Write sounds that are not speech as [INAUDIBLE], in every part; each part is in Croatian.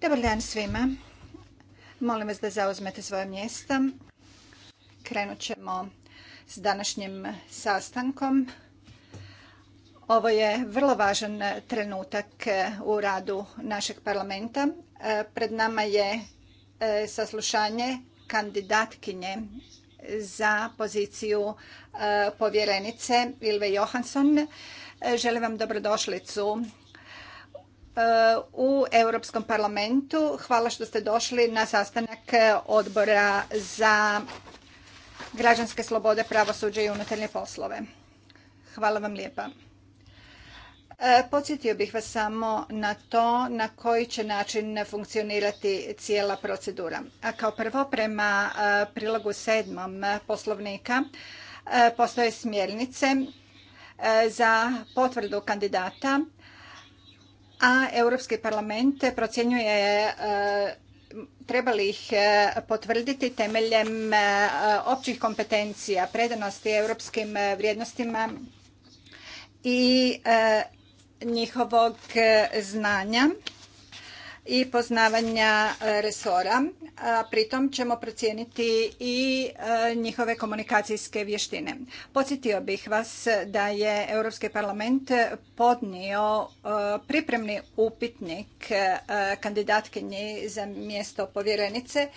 Dobar dan svima. Molim vas da zauzmete svoje mjesta. Krenut ćemo s današnjim sastankom. Ovo je vrlo važan trenutak eh, u radu našeg parlamenta. Eh, pred nama je eh, saslušanje kandidatkinje za poziciju e, povjerenice Ilve Johansson. E, želim vam dobrodošlicu e, u Europskom parlamentu. Hvala što ste došli na sastanak odbora za građanske slobode, pravosuđe i unutarnje poslove. Hvala vam lijepa. E, podsjetio bih vas samo na to na koji će način funkcionirati cijela procedura. A kao prvo prema e, prilogu sedmom poslovnika e, postoje smjernice za potvrdu kandidata, a Europski parlament procjenjuje treba li ih potvrditi temeljem općih kompetencija, predanosti europskim vrijednostima i njihovog e, znanja i poznavanja e, resora. Pritom ćemo procijeniti i e, njihove komunikacijske vještine. Podsjetio bih vas da je Europski parlament podnio e, pripremni upitnik kandidatkinji za mjesto povjerenice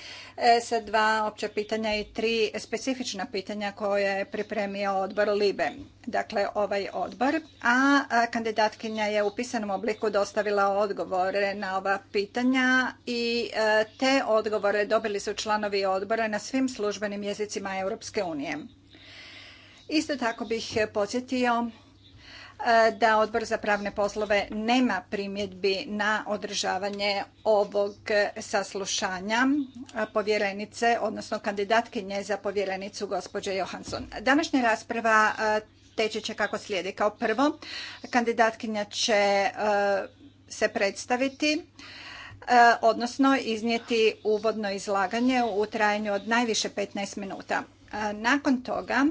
sa dva opća pitanja i tri specifična pitanja koje je pripremio odbor LIBE. Dakle, ovaj odbor. A kandidatkinja je u pisanom obliku dostavila odgovore na ova pitanja pitanja i e, te odgovore dobili su članovi odbora na svim službenim jezicima Europske unije. Isto tako bih podsjetio e, da odbor za pravne poslove nema primjedbi na održavanje ovog saslušanja e, povjerenice, odnosno kandidatkinje za povjerenicu gospođe Johansson. Današnja rasprava teče će kako slijedi. Kao prvo, kandidatkinja će se predstaviti E, odnosno iznijeti uvodno izlaganje u trajanju od najviše 15 minuta. E, nakon toga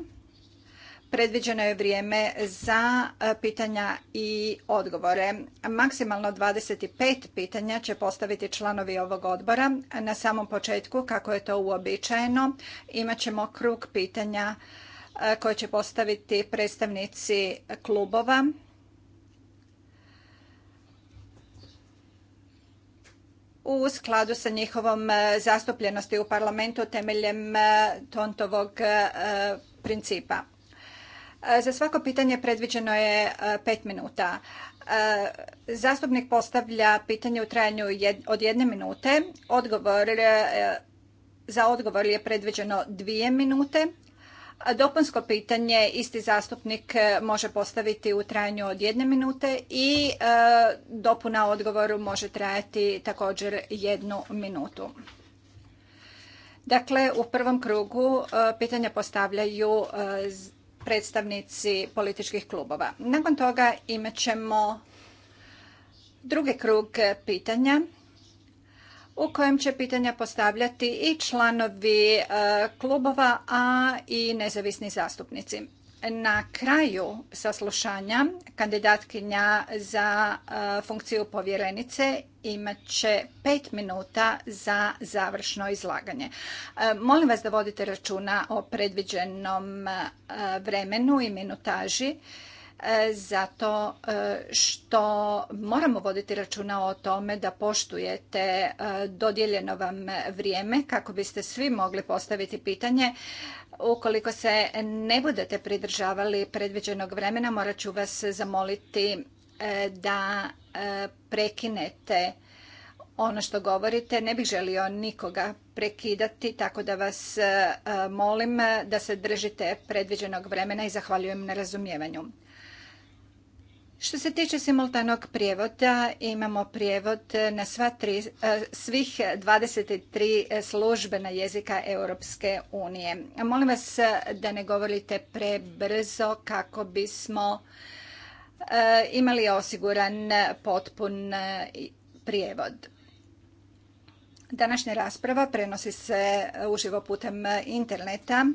predviđeno je vrijeme za e, pitanja i odgovore. Maksimalno 25 pitanja će postaviti članovi ovog odbora. Na samom početku, kako je to uobičajeno, imat ćemo krug pitanja koje će postaviti predstavnici klubova u skladu sa njihovom e, zastupljenosti u parlamentu temeljem e, Tontovog e, principa. Za svako pitanje predviđeno je pet minuta. Zastupnik postavlja pitanje u trajanju od jedne minute. Odgovor, za odgovor je predviđeno dvije minute, Dopunsko pitanje isti zastupnik e, može postaviti u trajanju od jedne minute i e, dopuna odgovoru može trajati također jednu minutu. Dakle, u prvom krugu e, pitanja postavljaju predstavnici političkih klubova. Nakon toga imat ćemo drugi krug pitanja u kojem će pitanja postavljati i članovi e, klubova, a i nezavisni zastupnici. Na kraju saslušanja kandidatkinja za e, funkciju povjerenice imat će pet minuta za završno izlaganje. E, molim vas da vodite računa o predviđenom vremenu i minutaži. E, zato e, što moramo voditi računa o tome da poštujete e, dodijeljeno vam vrijeme kako biste svi mogli postaviti pitanje. Ukoliko se ne budete pridržavali predviđenog vremena, morat ću vas zamoliti da prekinete ono što govorite. Ne bih želio nikoga prekidati, tako da vas molim da se držite predviđenog vremena i zahvaljujem na razumijevanju. Što se tiče simultanog prijevoda, imamo prijevod na sva tri, eh, svih 23 eh, službena jezika Europske unije. Molim vas eh, da ne govorite prebrzo kako bismo imali osiguran potpun prijevod. Današnja rasprava prenosi se e, uživo putem e, interneta,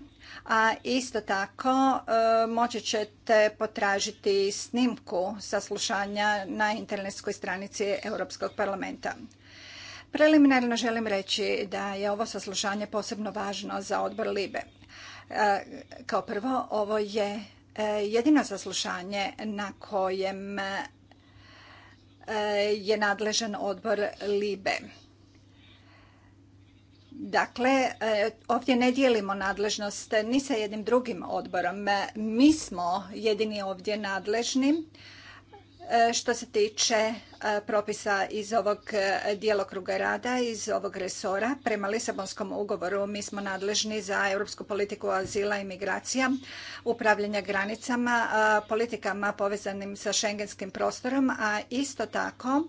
a isto tako e, moći ćete potražiti snimku saslušanja na internetskoj stranici Europskog parlamenta. Preliminarno želim reći da je ovo saslušanje posebno važno za odbor Libe. Kao prvo, ovo je jedino saslušanje na kojem je nadležan odbor Libe Dakle, e, ovdje ne dijelimo nadležnost ni sa jednim drugim odborom. Mi smo jedini ovdje nadležni e, što se tiče e, propisa iz ovog djelokruga rada, iz ovog resora. Prema Lisabonskom ugovoru mi smo nadležni za europsku politiku azila i migracija, upravljanja granicama, politikama povezanim sa šengenskim prostorom, a isto tako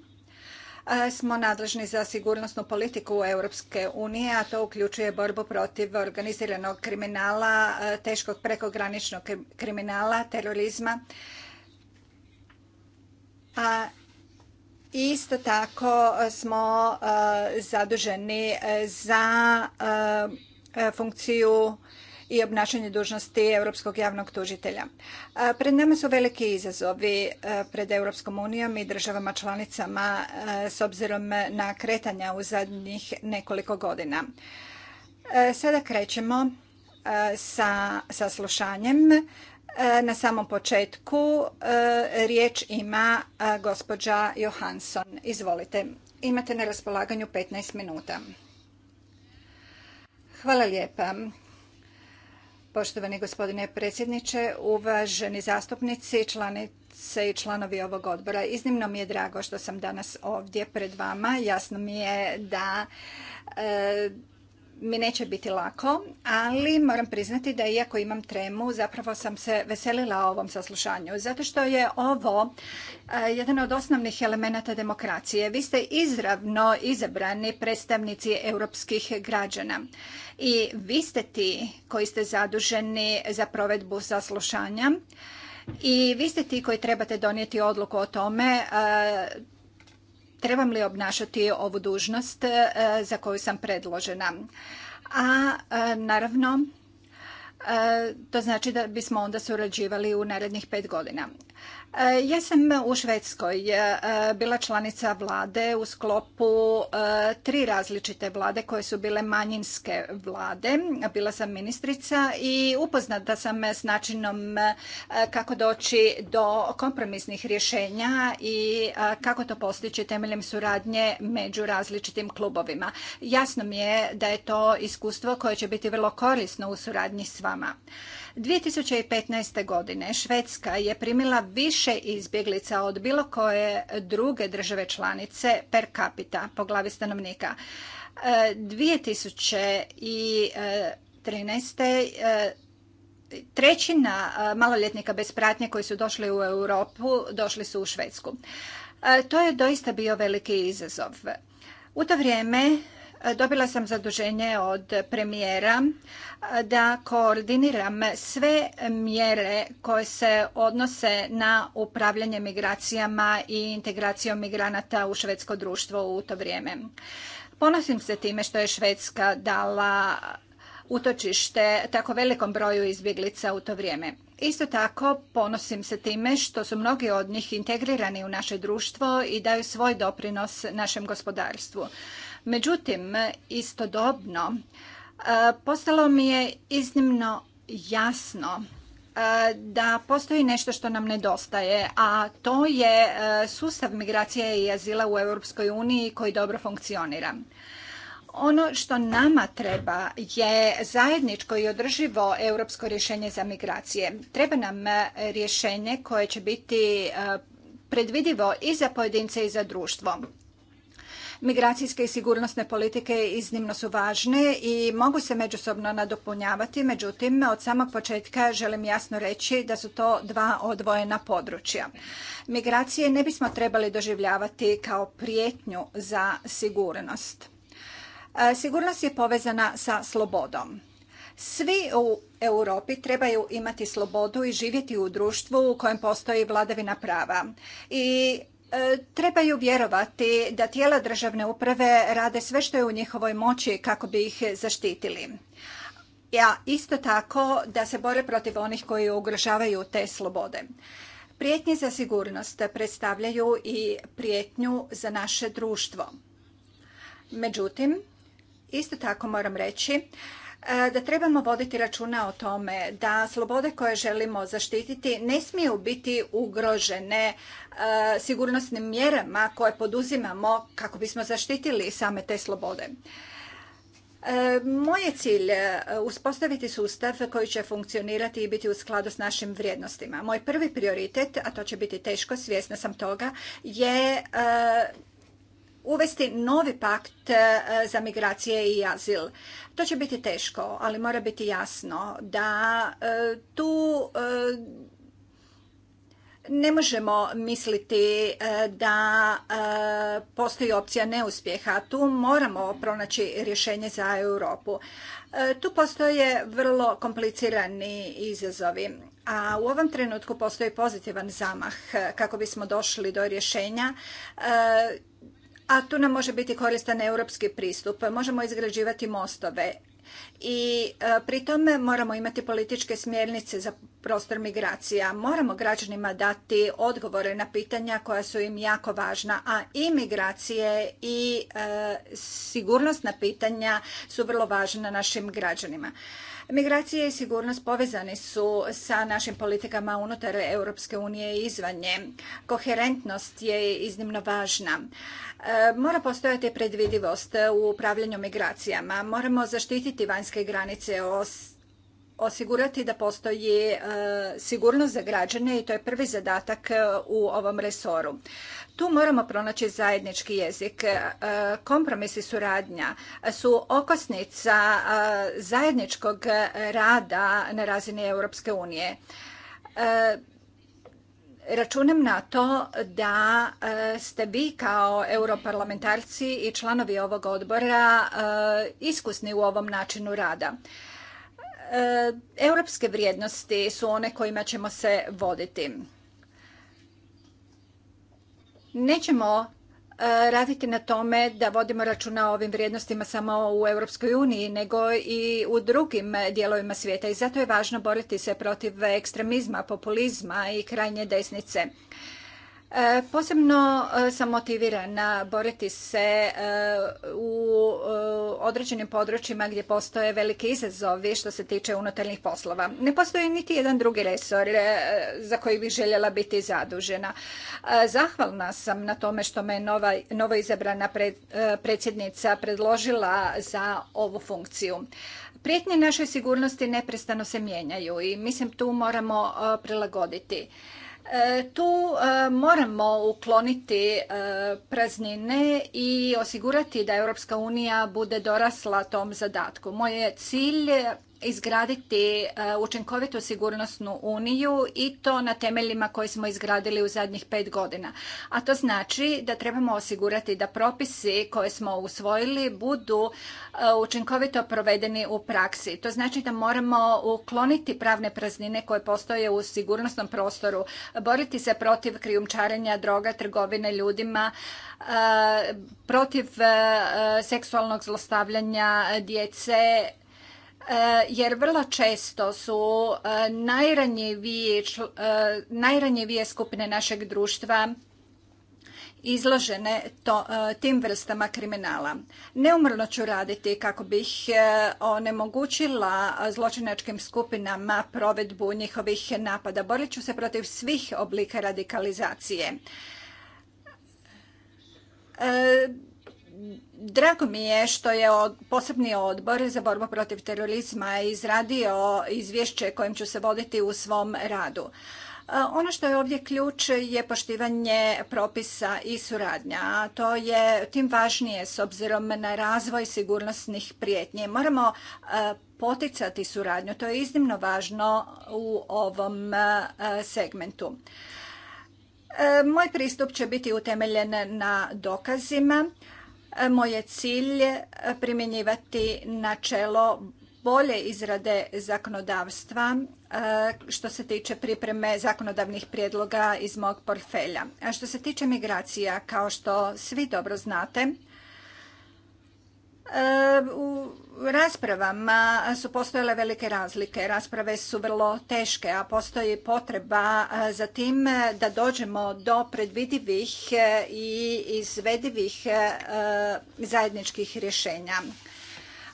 E, smo nadležni za sigurnosnu politiku Europske unije, a to uključuje borbu protiv organiziranog kriminala, e, teškog prekograničnog kriminala, terorizma. A isto tako smo e, zaduženi za funkciju i obnašanje dužnosti Europskog javnog tužitelja. Pred nama su veliki izazovi e, pred Europskom unijom i državama članicama e, s obzirom na kretanja u zadnjih nekoliko godina. E, sada krećemo sa saslušanjem. Na samom početku riječ ima gospođa Johansson. Izvolite. Imate na raspolaganju 15 minuta. Hvala lijepa. Poštovani gospodine predsjedniče, uvaženi zastupnici, članice i članovi ovog odbora. Iznimno mi je drago što sam danas ovdje pred vama. Jasno mi je da e, mi neće biti lako, ali moram priznati da iako imam tremu, zapravo sam se veselila ovom saslušanju, zato što je ovo e, jedan od osnovnih elemenata demokracije. Vi ste izravno izabrani predstavnici europskih građana i vi ste ti koji ste zaduženi za provedbu saslušanja i vi ste ti koji trebate donijeti odluku o tome e, trebam li obnašati ovu dužnost e, za koju sam predložena. A e, naravno, e, to znači da bismo onda surađivali u narednih pet godina. E, ja sam u Švedskoj e, bila članica vlade u sklopu e, tri različite vlade koje su bile manjinske vlade. Bila sam ministrica i upoznata sam s načinom kako doći do kompromisnih rješenja i kako to postići temeljem suradnje među različitim klubovima. Jasno mi je da je to iskustvo koje će biti vrlo korisno u suradnji s vama. 2015. godine Švedska je primila više izbjeglica od bilo koje druge države članice per capita po glavi stanovnika. 2013 trećina maloljetnika bez pratnje koji su došli u Europu došli su u Švedsku. E, to je doista bio veliki izazov. U to vrijeme dobila sam zaduženje od premijera da koordiniram sve mjere koje se odnose na upravljanje migracijama i integracijom migranata u švedsko društvo u to vrijeme. Ponosim se time što je Švedska dala utočište tako velikom broju izbjeglica u to vrijeme. Isto tako ponosim se time što su mnogi od njih integrirani u naše društvo i daju svoj doprinos našem gospodarstvu. Međutim, istodobno, e, postalo mi je iznimno jasno e, da postoji nešto što nam nedostaje, a to je e, sustav migracije i azila u Europskoj uniji koji dobro funkcionira. Ono što nama treba je zajedničko i održivo europsko rješenje za migracije. Treba nam rješenje koje će biti predvidivo i za pojedince i za društvo. Migracijske i sigurnosne politike iznimno su važne i mogu se međusobno nadopunjavati, međutim od samog početka želim jasno reći da su to dva odvojena područja. Migracije ne bismo trebali doživljavati kao prijetnju za sigurnost. E, sigurnost je povezana sa slobodom. Svi u Europi trebaju imati slobodu i živjeti u društvu u kojem postoji vladavina prava. I E, trebaju vjerovati da tijela državne uprave rade sve što je u njihovoj moći kako bi ih zaštitili. Ja isto tako da se bore protiv onih koji ugrožavaju te slobode. Prijetnje za sigurnost predstavljaju i prijetnju za naše društvo. Međutim, isto tako moram reći E, da trebamo voditi računa o tome da slobode koje želimo zaštititi ne smiju biti ugrožene e, sigurnosnim mjerama koje poduzimamo kako bismo zaštitili same te slobode. E, Moje je cilj uspostaviti sustav koji će funkcionirati i biti u skladu s našim vrijednostima. Moj prvi prioritet, a to će biti teško, svjesna sam toga, je uvesti novi pakt e, za migracije i azil. To će biti teško, ali mora biti jasno da e, tu e, ne možemo misliti da postoji opcija neuspjeha. Tu moramo pronaći rješenje za Europu. Tu postoje vrlo komplicirani izazovi, a u ovom trenutku postoji pozitivan zamah kako bismo došli do rješenja a tu nam može biti koristan europski pristup. Možemo izgrađivati mostove i e, pri tome moramo imati političke smjernice za prostor migracija. Moramo građanima dati odgovore na pitanja koja su im jako važna, a i migracije i e, sigurnosna pitanja su vrlo važna našim građanima. Migracije i sigurnost povezani su sa našim politikama unutar Europske unije i izvan nje. Koherentnost je iznimno važna. E, mora postojati predvidivost u upravljanju migracijama. Moramo zaštititi vanjske granice, osigurati da postoji e, sigurnost za građane i to je prvi zadatak e, u ovom resoru. Tu moramo pronaći zajednički jezik. E, Kompromis i suradnja su okosnica e, zajedničkog rada na razini Europske unije. E, Računam na to da ste vi kao europarlamentarci i članovi ovog odbora iskusni u ovom načinu rada. Europske vrijednosti su one kojima ćemo se voditi. Nećemo e, raditi na tome da vodimo računa o ovim vrijednostima samo u Europskoj uniji, nego i u drugim dijelovima svijeta i zato je važno boriti se protiv ekstremizma, populizma i krajnje desnice. E, posebno e, sam motivirana boriti se e, u određenim područjima gdje postoje velike izazovi što se tiče unutarnjih poslova. Ne postoji niti jedan drugi resor za koji bih željela biti zadužena. Zahvalna sam na tome što me nova, novo izabrana predsjednica predložila za ovu funkciju. Prijetnje našoj sigurnosti neprestano se mijenjaju i mislim tu moramo prilagoditi. E, tu e, moramo ukloniti e, praznine i osigurati da Europska unija bude dorasla tom zadatku. Moj je izgraditi e, učinkovitu sigurnosnu uniju i to na temeljima koje smo izgradili u zadnjih pet godina. A to znači da trebamo osigurati da propisi koje smo usvojili budu e, učinkovito provedeni u praksi. To znači da moramo ukloniti pravne praznine koje postoje u sigurnosnom prostoru, boriti se protiv krijumčarenja droga, trgovine ljudima, e, protiv seksualnog zlostavljanja djece, E, jer vrlo često su e, e, najranjivije, skupine našeg društva izložene tim vrstama kriminala. Neumrno ću raditi kako bih onemogućila zločinačkim skupinama provedbu njihovih napada. Borit ću se protiv svih oblika radikalizacije. Drago mi je što je posebni odbor za borbu protiv terorizma izradio izvješće kojim ću se voditi u svom radu. E, ono što je ovdje ključ je poštivanje propisa i suradnja, to je tim važnije s obzirom na razvoj sigurnosnih prijetnje. Moramo e, poticati suradnju, to je iznimno važno u ovom e, segmentu. Moj pristup će biti utemeljen na dokazima. Moj je cilj e, primjenjivati načelo bolje izrade zakonodavstva e, što se tiče pripreme zakonodavnih prijedloga iz mog portfelja. što se tiče migracija, kao što svi dobro znate, u raspravama su postojale velike razlike. Rasprave su vrlo teške, a postoji potreba za tim e, da dođemo do predvidivih e, i izvedivih e, zajedničkih rješenja.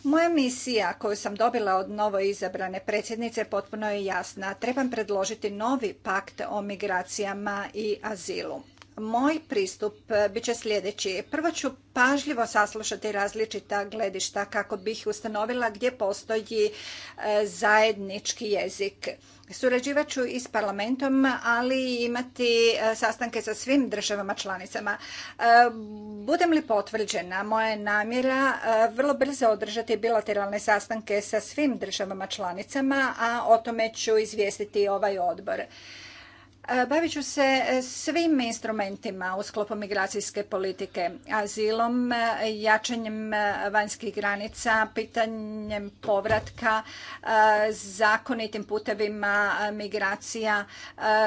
Moja misija koju sam dobila od novo izabrane predsjednice potpuno je jasna. Trebam predložiti novi pakt o migracijama i azilu. Moj pristup e, bit će sljedeći. Prvo ću pažljivo saslušati različita gledišta kako bih ustanovila gdje postoji e, zajednički jezik. Surađivat ću i s parlamentom, ali imati e, sastanke sa svim državama članicama. Budem li potvrđena, moja je namjera vrlo brzo održati bilateralne sastanke sa svim državama članicama, a o tome ću izvijestiti ovaj odbor. E, bavit ću se e, svim instrumentima u sklopu migracijske politike, azilom, e, jačanjem vanjskih granica, pitanjem povratka, zakonitim putevima migracija,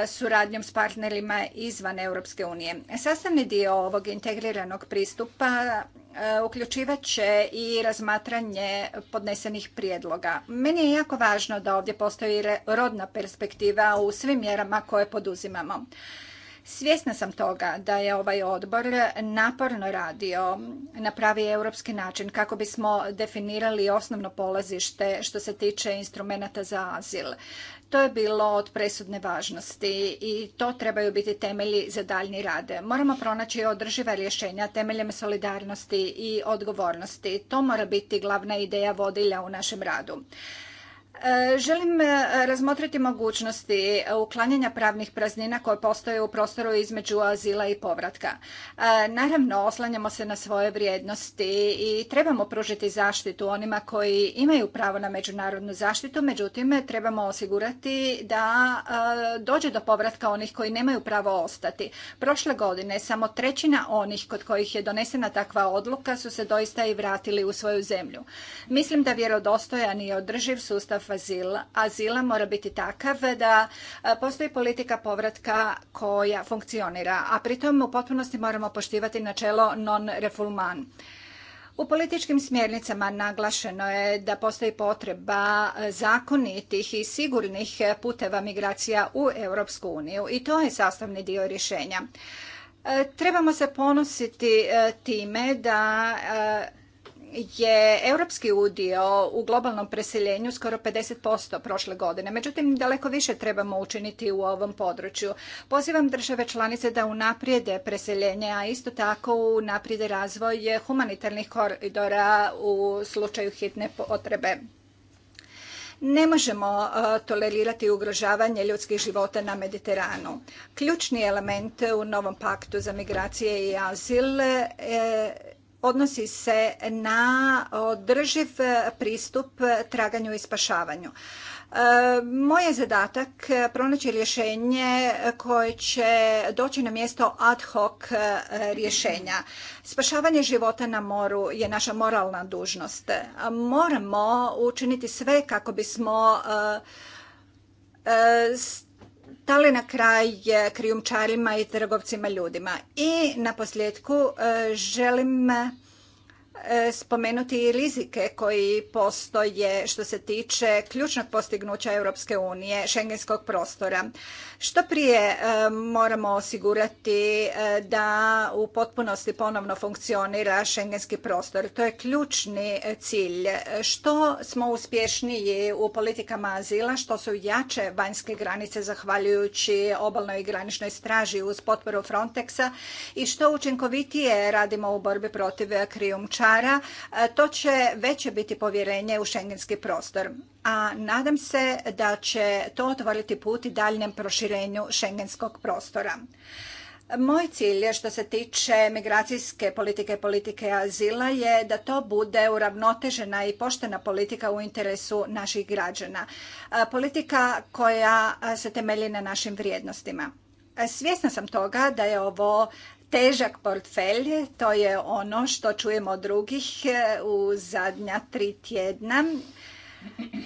suradnjom s partnerima izvan Europske unije. Sastavni dio ovog integriranog pristupa E, uključivat će i razmatranje podnesenih prijedloga. Meni je jako važno da ovdje postoji rodna perspektiva u svim mjerama koje poduzimamo. Svjesna sam toga da je ovaj odbor naporno radio na pravi europski način kako bismo definirali osnovno polazište što se tiče instrumenata za azil. To je bilo od presudne važnosti i to trebaju biti temelji za daljnji rad. Moramo pronaći održiva rješenja temeljem solidarnosti i odgovornosti. To mora biti glavna ideja vodilja u našem radu. Želim e, razmotriti mogućnosti uklanjanja pravnih praznina koje postoje u prostoru između azila i povratka. E, naravno, oslanjamo se na svoje vrijednosti i trebamo pružiti zaštitu onima koji imaju pravo na međunarodnu zaštitu, međutim, trebamo osigurati da e, dođe do povratka onih koji nemaju pravo ostati. Prošle godine samo trećina onih kod kojih je donesena takva odluka su se doista i vratili u svoju zemlju. Mislim da vjerodostojan i održiv sustav azila, azila mora biti takav da e, postoji politika povratka koja funkcionira, a pritom u potpunosti moramo poštivati načelo non refulman. U političkim smjernicama naglašeno je da postoji potreba zakonitih i sigurnih puteva migracija u Europsku uniju i to je sastavni dio rješenja. E, trebamo se ponositi e, time da je europski udio u globalnom preseljenju skoro 50% prošle godine. Međutim, daleko više trebamo učiniti u ovom području. Pozivam države članice da unaprijede preseljenje, a isto tako unaprijede razvoj humanitarnih koridora u slučaju hitne potrebe. Ne možemo uh, tolerirati ugrožavanje ljudskih života na Mediteranu. Ključni element u novom paktu za migracije i azil e, odnosi se na održiv pristup traganju i spašavanju. E, moj je zadatak pronaći rješenje koje će doći na mjesto ad hoc e, rješenja. Spašavanje života na moru je naša moralna dužnost. Moramo učiniti sve kako bismo e, stali na kraj krijumčarima i trgovcima ljudima. I na posljedku e, želim e, spomenuti i rizike koji postoje što se tiče ključnog postignuća Europske unije, šengenskog prostora. Što prije e, moramo osigurati e, da u potpunosti ponovno funkcionira šengenski prostor. To je ključni e, cilj. Što smo uspješniji u politikama azila, što su jače vanjske granice zahvaljujući obalnoj i graničnoj straži uz potporu Frontexa i što učinkovitije radimo u borbi protiv krijumčara, to će veće biti povjerenje u šengenski prostor a nadam se da će to otvoriti put i daljnjem proširenju šengenskog prostora. Moj cilj je što se tiče migracijske politike i politike azila je da to bude uravnotežena i poštena politika u interesu naših građana. Politika koja se temelji na našim vrijednostima. Svjesna sam toga da je ovo težak portfelj, to je ono što čujemo od drugih e, u zadnja tri tjedna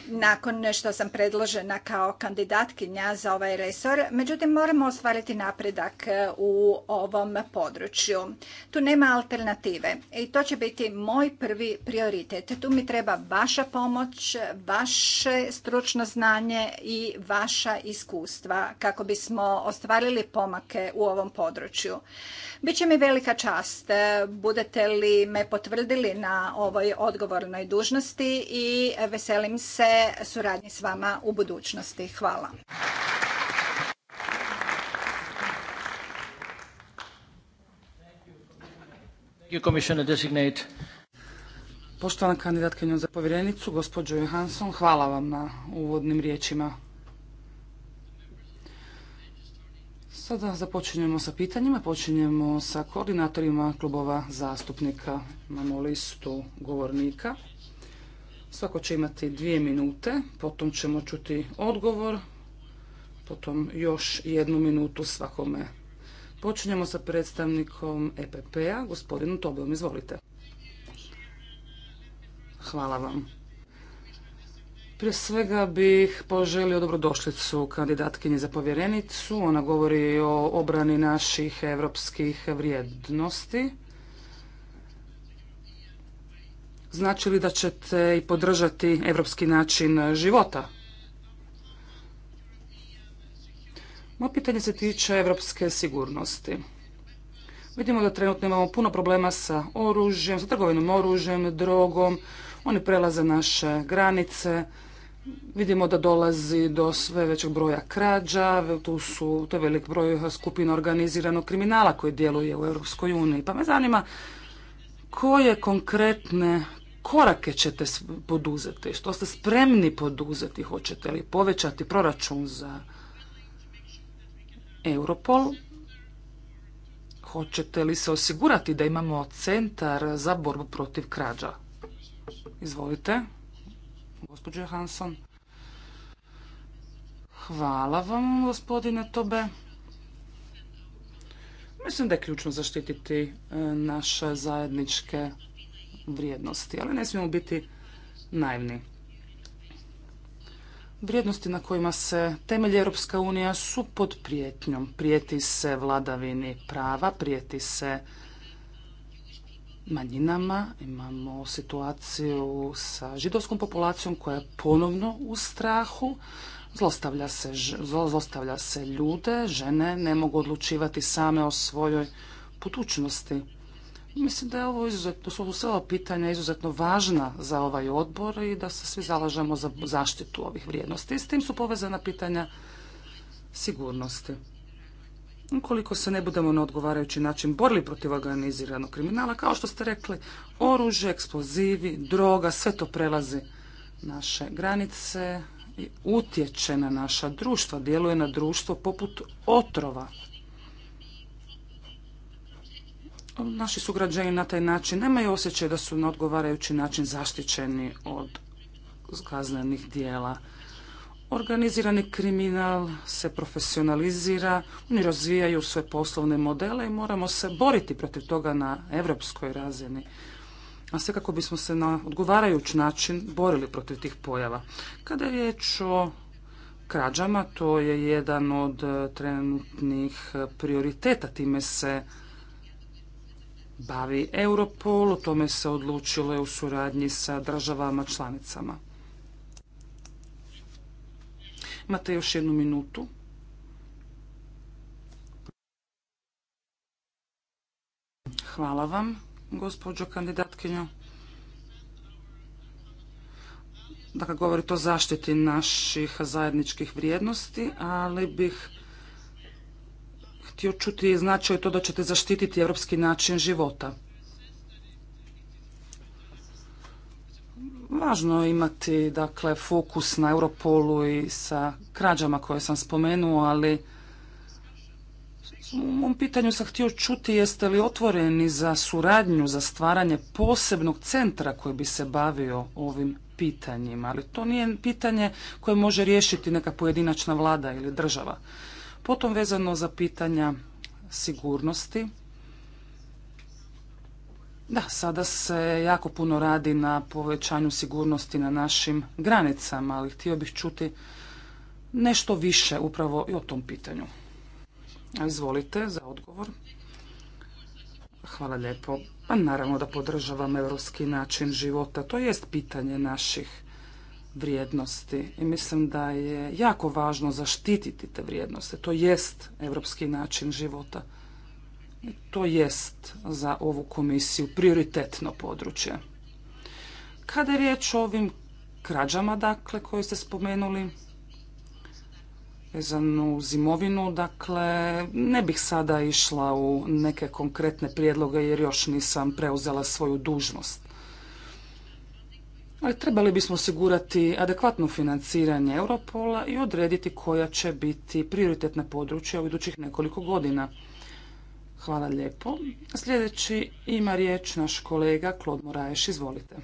nakon što sam predložena kao kandidatkinja za ovaj resor. Međutim, moramo ostvariti napredak e, u ovom području. Tu nema alternative i to će biti moj prvi prioritet. Tu mi treba vaša pomoć, vaše stručno znanje i vaša iskustva kako bismo ostvarili pomake u ovom području. Biće mi velika čast. E, budete li me potvrdili na ovoj odgovornoj dužnosti i veselim veselim se suradnji s vama u budućnosti. Hvala. Poštovana kandidatkinja za povjerenicu, gospođo Johansson, hvala vam na uvodnim riječima. Sada započinjemo sa pitanjima, počinjemo sa koordinatorima klubova zastupnika. Imamo listu govornika. Svako će imati dvije minute, potom ćemo čuti odgovor, potom još jednu minutu svakome. Počinjemo sa predstavnikom EPP-a, gospodinu Tobom, izvolite. Hvala vam. Prije svega bih poželio dobrodošlicu kandidatkinje za povjerenicu. Ona govori o obrani naših evropskih vrijednosti. znači li da ćete i podržati evropski način života? Moje pitanje se tiče evropske sigurnosti. Vidimo da trenutno imamo puno problema sa oružjem, sa trgovinom oružjem, drogom. Oni prelaze naše granice. Vidimo da dolazi do sve većeg broja krađa, tu su, to je velik broj skupina organiziranog kriminala koji djeluje u EU. uniji. Pa me zanima koje konkretne korake ćete poduzeti, što ste spremni poduzeti, hoćete li povećati proračun za Europol, hoćete li se osigurati da imamo centar za borbu protiv krađa? Izvolite, gospođo Hanson. Hvala vam, gospodine Tobe. Mislim da je ključno zaštititi e, naše zajedničke vrijednosti, ali ne smijemo biti naivni. Vrijednosti na kojima se temelji Europska unija su pod prijetnjom. Prijeti se vladavini prava, prijeti se manjinama. Imamo situaciju sa židovskom populacijom koja je ponovno u strahu. Zlostavlja se, zlostavlja se ljude, žene ne mogu odlučivati same o svojoj budućnosti. Mislim da je ovo izuzetno, su sve ova pitanja izuzetno važna za ovaj odbor i da se svi zalažemo za zaštitu ovih vrijednosti. S tim su povezana pitanja sigurnosti. Ukoliko se ne budemo na odgovarajući način borili protiv organiziranog kriminala, kao što ste rekli, oružje, eksplozivi, droga, sve to prelazi naše granice i utječe na naša društva, djeluje na društvo poput otrova naši sugrađani na taj način nemaju osjećaj da su na odgovarajući način zaštićeni od kaznenih dijela. Organizirani kriminal se profesionalizira, oni razvijaju svoje poslovne modele i moramo se boriti protiv toga na europskoj razini. A sve kako bismo se na odgovarajući način borili protiv tih pojava. Kada je riječ o krađama, to je jedan od trenutnih prioriteta, time se bavi Europol, o tome se odlučilo je u suradnji sa državama članicama. Imate još jednu minutu. Hvala vam, gospođo kandidatkinjo. Dakle, govorite o zaštiti naših zajedničkih vrijednosti, ali bih htio čuti znači je to da ćete zaštititi europski način života. Važno je imati dakle fokus na Europolu i sa krađama koje sam spomenuo, ali u mom pitanju sam htio čuti jeste li otvoreni za suradnju, za stvaranje posebnog centra koji bi se bavio ovim pitanjima, ali to nije pitanje koje može riješiti neka pojedinačna vlada ili država. Potom vezano za pitanja sigurnosti. Da, sada se jako puno radi na povećanju sigurnosti na našim granicama, ali htio bih čuti nešto više upravo i o tom pitanju. Izvolite za odgovor. Hvala lijepo. Pa naravno da podržavam europski način života. To jest pitanje naših vrijednosti i mislim da je jako važno zaštititi te vrijednosti. To jest evropski način života. I to jest za ovu komisiju prioritetno područje. Kada je riječ o ovim krađama, dakle, koje ste spomenuli, vezanu uz imovinu, dakle, ne bih sada išla u neke konkretne prijedloge jer još nisam preuzela svoju dužnost. Ali trebali bismo osigurati adekvatno financiranje Europola i odrediti koja će biti prioritetna područja u idućih nekoliko godina. Hvala lijepo. Sljedeći ima riječ naš kolega Klod Moraješ. Izvolite.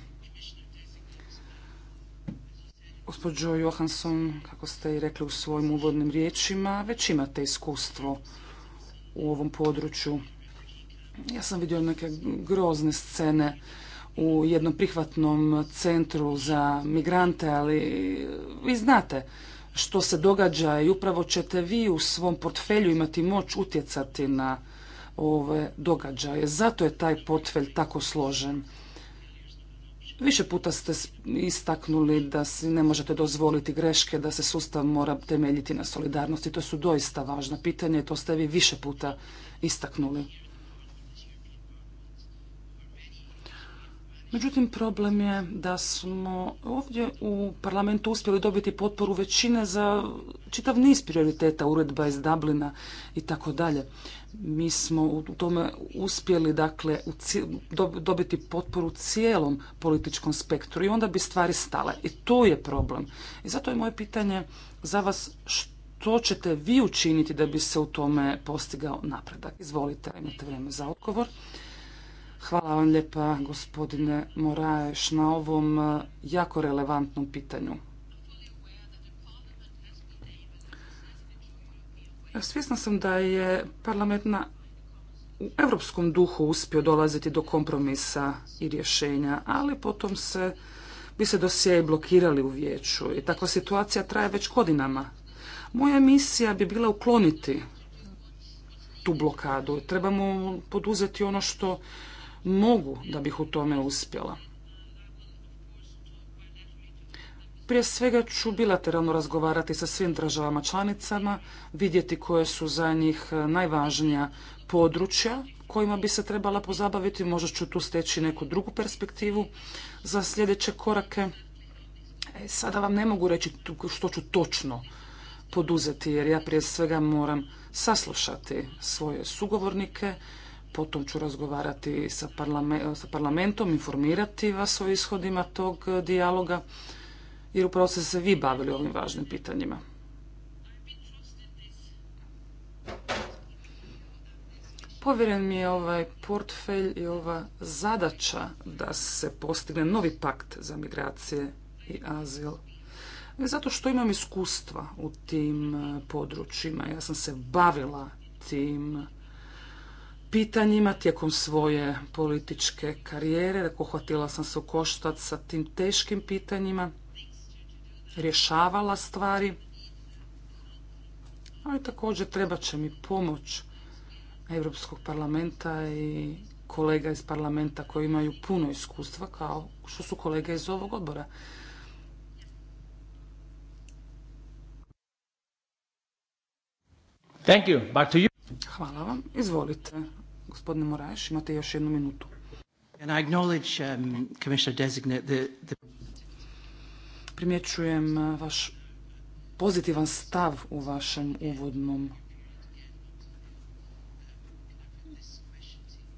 Gospođo Johansson, kako ste i rekli u svojim uvodnim riječima, već imate iskustvo u ovom području. Ja sam vidio neke grozne scene u jednom prihvatnom centru za migrante, ali vi znate što se događa i upravo ćete vi u svom portfelju imati moć utjecati na ove događaje. Zato je taj portfelj tako složen. Više puta ste istaknuli da si ne možete dozvoliti greške, da se sustav mora temeljiti na solidarnosti. To su doista važna pitanja i to ste vi više puta istaknuli. Međutim, problem je da smo ovdje u parlamentu uspjeli dobiti potporu većine za čitav niz prioriteta, uredba iz Dublina i tako dalje. Mi smo u tome uspjeli dakle, dobiti potporu cijelom političkom spektru i onda bi stvari stale. I to je problem. I zato je moje pitanje za vas što ćete vi učiniti da bi se u tome postigao napredak. Izvolite, imate vrijeme za odgovor. Hvala vam lijepa gospodine Moraješ na ovom e, jako relevantnom pitanju. E, svjesna sam da je parlament na u europskom duhu uspio dolaziti do kompromisa i rješenja, ali potom se bi se dosije blokirali u vijeću i takva situacija traje već godinama. Moja misija bi bila ukloniti tu blokadu. Trebamo poduzeti ono što mogu da bih u tome uspjela. Prije svega ću bilateralno razgovarati sa svim državama članicama, vidjeti koje su za njih e, najvažnija područja kojima bi se trebala pozabaviti, možda ću tu steći neku drugu perspektivu za sljedeće korake. E, sada vam ne mogu reći što ću točno poduzeti jer ja prije svega moram saslušati svoje sugovornike Potom ću razgovarati sa, sa parlamentom, informirati vas o ishodima tog dijaloga, jer upravo ste se vi bavili ovim važnim pitanjima. Povjeren mi je ovaj portfelj i ova zadaća da se postigne novi pakt za migracije i azil. Zato što imam iskustva u tim područjima. Ja sam se bavila tim pitanjima tijekom svoje političke karijere. Dakle, uhvatila sam se u koštac sa tim teškim pitanjima, rješavala stvari, ali također treba će mi pomoć Europskog parlamenta i kolega iz parlamenta koji imaju puno iskustva kao što su kolege iz ovog odbora. Thank Hvala vam. Izvolite. Gospodine Moraš, imate još jednu minutu. Um, Primjećujem uh, vaš pozitivan stav u vašem uvodnom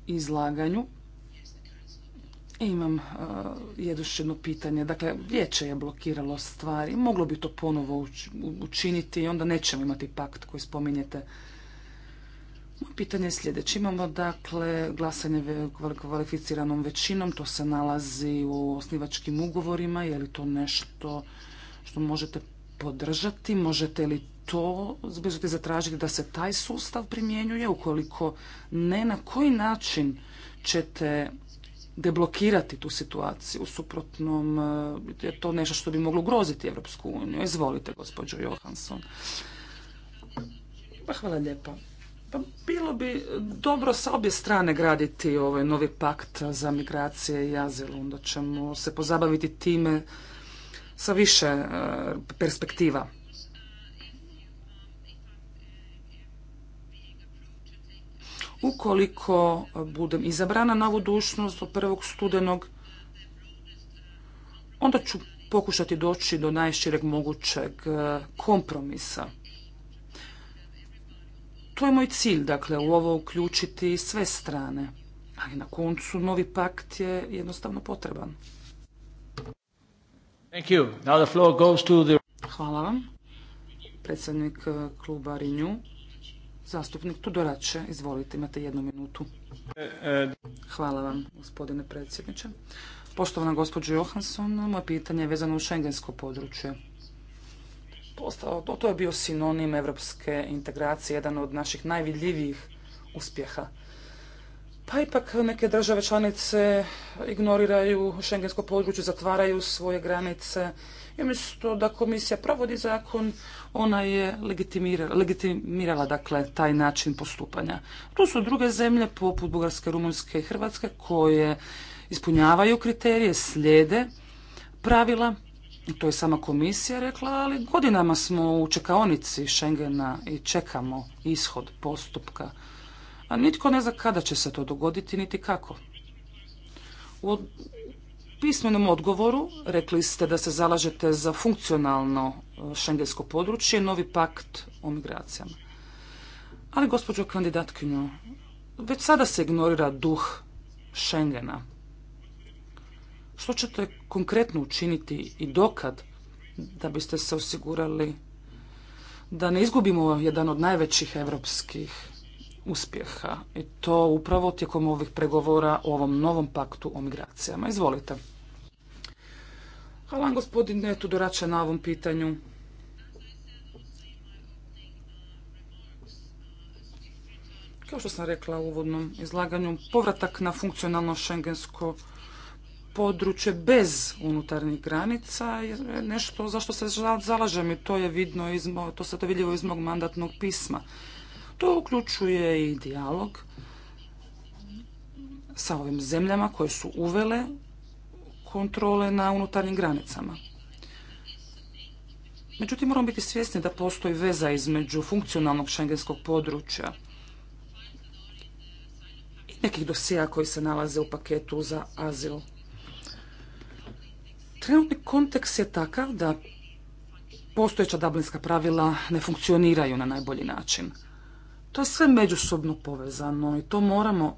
izlaganju. I imam uh, jedno pitanje. Dakle, vijeće je blokiralo stvari. Moglo bi to ponovo učiniti i onda nećemo imati pakt koji spominjete Pitanje je sljedeće. Imamo dakle glasanje kvalificiranom većinom, to se nalazi u osnivačkim ugovorima, je li to nešto što možete podržati, možete li to možete zatražiti da se taj sustav primjenjuje, ukoliko ne, na koji način ćete deblokirati tu situaciju. U suprotnom eh, je to nešto što bi moglo groziti Evropsku uniju. Izvolite, gospođo Johansson. Pa hvala lijepa. Pa bilo bi dobro sa obje strane graditi ovaj novi pakt za migracije i azil, onda ćemo se pozabaviti time sa više e, perspektiva. Ukoliko budem izabrana na ovu dužnost od prvog studenog, onda ću pokušati doći do najšireg mogućeg e, kompromisa. To je dakle, moj cilj, dakle, u ovo uključiti sve strane. Ali na koncu novi pakt je jednostavno potreban. Thank you. Now the floor goes to the... Hvala vam. Predsjednik eh, kluba Rinju, zastupnik Tudorače, izvolite, imate jednu minutu. Hvala vam, gospodine predsjedniče. Poštovana gospođo Johansson, moje pitanje je vezano u šengensko područje postao, to je bio sinonim evropske integracije, jedan od naših najvidljivijih uspjeha. Pa ipak neke države članice ignoriraju šengensko područje, zatvaraju svoje granice i umjesto da komisija provodi zakon, ona je legitimirala, legitimirala dakle, taj način postupanja. Tu su druge zemlje poput Bugarske, Rumunjske i Hrvatske koje ispunjavaju kriterije, slijede pravila to je sama komisija rekla, ali godinama smo u čekaonici Schengena i čekamo ishod postupka. A nitko ne zna kada će se to dogoditi, niti kako. U pismenom odgovoru rekli ste da se zalažete za funkcionalno e, šengensko područje, novi pakt o migracijama. Ali, gospođo kandidatkinjo, već sada se ignorira duh Schengena. Što ćete konkretno učiniti i dokad da biste se osigurali da ne izgubimo jedan od najvećih europskih uspjeha i to upravo tijekom ovih pregovora o ovom novom paktu o migracijama. Izvolite. Hvala vam gospodine Tudorače na ovom pitanju. Kao što sam rekla u uvodnom izlaganju, povratak na funkcionalno šengensko područje bez unutarnjih granica je nešto za što se zalažem i to je vidno iz, to se to vidljivo iz mog mandatnog pisma. To uključuje i dijalog sa ovim zemljama koje su uvele kontrole na unutarnjim granicama. Međutim, moramo biti svjesni da postoji veza između funkcionalnog šengenskog područja i nekih dosija koji se nalaze u paketu za azil. Trenutni kontekst je takav da postojeća dublinska pravila ne funkcioniraju na najbolji način. To je sve međusobno povezano i to moramo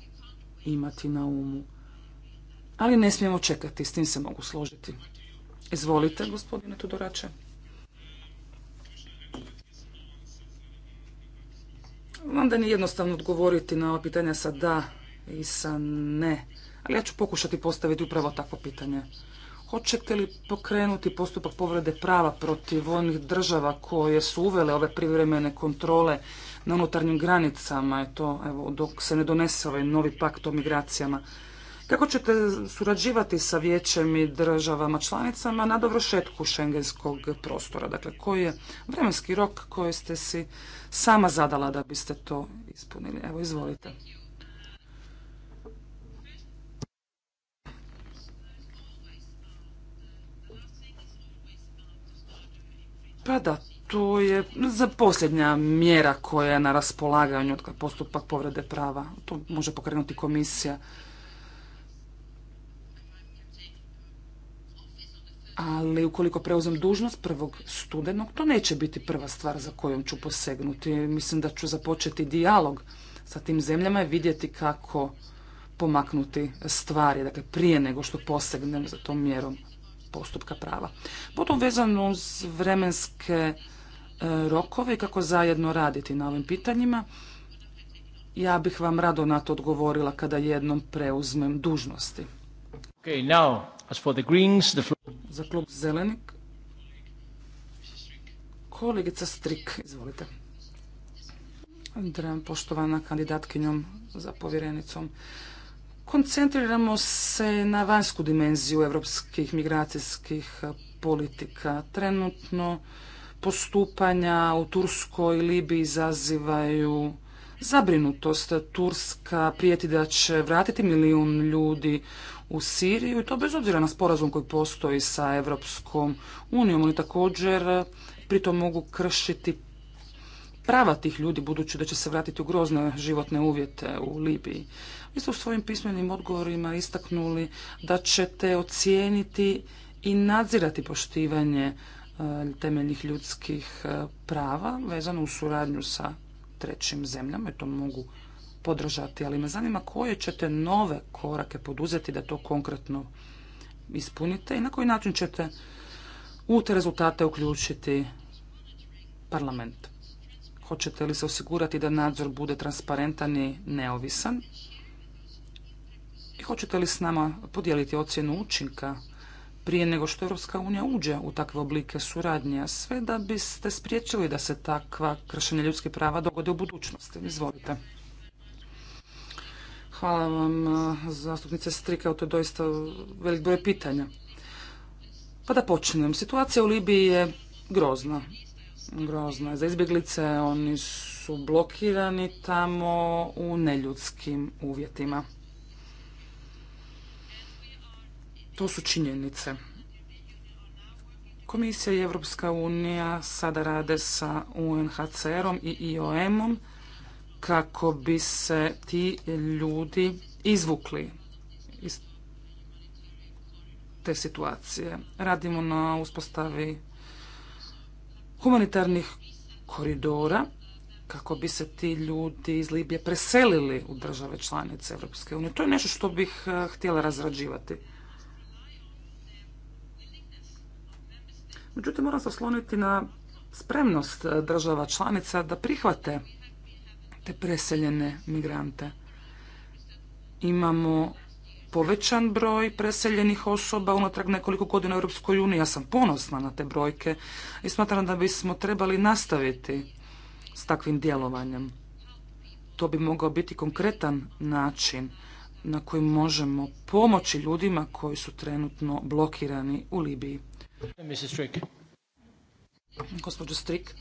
imati na umu. Ali ne smijemo čekati, s tim se mogu složiti. Izvolite, gospodine Tudorače. Vam da nije jednostavno odgovoriti na ova pitanja sa da i sa ne, ali ja ću pokušati postaviti upravo takvo pitanje. Hoćete li pokrenuti postupak povrede prava protiv onih država koje su uvele ove privremene kontrole na unutarnjim granicama, to, evo, dok se ne donese ovaj novi pakt o migracijama? Kako ćete surađivati sa vijećem i državama članicama na dovršetku šengenskog prostora? Dakle, koji je vremenski rok koji ste si sama zadala da biste to ispunili? Evo, izvolite. Pa da, to je za posljednja mjera koja je na raspolaganju od postupak povrede prava. To može pokrenuti komisija. Ali ukoliko preuzem dužnost prvog studenog, to neće biti prva stvar za kojom ću posegnuti. Mislim da ću započeti dijalog sa tim zemljama i vidjeti kako pomaknuti stvari, dakle prije nego što posegnem za tom mjerom postupka prava. Potom vezano uz vremenske e, rokove i kako zajedno raditi na ovim pitanjima, ja bih vam rado na to odgovorila kada jednom preuzmem dužnosti. Za klub zelenik, kolegica Strik, izvolite. Poštovana kandidatkinjom za povjerenicom. Koncentriramo se na vanjsku dimenziju europskih migracijskih eh, politika. Trenutno postupanja u Turskoj i Libiji izazivaju zabrinutost. Turska prijeti da će vratiti milijun ljudi u Siriju i to bez obzira na sporazum koji postoji sa Evropskom unijom. Oni također eh, pritom mogu kršiti prava tih ljudi budući da će se vratiti u grozne životne uvjete u Libiji. Vi ste u svojim pismenim odgovorima istaknuli da ćete ocijeniti i nadzirati poštivanje e, temeljnih ljudskih e, prava vezano u suradnju sa trećim zemljama i to mogu podržati, ali me zanima koje ćete nove korake poduzeti da to konkretno ispunite i na koji način ćete u te rezultate uključiti parlament. Hoćete li se osigurati da nadzor bude transparentan i neovisan? hoćete li s nama podijeliti ocjenu učinka prije nego što Europska unija uđe u takve oblike suradnje, sve da biste spriječili da se takva kršenja ljudskih prava dogode u budućnosti. Izvolite. Hvala vam, zastupnice Strika, to je doista velik broj pitanja. Pa da počnem. Situacija u Libiji je grozna. Grozna je za izbjeglice, oni su blokirani tamo u neljudskim uvjetima. To su činjenice. Komisija i Evropska unija sada rade sa UNHCR-om i IOM-om kako bi se ti ljudi izvukli iz te situacije. Radimo na uspostavi humanitarnih koridora kako bi se ti ljudi iz Libije preselili u države članice Europske unije. To je nešto što bih eh, htjela razrađivati. Međutim, moram se osloniti na spremnost e, država članica da prihvate te preseljene migrante. Imamo povećan broj preseljenih osoba unatrag nekoliko godina u Europskoj uniji. Ja sam ponosna na te brojke i smatram da bismo trebali nastaviti s takvim djelovanjem. To bi mogao biti konkretan način na koji možemo pomoći ljudima koji su trenutno blokirani u Libiji. Gospođo Strik,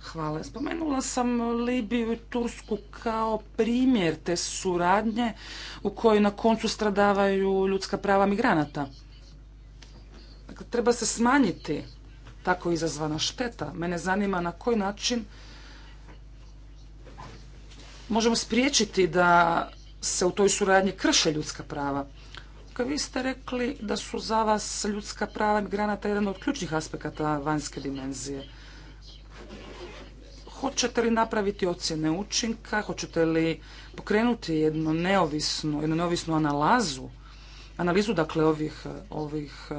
hvala. Spomenula sam Libiju i Tursku kao primjer te suradnje u kojoj na koncu stradavaju ljudska prava migranata. Dakle, treba se smanjiti tako izazvana šteta. Mene zanima na koji način možemo spriječiti da se u toj suradnji krše ljudska prava vi ste rekli da su za vas ljudska prava migranata jedan od ključnih aspekata vanjske dimenzije. Hoćete li napraviti ocjene učinka, hoćete li pokrenuti jedno neovisno, jednu neovisnu analazu, analizu dakle ovih, ovih e,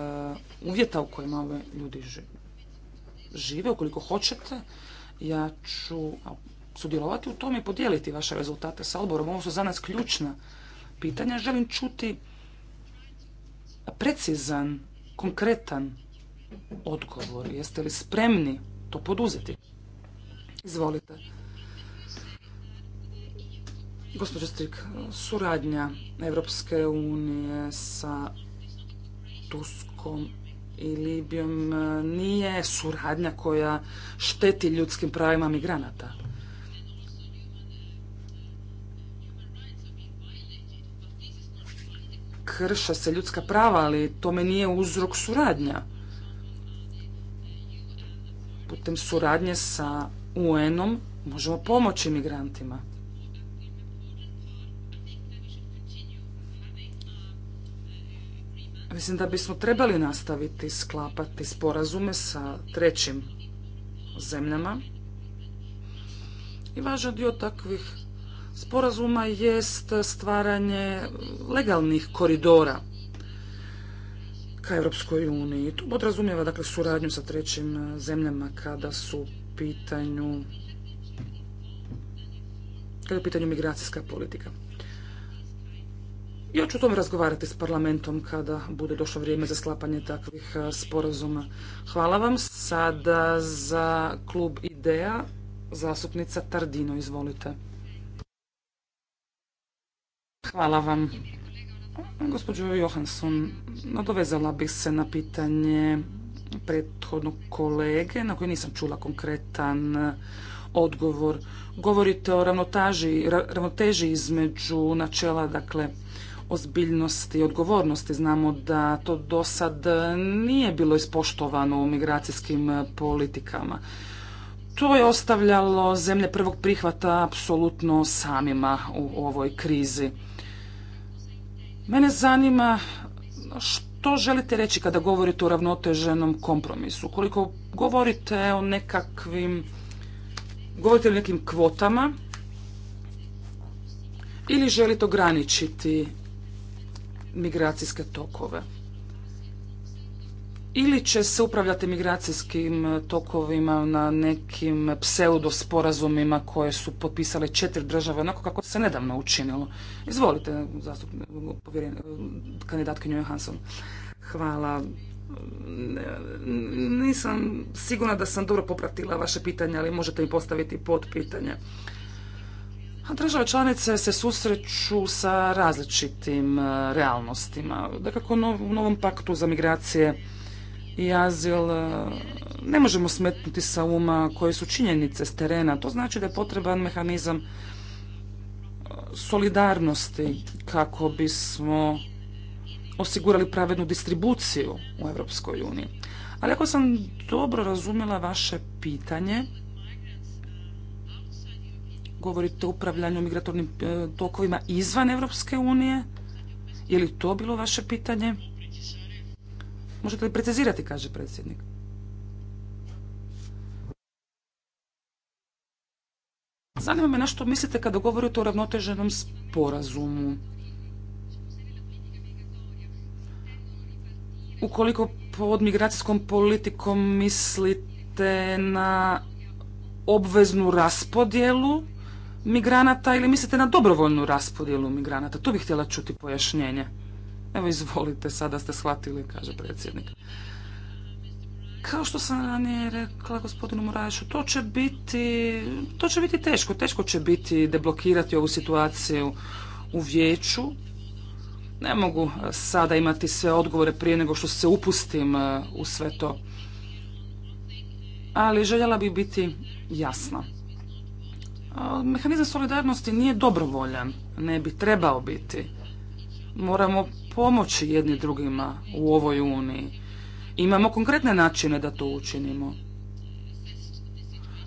uvjeta u kojima ove ljudi žive, ukoliko hoćete, ja ću sudjelovati u tome i podijeliti vaše rezultate sa odborom. Ovo su za nas ključna pitanja. Želim čuti precizan, konkretan odgovor. Jeste li spremni to poduzeti? Izvolite. Gospođo Strik, suradnja Evropske unije sa Tuskom i Libijom nije suradnja koja šteti ljudskim pravima migranata. krša se ljudska prava, ali tome nije uzrok suradnja. Putem suradnje sa UN-om možemo pomoći imigrantima. Mislim da bismo trebali nastaviti sklapati sporazume sa trećim zemljama. I važan dio takvih sporazuma jest stvaranje legalnih koridora ka Europskoj uniji. To podrazumijeva dakle suradnju sa trećim e, zemljama kada su u pitanju kada je u pitanju migracijska politika. Ja ću o tome razgovarati s parlamentom kada bude došlo vrijeme za sklapanje takvih e, sporazuma. Hvala vam. Sada za klub ideja zastupnica Tardino, izvolite. Hvala vam. Gospođo Johansson, nadovezala bih se na pitanje prethodnog kolege na koji nisam čula konkretan eh, odgovor. Govorite o ravnoteži između načela dakle ozbiljnosti i odgovornosti. Znamo da to do sad eh, nije bilo ispoštovano u migracijskim eh, politikama. To je ostavljalo zemlje prvog prihvata apsolutno samima u ovoj krizi. Mene zanima što želite reći kada govorite o ravnoteženom kompromisu. Koliko govorite o nekakvim, govorite o nekim kvotama ili želite ograničiti migracijske tokove ili će se upravljati migracijskim e, tokovima na nekim pseudosporazumima koje su potpisale četiri države, onako kako se nedavno učinilo. Izvolite, zastupnik, kandidatkinju Johansson. Hvala. Nisam sigurna da sam dobro popratila vaše pitanje, ali možete mi postaviti pod pitanje. Države članice se susreću sa različitim e, realnostima. Dakle, u novom paktu za migracije i azil e, ne možemo smetnuti sa uma koje su činjenice s terena. To znači da je potreban mehanizam e, solidarnosti kako bismo osigurali pravednu distribuciju u Europskoj uniji. Ali ako sam dobro razumjela vaše pitanje, govorite o upravljanju migratornim e, tokovima izvan Europske unije, je li to bilo vaše pitanje? Možete li precizirati, kaže predsjednik. Zanima me na što mislite kada govorite o ravnoteženom sporazumu. Ukoliko pod migracijskom politikom mislite na obveznu raspodjelu migranata ili mislite na dobrovoljnu raspodjelu migranata? Tu bih htjela čuti pojašnjenje. Evo izvolite, sada ste shvatili, kaže predsjednik. Kao što sam ranije rekla gospodinu Morašu, to će biti, to će biti teško. Teško će biti deblokirati ovu situaciju u vijeću. Ne mogu sada imati sve odgovore prije nego što se upustim e, u sve to. Ali željela bi biti jasna. E, mehanizam solidarnosti nije dobrovoljan, ne bi trebao biti moramo pomoći jedni drugima u ovoj uniji. Imamo konkretne načine da to učinimo.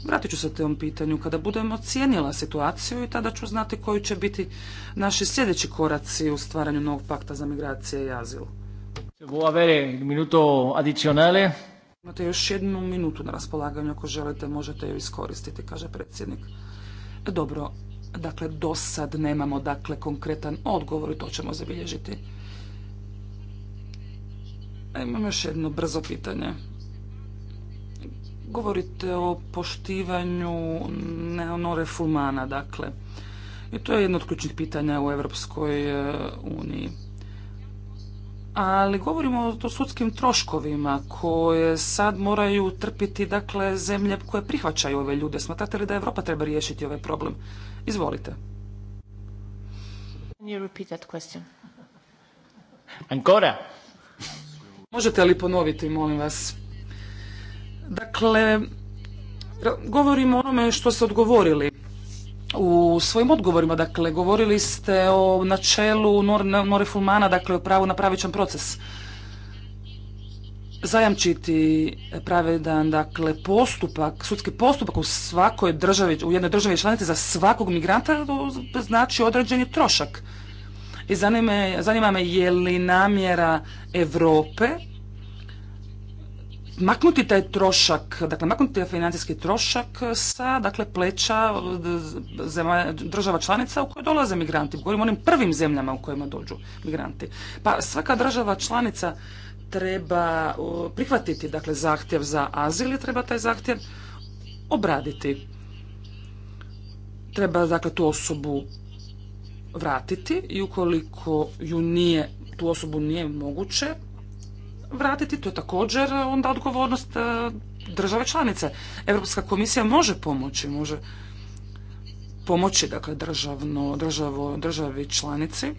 Vratit ću se tom pitanju kada budemo ocijenila situaciju i tada ću znati koji će biti naši sljedeći koraci u stvaranju novog pakta za migracije i azil. Imate još jednu minutu na raspolaganju ako želite, možete ju iskoristiti, kaže predsjednik. Dobro, Dakle, do sad nemamo dakle, konkretan odgovor i to ćemo zabilježiti. Imamo imam još jedno brzo pitanje. Govorite o poštivanju neonore dakle. I to je jedno od ključnih pitanja u Europskoj e, uniji. Ali govorimo o sudskim troškovima koje sad moraju trpiti dakle, zemlje koje prihvaćaju ove ljude. Smatrate li da Evropa treba riješiti ovaj problem? Izvolite. Ancora? Možete li ponoviti, molim vas? Dakle, govorimo o onome što ste odgovorili. U svojim odgovorima, dakle, govorili ste o načelu Nore dakle, o pravu na pravičan proces zajamčiti pravedan dakle postupak, sudski postupak u svakoj državi, u jednoj državi članici za svakog migranta znači određeni trošak. I zanima me je li namjera Europe maknuti taj trošak, dakle maknuti taj financijski trošak sa dakle pleća država članica u koje dolaze migranti, govorim o onim prvim zemljama u kojima dođu migranti. Pa svaka država članica treba prihvatiti dakle zahtjev za azil i treba taj zahtjev obraditi. Treba dakle tu osobu vratiti i ukoliko ju nije, tu osobu nije moguće vratiti, to je također onda odgovornost e, države članice. Europska komisija može pomoći, može pomoći dakle državno, državo, državi članici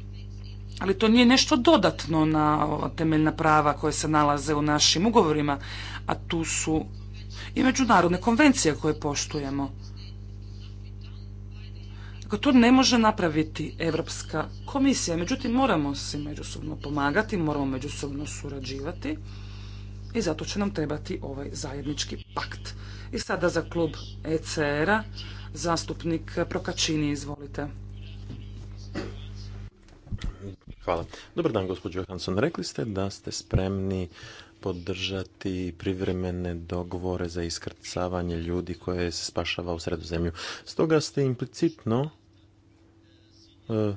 ali to nije nešto dodatno na temeljna prava koje se nalaze u našim ugovorima, a tu su i međunarodne konvencije koje poštujemo. Dakle, to ne može napraviti Europska komisija, međutim moramo se međusobno pomagati, moramo međusobno surađivati i zato će nam trebati ovaj zajednički pakt. I sada za klub ECR-a zastupnik Prokačini, izvolite. Hvala. Dobar dan, gospođo Johansson. Rekli ste da ste spremni podržati privremene dogovore za iskrcavanje ljudi koje se spašava u sredozemlju. Stoga ste implicitno eh,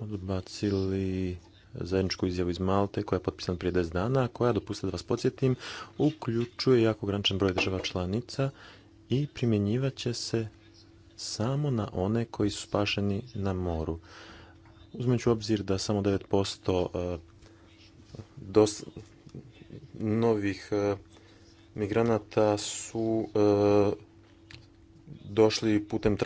odbacili zajedničku izjavu iz Malte koja je potpisana prije 10 dana, koja, dopustite da vas podsjetim, uključuje jako ograničen broj država članica i primjenjivaće se samo na one koji su spašeni na moru uzmeću obzir da samo 9% posto e, novih e, migranata su e, došli putem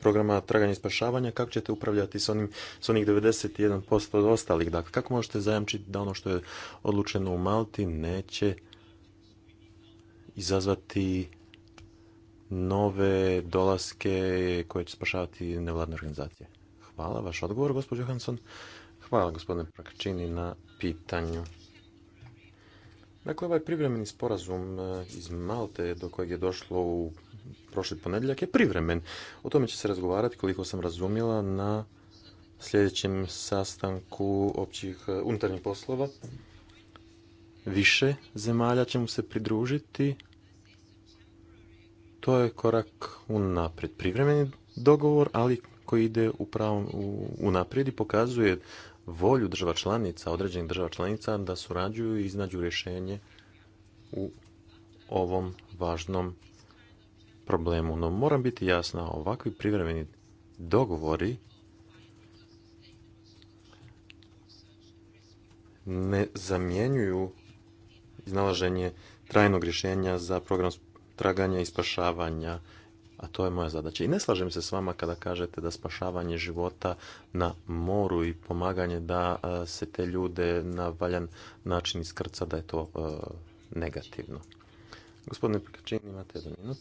programa traganja i spašavanja, kako ćete upravljati s, onim, onih 91% od ostalih? Dakle, kako možete zajamčiti da ono što je odlučeno u Malti neće izazvati nove dolaske koje će spašavati nevladne organizacije? Hvala. Vaš odgovor, gospođo Hanson. Hvala, gospodine Prakačini, na pitanju. Dakle, ovaj privremeni sporazum e, iz Malte do kojeg je došlo u prošli ponedjeljak je privremen. O tome će se razgovarati, koliko sam razumjela, na sljedećem sastanku općih e, unutarnjih poslova. Više zemalja će mu se pridružiti. To je korak unaprijed. Privremeni dogovor, ali koji ide u, pravom, naprijed i pokazuje volju država članica, određenih država članica da surađuju i iznađu rješenje u ovom važnom problemu. No moram biti jasna, ovakvi privremeni dogovori ne zamjenjuju iznalaženje trajnog rješenja za program traganja i spašavanja a to je moja zadaća. I ne slažem se s vama kada kažete da spašavanje života na moru i pomaganje da e, se te ljude na valjan način iskrca, da je to e, negativno. Gospodine Prikačin, imate minut.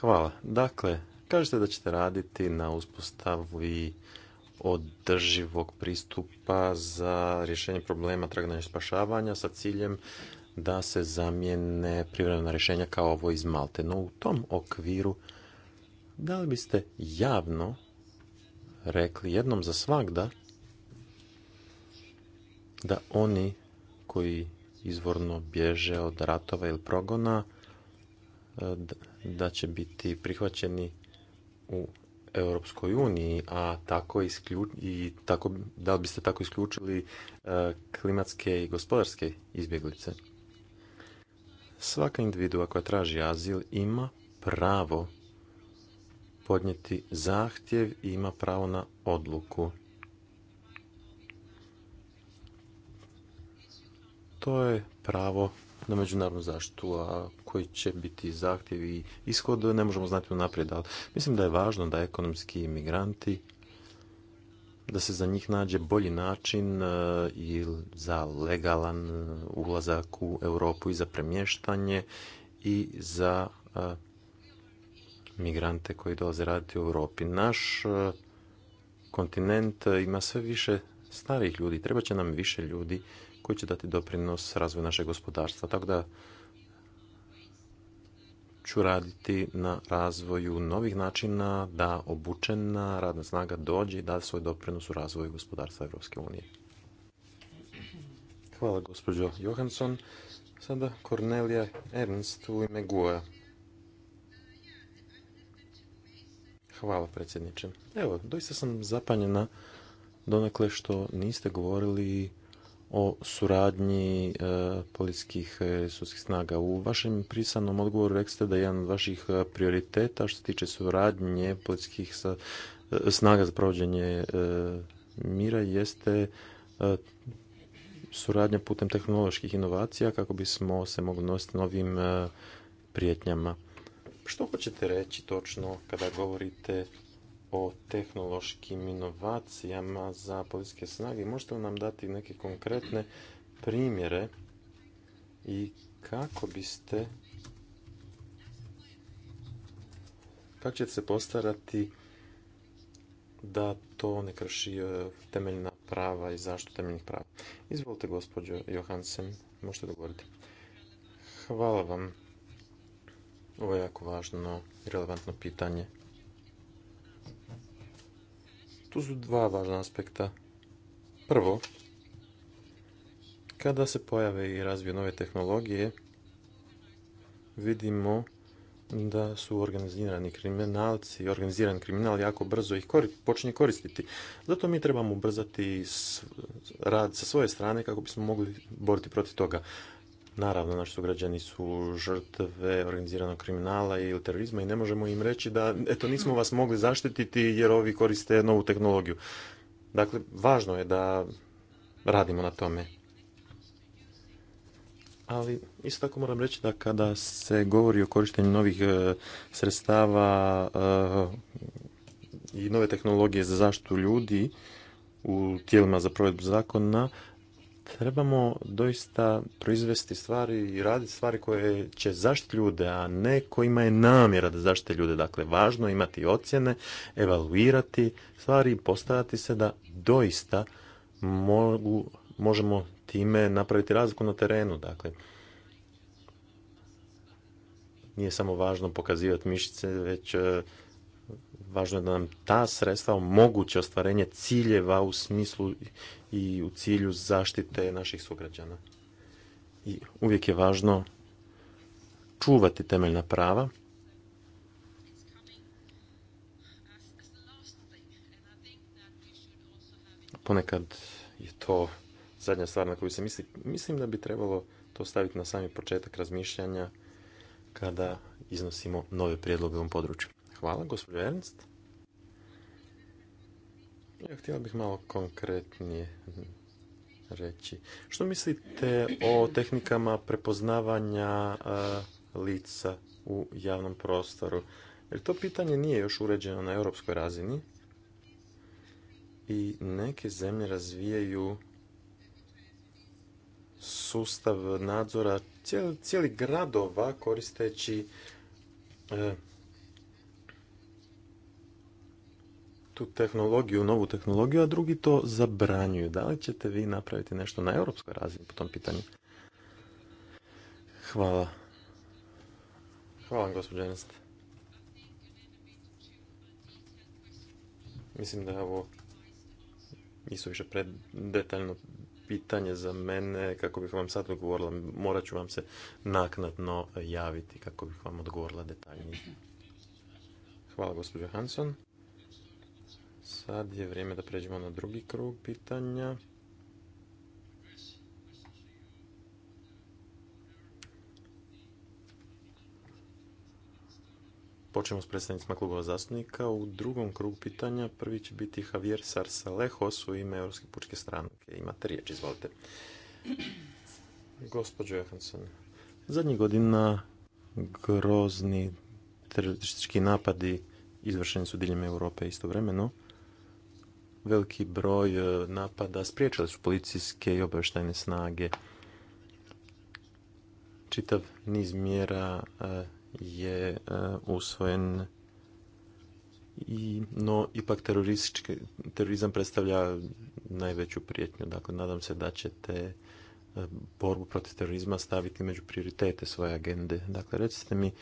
Hvala. Dakle, kažete da ćete raditi na uspostavi održivog pristupa za rješenje problema traganja i spašavanja sa ciljem da se zamijene privremena rješenja kao ovo iz Malte. No u tom okviru, da li biste javno rekli jednom za svakda da oni koji izvorno bježe od ratova ili progona, e, da će biti prihvaćeni u Europskoj uniji, a tako i tako, da li biste tako isključili e, klimatske i gospodarske izbjeglice? Svaka individua koja traži azil ima pravo podnijeti zahtjev i ima pravo na odluku. To je pravo na međunarodnu zaštitu, a koji će biti zahtjev i ishod ne možemo znati unaprijed, ali mislim da je važno da ekonomski imigranti da se za njih nađe bolji način e, i za legalan e, ulazak u Europu i za premještanje i za e, migrante koji dolaze raditi u Europi. Naš kontinent ima sve više starih ljudi, treba će nam više ljudi koji će dati doprinos razvoju našeg gospodarstva. Tako da ću raditi na razvoju novih načina da obučena radna snaga dođe i da svoj doprinos u razvoju gospodarstva Evropske unije. Hvala gospođo Johansson. Sada Cornelia Ernst u ime GUA. Hvala predsjedniče. Evo, doista sam zapanjena donakle što niste govorili o suradnji e, policijskih e, sudskih snaga. U vašem prisanom odgovoru rekli ste da je jedan od vaših e, prioriteta što se tiče suradnje policijskih snaga za provođenje mira jeste suradnja putem tehnoloških inovacija kako bismo se mogli nositi novim prijetnjama. Što hoćete reći točno kada govorite o tehnološkim inovacijama za policijske snage. Možete li nam dati neke konkretne primjere i kako biste kako ćete se postarati da to ne krši e, temeljna prava i zaštitu temeljnih prava. Izvolite, gospođo Johansen, možete govorite. Hvala vam. Ovo je jako važno i relevantno pitanje. Tu su dva važna aspekta. Prvo, kada se pojave i razvije nove tehnologije, vidimo da su organizirani kriminalci i organiziran kriminal jako brzo ih počinje koristiti. Zato mi trebamo ubrzati rad sa svoje strane kako bismo mogli boriti protiv toga. Naravno, naši sugrađani su žrtve organiziranog kriminala ili terorizma i ne možemo im reći da eto nismo vas mogli zaštititi jer ovi koriste novu tehnologiju. Dakle, važno je da radimo na tome. Ali isto tako moram reći da kada se govori o korištenju novih e, sredstava e, i nove tehnologije za zaštitu ljudi u tijelima za provedbu zakona, trebamo doista proizvesti stvari i raditi stvari koje će zaštiti ljude, a ne kojima je namjera da zaštite ljude. Dakle, važno je imati ocjene, evaluirati stvari i postarati se da doista mogu, možemo time napraviti razliku na terenu. Dakle, nije samo važno pokazivati mišice, već e, važno je da nam ta sredstva omoguće ostvarenje ciljeva u smislu i u cilju zaštite naših sugrađana. I uvijek je važno čuvati temeljna prava. Ponekad je to zadnja stvar na koju se misli. Mislim da bi trebalo to staviti na sami početak razmišljanja kada iznosimo nove prijedloge u ovom području. Hvala, gospođo Ernst. Ja htjela bih malo konkretnije reći. Što mislite o tehnikama prepoznavanja e, lica u javnom prostoru? Jer to pitanje nije još uređeno na europskoj razini i neke zemlje razvijaju sustav nadzora cijeli, gradova koristeći e, tu tehnologiju, novu tehnologiju, a drugi to zabranjuju. Da li ćete vi napraviti nešto na europskoj razini po tom pitanju? Hvala. Hvala vam, gospođa Mislim da je ovo nisu više predetaljno pitanje za mene kako bih vam sad odgovorila. Morat ću vam se naknadno javiti kako bih vam odgovorila detaljnije. Hvala gospođo Hanson. Sad je vrijeme da pređemo na drugi krug pitanja. Počnemo s predstavnicima klubova zastupnika. U drugom krugu pitanja prvi će biti Javier Sarsalehos u ime Europske pučke stranke. Imate riječ, izvolite. [CLEARS THROAT] Gospođo Johansson, zadnjih godina grozni teroristički napadi izvršeni su diljem Europe istovremeno veliki broj e, napada spriječile su policijske i obavještajne snage. Čitav niz mjera e, je e, usvojen i, no ipak terorizam predstavlja najveću prijetnju. Dakle, nadam se da ćete borbu protiv terorizma staviti među prioritete svoje agende. Dakle, recite mi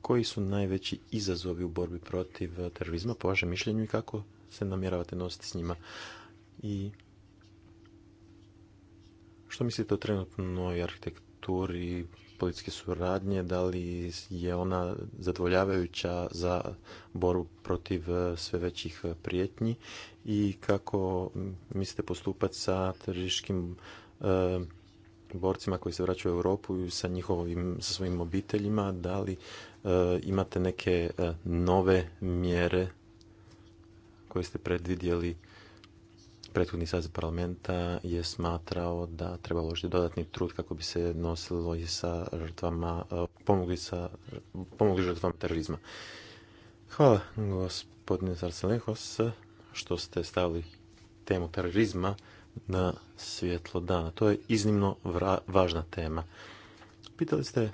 koji su najveći izazovi u borbi protiv terorizma po vašem mišljenju i kako se namjeravate nositi s njima i što mislite o trenutnoj arhitekturi političke suradnje, da li je ona zadovoljavajuća za boru protiv eh, sve većih eh, prijetnji i kako mislite postupati sa tržiškim eh, borcima koji se vraćaju u Europu i sa njihovim, sa svojim obiteljima, da li imate neke nove mjere koje ste predvidjeli prethodni saziv parlamenta je smatrao da treba uložiti dodatni trud kako bi se nosilo i sa žrtvama, pomogli, žrtvama terorizma. Hvala gospodine Zarcelehos što ste stavili temu terorizma na svjetlo dana. To je iznimno važna tema. Pitali ste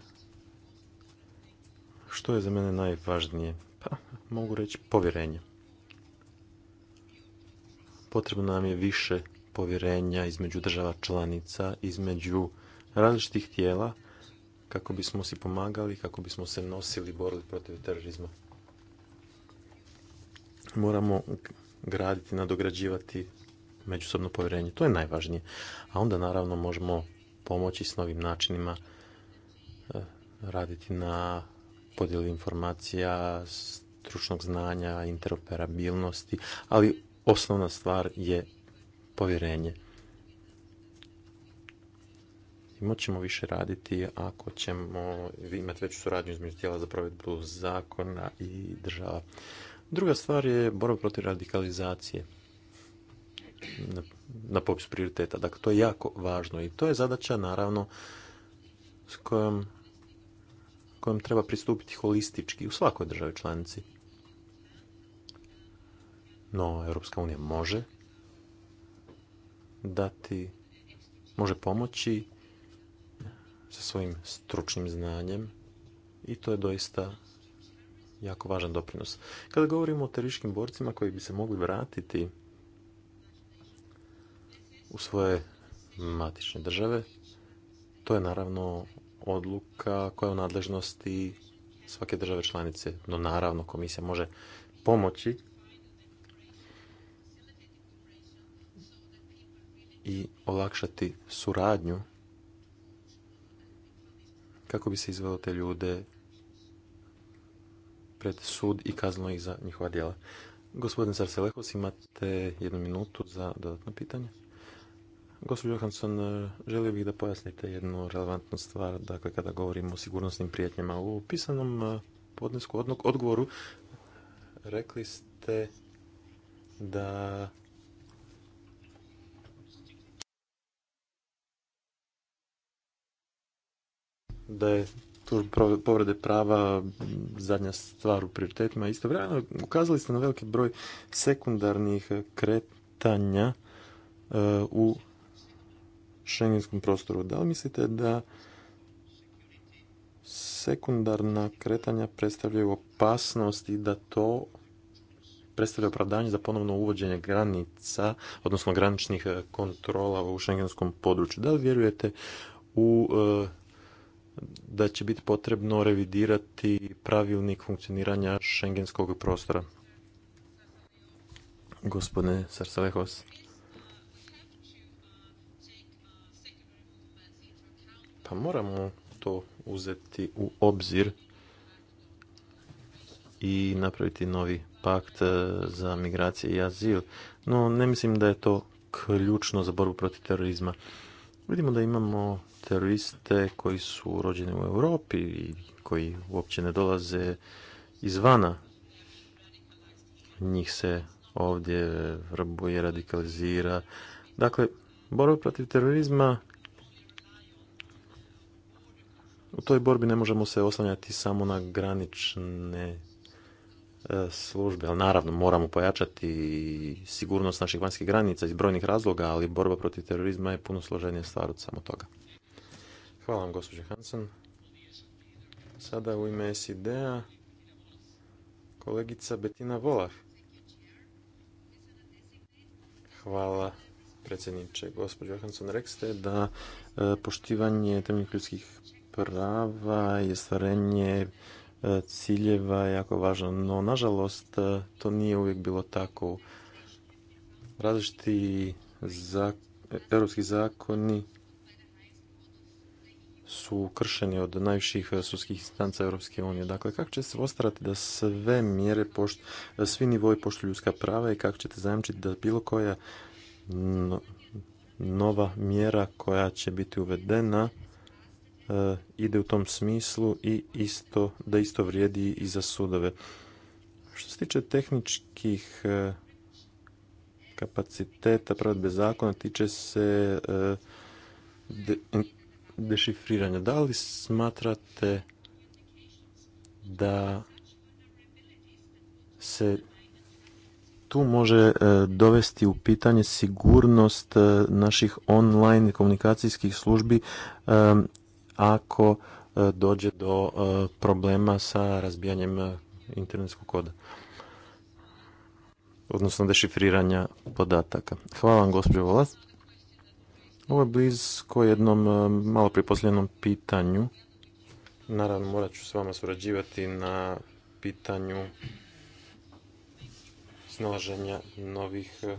što je za mene najvažnije? Pa mogu reći povjerenje potrebno nam je više povjerenja između država članica, između različitih tijela, kako bismo si pomagali, kako bismo se nosili, borili protiv terorizma. Moramo graditi, nadograđivati međusobno povjerenje. To je najvažnije. A onda naravno možemo pomoći s novim načinima e, raditi na podjeli informacija, stručnog znanja, interoperabilnosti, ali osnovna stvar je povjerenje. I moćemo više raditi ako ćemo imati veću suradnju između tijela za provedbu zakona i država. Druga stvar je borba protiv radikalizacije na, na popisu prioriteta. Dakle, to je jako važno i to je zadaća, naravno, s kojom, kojom treba pristupiti holistički u svakoj državi članici no Europska unija može dati, može pomoći sa svojim stručnim znanjem i to je doista jako važan doprinos. Kada govorimo o teriškim borcima koji bi se mogli vratiti u svoje matične države, to je naravno odluka koja je u nadležnosti svake države članice, no naravno komisija može pomoći i olakšati suradnju kako bi se izvelo te ljude pred sud i kazno ih za njihova djela. Gospodin Sarselehos, imate jednu minutu za dodatno pitanje. Gospodin Johansson, želio bih da pojasnite jednu relevantnu stvar, dakle kada govorimo o sigurnosnim prijetnjama. U pisanom eh, podnesku odgovoru rekli ste da da je tu povrede prava zadnja stvar u prioritetima. Isto vremeno, ukazali ste na veliki broj sekundarnih kretanja e, u šengenskom prostoru. Da li mislite da sekundarna kretanja predstavljaju opasnost i da to predstavlja opravdanje za ponovno uvođenje granica, odnosno graničnih kontrola u šengenskom području. Da li vjerujete u e, da će biti potrebno revidirati pravilnik funkcioniranja šengenskog prostora. Gospodine Sarsalehos. Pa moramo to uzeti u obzir i napraviti novi pakt e, za migracije i azil. No, ne mislim da je to ključno za borbu protiv terorizma. Vidimo da imamo teroriste koji su rođeni u Europi i koji uopće ne dolaze izvana. Njih se ovdje vrbuje, radikalizira. Dakle, borba protiv terorizma u toj borbi ne možemo se oslanjati samo na granične e, službe, ali naravno moramo pojačati sigurnost naših vanjskih granica iz brojnih razloga, ali borba protiv terorizma je puno složenija stvar od samo toga. Hvala vam, gospođo Hansen. Sada u ime SID-a kolegica Betina Volah. Hvala predsjedniče. Gospođo rekli rekste da e, poštivanje temeljnih ljudskih prava i ostvarenje e, ciljeva je jako važno, no nažalost e, to nije uvijek bilo tako. Različiti europski zakoni su kršeni od najviših eh, sudskih instanca Europske unije. Dakle, kako će se ostarati da sve mjere, pošt, svi nivoji poštuju ljudska prava i kako ćete zajamčiti da bilo koja nova mjera koja će biti uvedena eh, ide u tom smislu i isto, da isto vrijedi i za sudove. Što se tiče tehničkih eh, kapaciteta provedbe zakona tiče se dešifriranja. Da li smatrate da se tu može e, dovesti u pitanje sigurnost e, naših online komunikacijskih službi e, ako dođe do problema sa razbijanjem internetskog koda odnosno dešifriranja podataka. Hvala vam gospođo Volac. Ovo je blisko jednom e, malo priposljenom pitanju. Naravno, morat ću s vama surađivati na pitanju snalaženja novih e,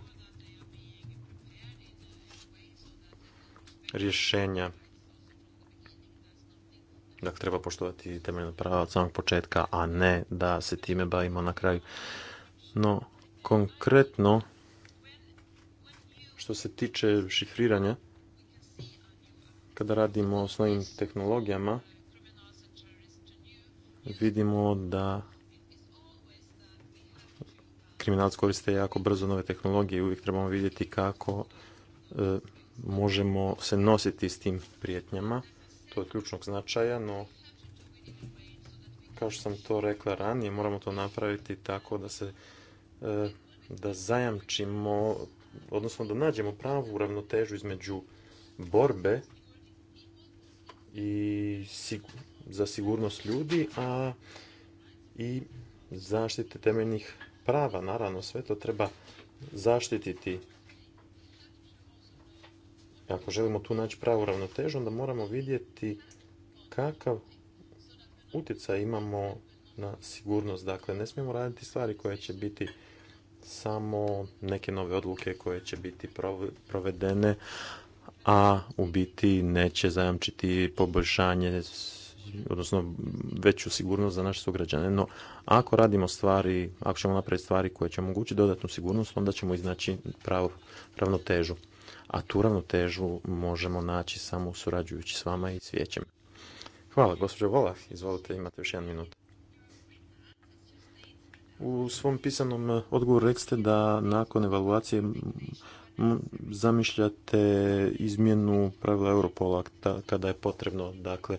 rješenja. Dakle, treba poštovati temeljna prava od samog početka, a ne da se time bavimo na kraju. No, konkretno, što se tiče šifriranja, kada radimo s novim tehnologijama, vidimo da kriminalci koriste jako brzo nove tehnologije i uvijek trebamo vidjeti kako e, možemo se nositi s tim prijetnjama. To je ključnog značaja, no kao što sam to rekla ranije, moramo to napraviti tako da se e, da zajamčimo, odnosno da nađemo pravu ravnotežu između borbe i za sigurnost ljudi, a i zaštite temeljnih prava. Naravno, sve to treba zaštititi. Ako želimo tu naći pravu ravnotežu, onda moramo vidjeti kakav utjecaj imamo na sigurnost. Dakle, ne smijemo raditi stvari koje će biti samo neke nove odluke koje će biti provedene, a u biti neće zajamčiti poboljšanje odnosno veću sigurnost za naše sugrađane. No, ako radimo stvari, ako ćemo napraviti stvari koje će omogućiti dodatnu sigurnost, onda ćemo iznaći pravo, ravnotežu. A tu ravnotežu možemo naći samo surađujući s vama i svijećem. Hvala, gospođo Volah. Izvolite, imate još jedan minut. U svom pisanom odgovoru rekste da nakon evaluacije zamišljate izmjenu pravila Europola kada je potrebno. Dakle,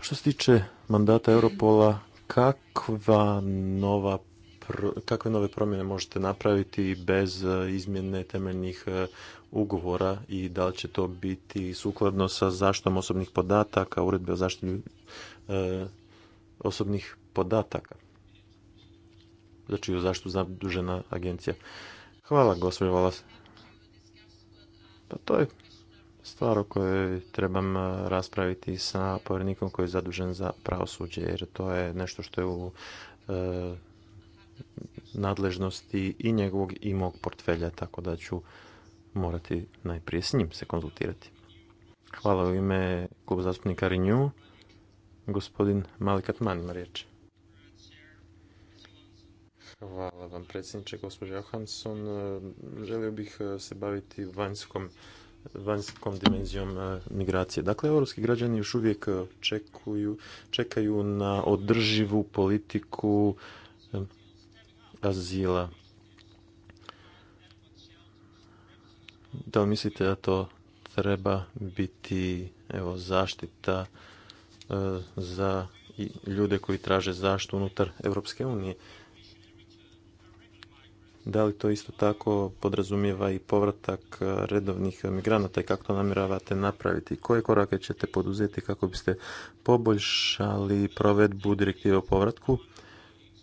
što se tiče mandata Europola, kakva nova kakve nove promjene možete napraviti bez e, izmjene temeljnih e, ugovora i da li će to biti sukladno sa zaštom osobnih podataka, uredbe o zaštiti e, osobnih podataka? za čiju zaštitu zadužena agencija. Hvala, gospođo Valas. Pa to je stvar o kojoj trebam raspraviti sa povjerenikom koji je zadužen za pravosuđe, jer to je nešto što je u e, nadležnosti i njegovog i mog portfelja, tako da ću morati najprije s njim se konzultirati. Hvala u ime kluba zastupnika Gospodin Malikat Man Hvala vam predsjedniče, gospođo Johansson. E, želio bih e, se baviti vanjskom dimenzijom e, migracije. Dakle, europski građani još uvijek čekaju na održivu politiku azila. Da li mislite da to treba biti evo, zaštita za ljude koji traže zaštitu unutar Europske unije? da li to isto tako podrazumijeva i povratak e, redovnih migranata i kako to namjeravate napraviti? Koje korake ćete poduzeti kako biste poboljšali provedbu direktive o povratku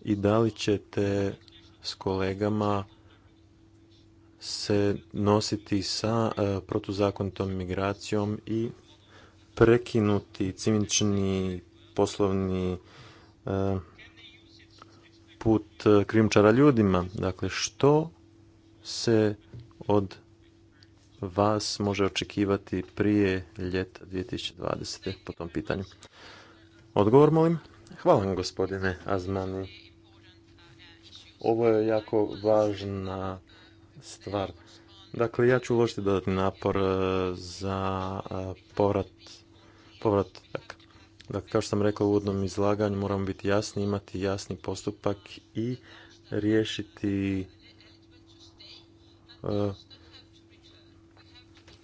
i da li ćete s kolegama se nositi sa e, protuzakonitom migracijom i prekinuti cimični poslovni e, put e, krijumčara ljudima. Dakle, što se od vas može očekivati prije ljeta 2020. po tom pitanju? Odgovor molim. Hvala vam gospodine Azmani. Ovo je jako važna stvar. Dakle, ja ću uložiti dodatni napor e, za e, povrat, povratak Dakle, kao što sam rekao u uvodnom izlaganju, moramo biti jasni, imati jasni postupak i riješiti e,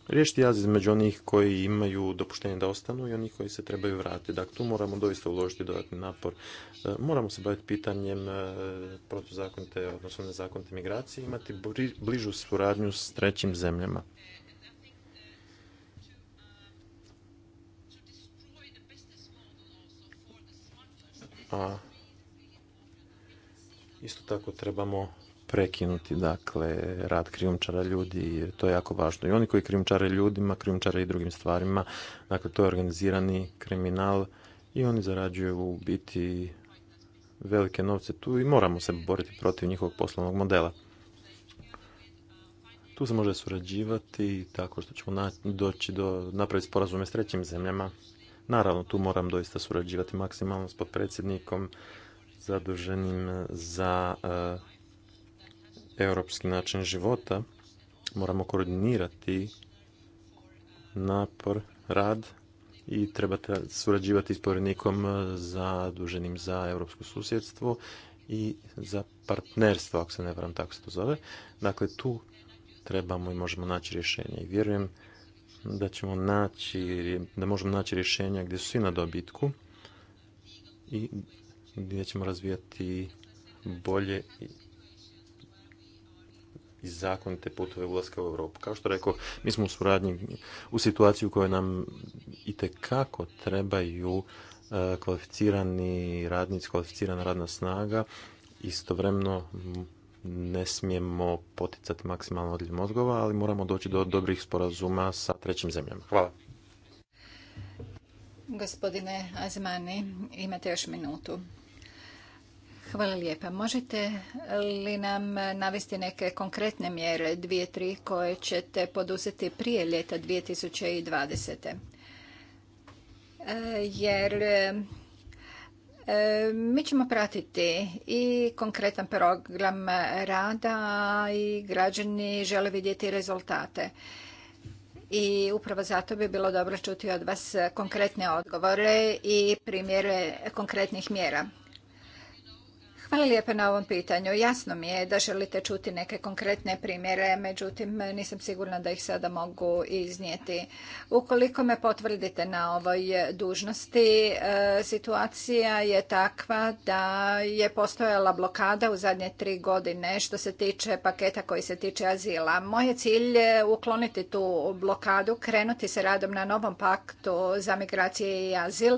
riješiti jaz između onih koji imaju dopuštenje da ostanu i onih koji se trebaju vratiti. Dakle, tu moramo doista uložiti dodatni napor. E, moramo se baviti pitanjem e, protuzakonite, odnosno nezakonite migracije, imati bližu suradnju s trećim zemljama. a isto tako trebamo prekinuti dakle rad krijumčara ljudi jer to je jako važno. I oni koji krijumčare ljudima, krijumčare i drugim stvarima, dakle to je organizirani kriminal i oni zarađuju u biti velike novce tu i moramo se boriti protiv njihovog poslovnog modela. Tu se može surađivati tako što ćemo doći do napraviti sporazume s trećim zemljama Naravno, tu moram doista surađivati maksimalno s podpredsjednikom zaduženim za e, europski način života. Moramo koordinirati napor, rad i trebate surađivati s povjerenikom zaduženim za europsko susjedstvo i za partnerstvo, ako se ne varam tako se to zove. Dakle, tu trebamo i možemo naći rješenje i vjerujem da ćemo naći, da možemo naći rješenja gdje su svi na dobitku i gdje ćemo razvijati bolje i zakonite putove ulaska u Europu. Kao što rekao, mi smo u suradnji u situaciji u kojoj nam itekako trebaju e, kvalificirani radnici, kvalificirana radna snaga. Istovremeno ne smijemo poticati maksimalno odljiv mozgova, ali moramo doći do dobrih sporazuma sa trećim zemljama. Hvala. Gospodine Azmani, imate još minutu. Hvala lijepa. Možete li nam navesti neke konkretne mjere, dvije, tri, koje ćete poduzeti prije ljeta 2020. E, jer E, mi ćemo pratiti i konkretan program rada i građani žele vidjeti rezultate. I upravo zato bi bilo dobro čuti od vas konkretne odgovore i primjere konkretnih mjera. Hvala lijepa na ovom pitanju. Jasno mi je da želite čuti neke konkretne primjere, međutim nisam sigurna da ih sada mogu iznijeti. Ukoliko me potvrdite na ovoj dužnosti, e, situacija je takva da je postojala blokada u zadnje tri godine što se tiče paketa koji se tiče azila. Moje cilj je ukloniti tu blokadu, krenuti se radom na novom paktu za migracije i azil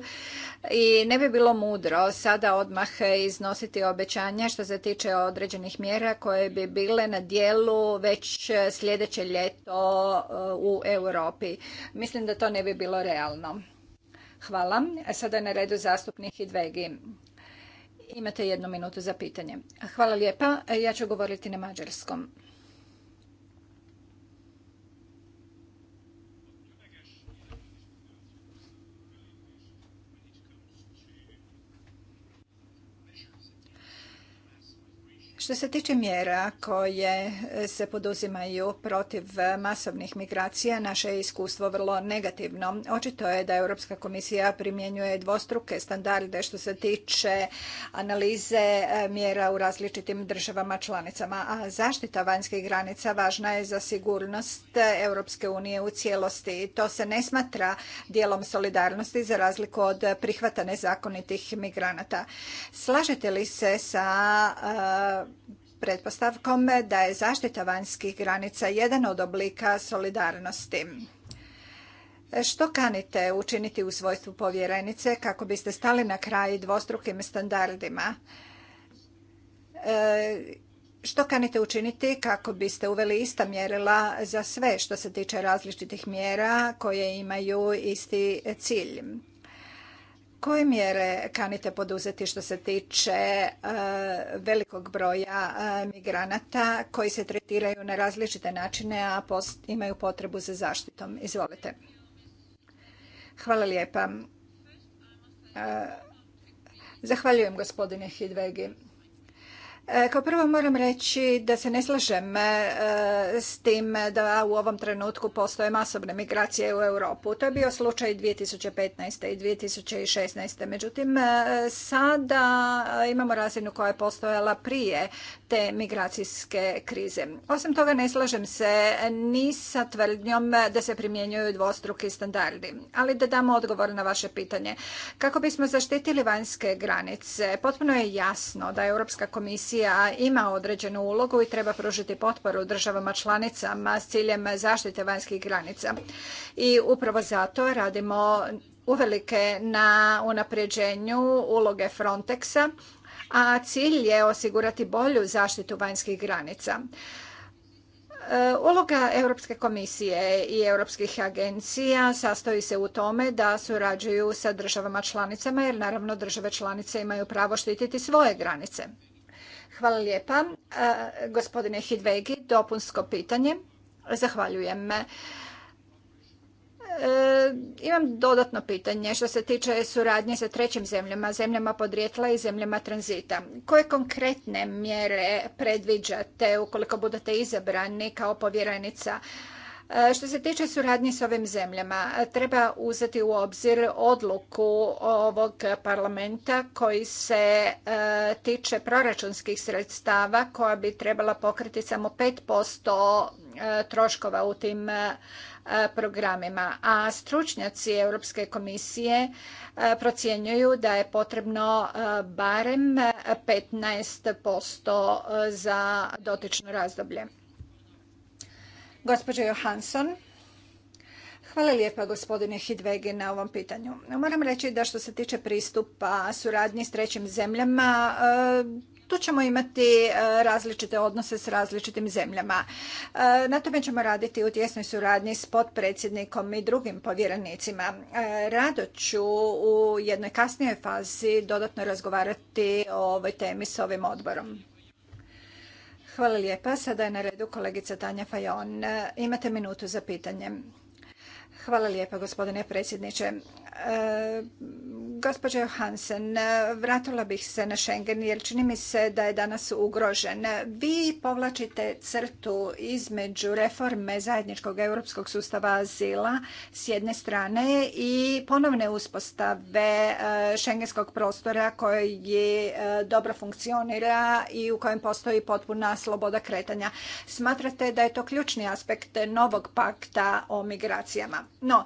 i ne bi bilo mudro sada odmah iznositi obećanje obećanja što se tiče određenih mjera koje bi bile na dijelu već sljedeće ljeto e, u Europi. Mislim da to ne bi bilo realno. Hvala. Sada je na redu zastupnik Hidvegi. Imate jednu minutu za pitanje. Hvala lijepa. Ja ću govoriti na mađarskom. Što se tiče mjera koje eh, se poduzimaju protiv eh, masovnih migracija, naše je iskustvo vrlo negativno. Očito je da Europska komisija primjenjuje dvostruke standarde što se tiče analize eh, mjera u različitim državama članicama, a zaštita vanjskih granica važna je za sigurnost Europske unije u cijelosti. To se ne smatra dijelom solidarnosti za razliku od prihvata nezakonitih migranata. Slažete li se sa pretpostavkom da je zaštita vanjskih granica jedan od oblika solidarnosti. Što kanite učiniti u svojstvu povjerenice kako biste stali na kraj dvostrukim standardima? E, što kanite učiniti kako biste uveli ista mjerila za sve što se tiče različitih mjera koje imaju isti cilj? Koje mjere kanite poduzeti što se tiče e, velikog broja e, migranata koji se tretiraju na različite načine, a imaju potrebu za zaštitom? Izvolite. Hvala lijepa. E, zahvaljujem gospodine Hidvegi. E, kao prvo moram reći da se ne slažem e, s tim da u ovom trenutku postoje masovne migracije u Europu. To je bio slučaj 2015. i 2016. Međutim, e, sada imamo razinu koja je postojala prije te migracijske krize. Osim toga, ne slažem se ni sa tvrdnjom da se primjenjuju dvostruki standardi. Ali da damo odgovor na vaše pitanje. Kako bismo zaštitili vanjske granice, potpuno je jasno da Europska komisija ima određenu ulogu i treba pružiti potporu državama članicama s ciljem zaštite vanjskih granica. I upravo zato radimo uvelike na unapređenju uloge Frontexa a cilj je osigurati bolju zaštitu vanjskih granica. E, uloga Europske komisije i europskih agencija sastoji se u tome da surađuju sa državama članicama jer naravno države članice imaju pravo štititi svoje granice. Hvala lijepa. E, gospodine Hidvegi, dopunsko pitanje. Zahvaljujem. E, imam dodatno pitanje što se tiče suradnje sa trećim zemljama, zemljama podrijetla i zemljama tranzita. Koje konkretne mjere predviđate ukoliko budete izabrani kao povjerenica? E, što se tiče suradnje s ovim zemljama, treba uzeti u obzir odluku ovog parlamenta koji se e, tiče proračunskih sredstava koja bi trebala pokriti samo 5% troškova u tim E, programima, a stručnjaci Europske komisije e, procjenjuju da je potrebno e, barem 15% za dotično razdoblje. Gospođo Johansson, Hvala lijepa gospodine Hidvege na ovom pitanju. Moram reći da što se tiče pristupa suradnji s trećim zemljama, tu ćemo imati e, različite odnose s različitim zemljama. E, na tome ćemo raditi u tjesnoj suradnji s potpredsjednikom i drugim povjerenicima. E, rado ću u jednoj kasnijoj fazi dodatno razgovarati o ovoj temi s ovim odborom. Hvala lijepa. Sada je na redu kolegica Tanja Fajon. Imate minutu za pitanje. Hvala lijepa gospodine predsjedniče. Gospođo Johansen, vratila bih se na Schengen jer čini mi se da je danas ugrožen. Vi povlačite crtu između reforme zajedničkog europskog sustava azila s jedne strane i ponovne uspostave šengenskog e, prostora koji e, dobro funkcionira i u kojem postoji potpuna sloboda kretanja. Smatrate da je to ključni aspekt novog pakta o migracijama. No,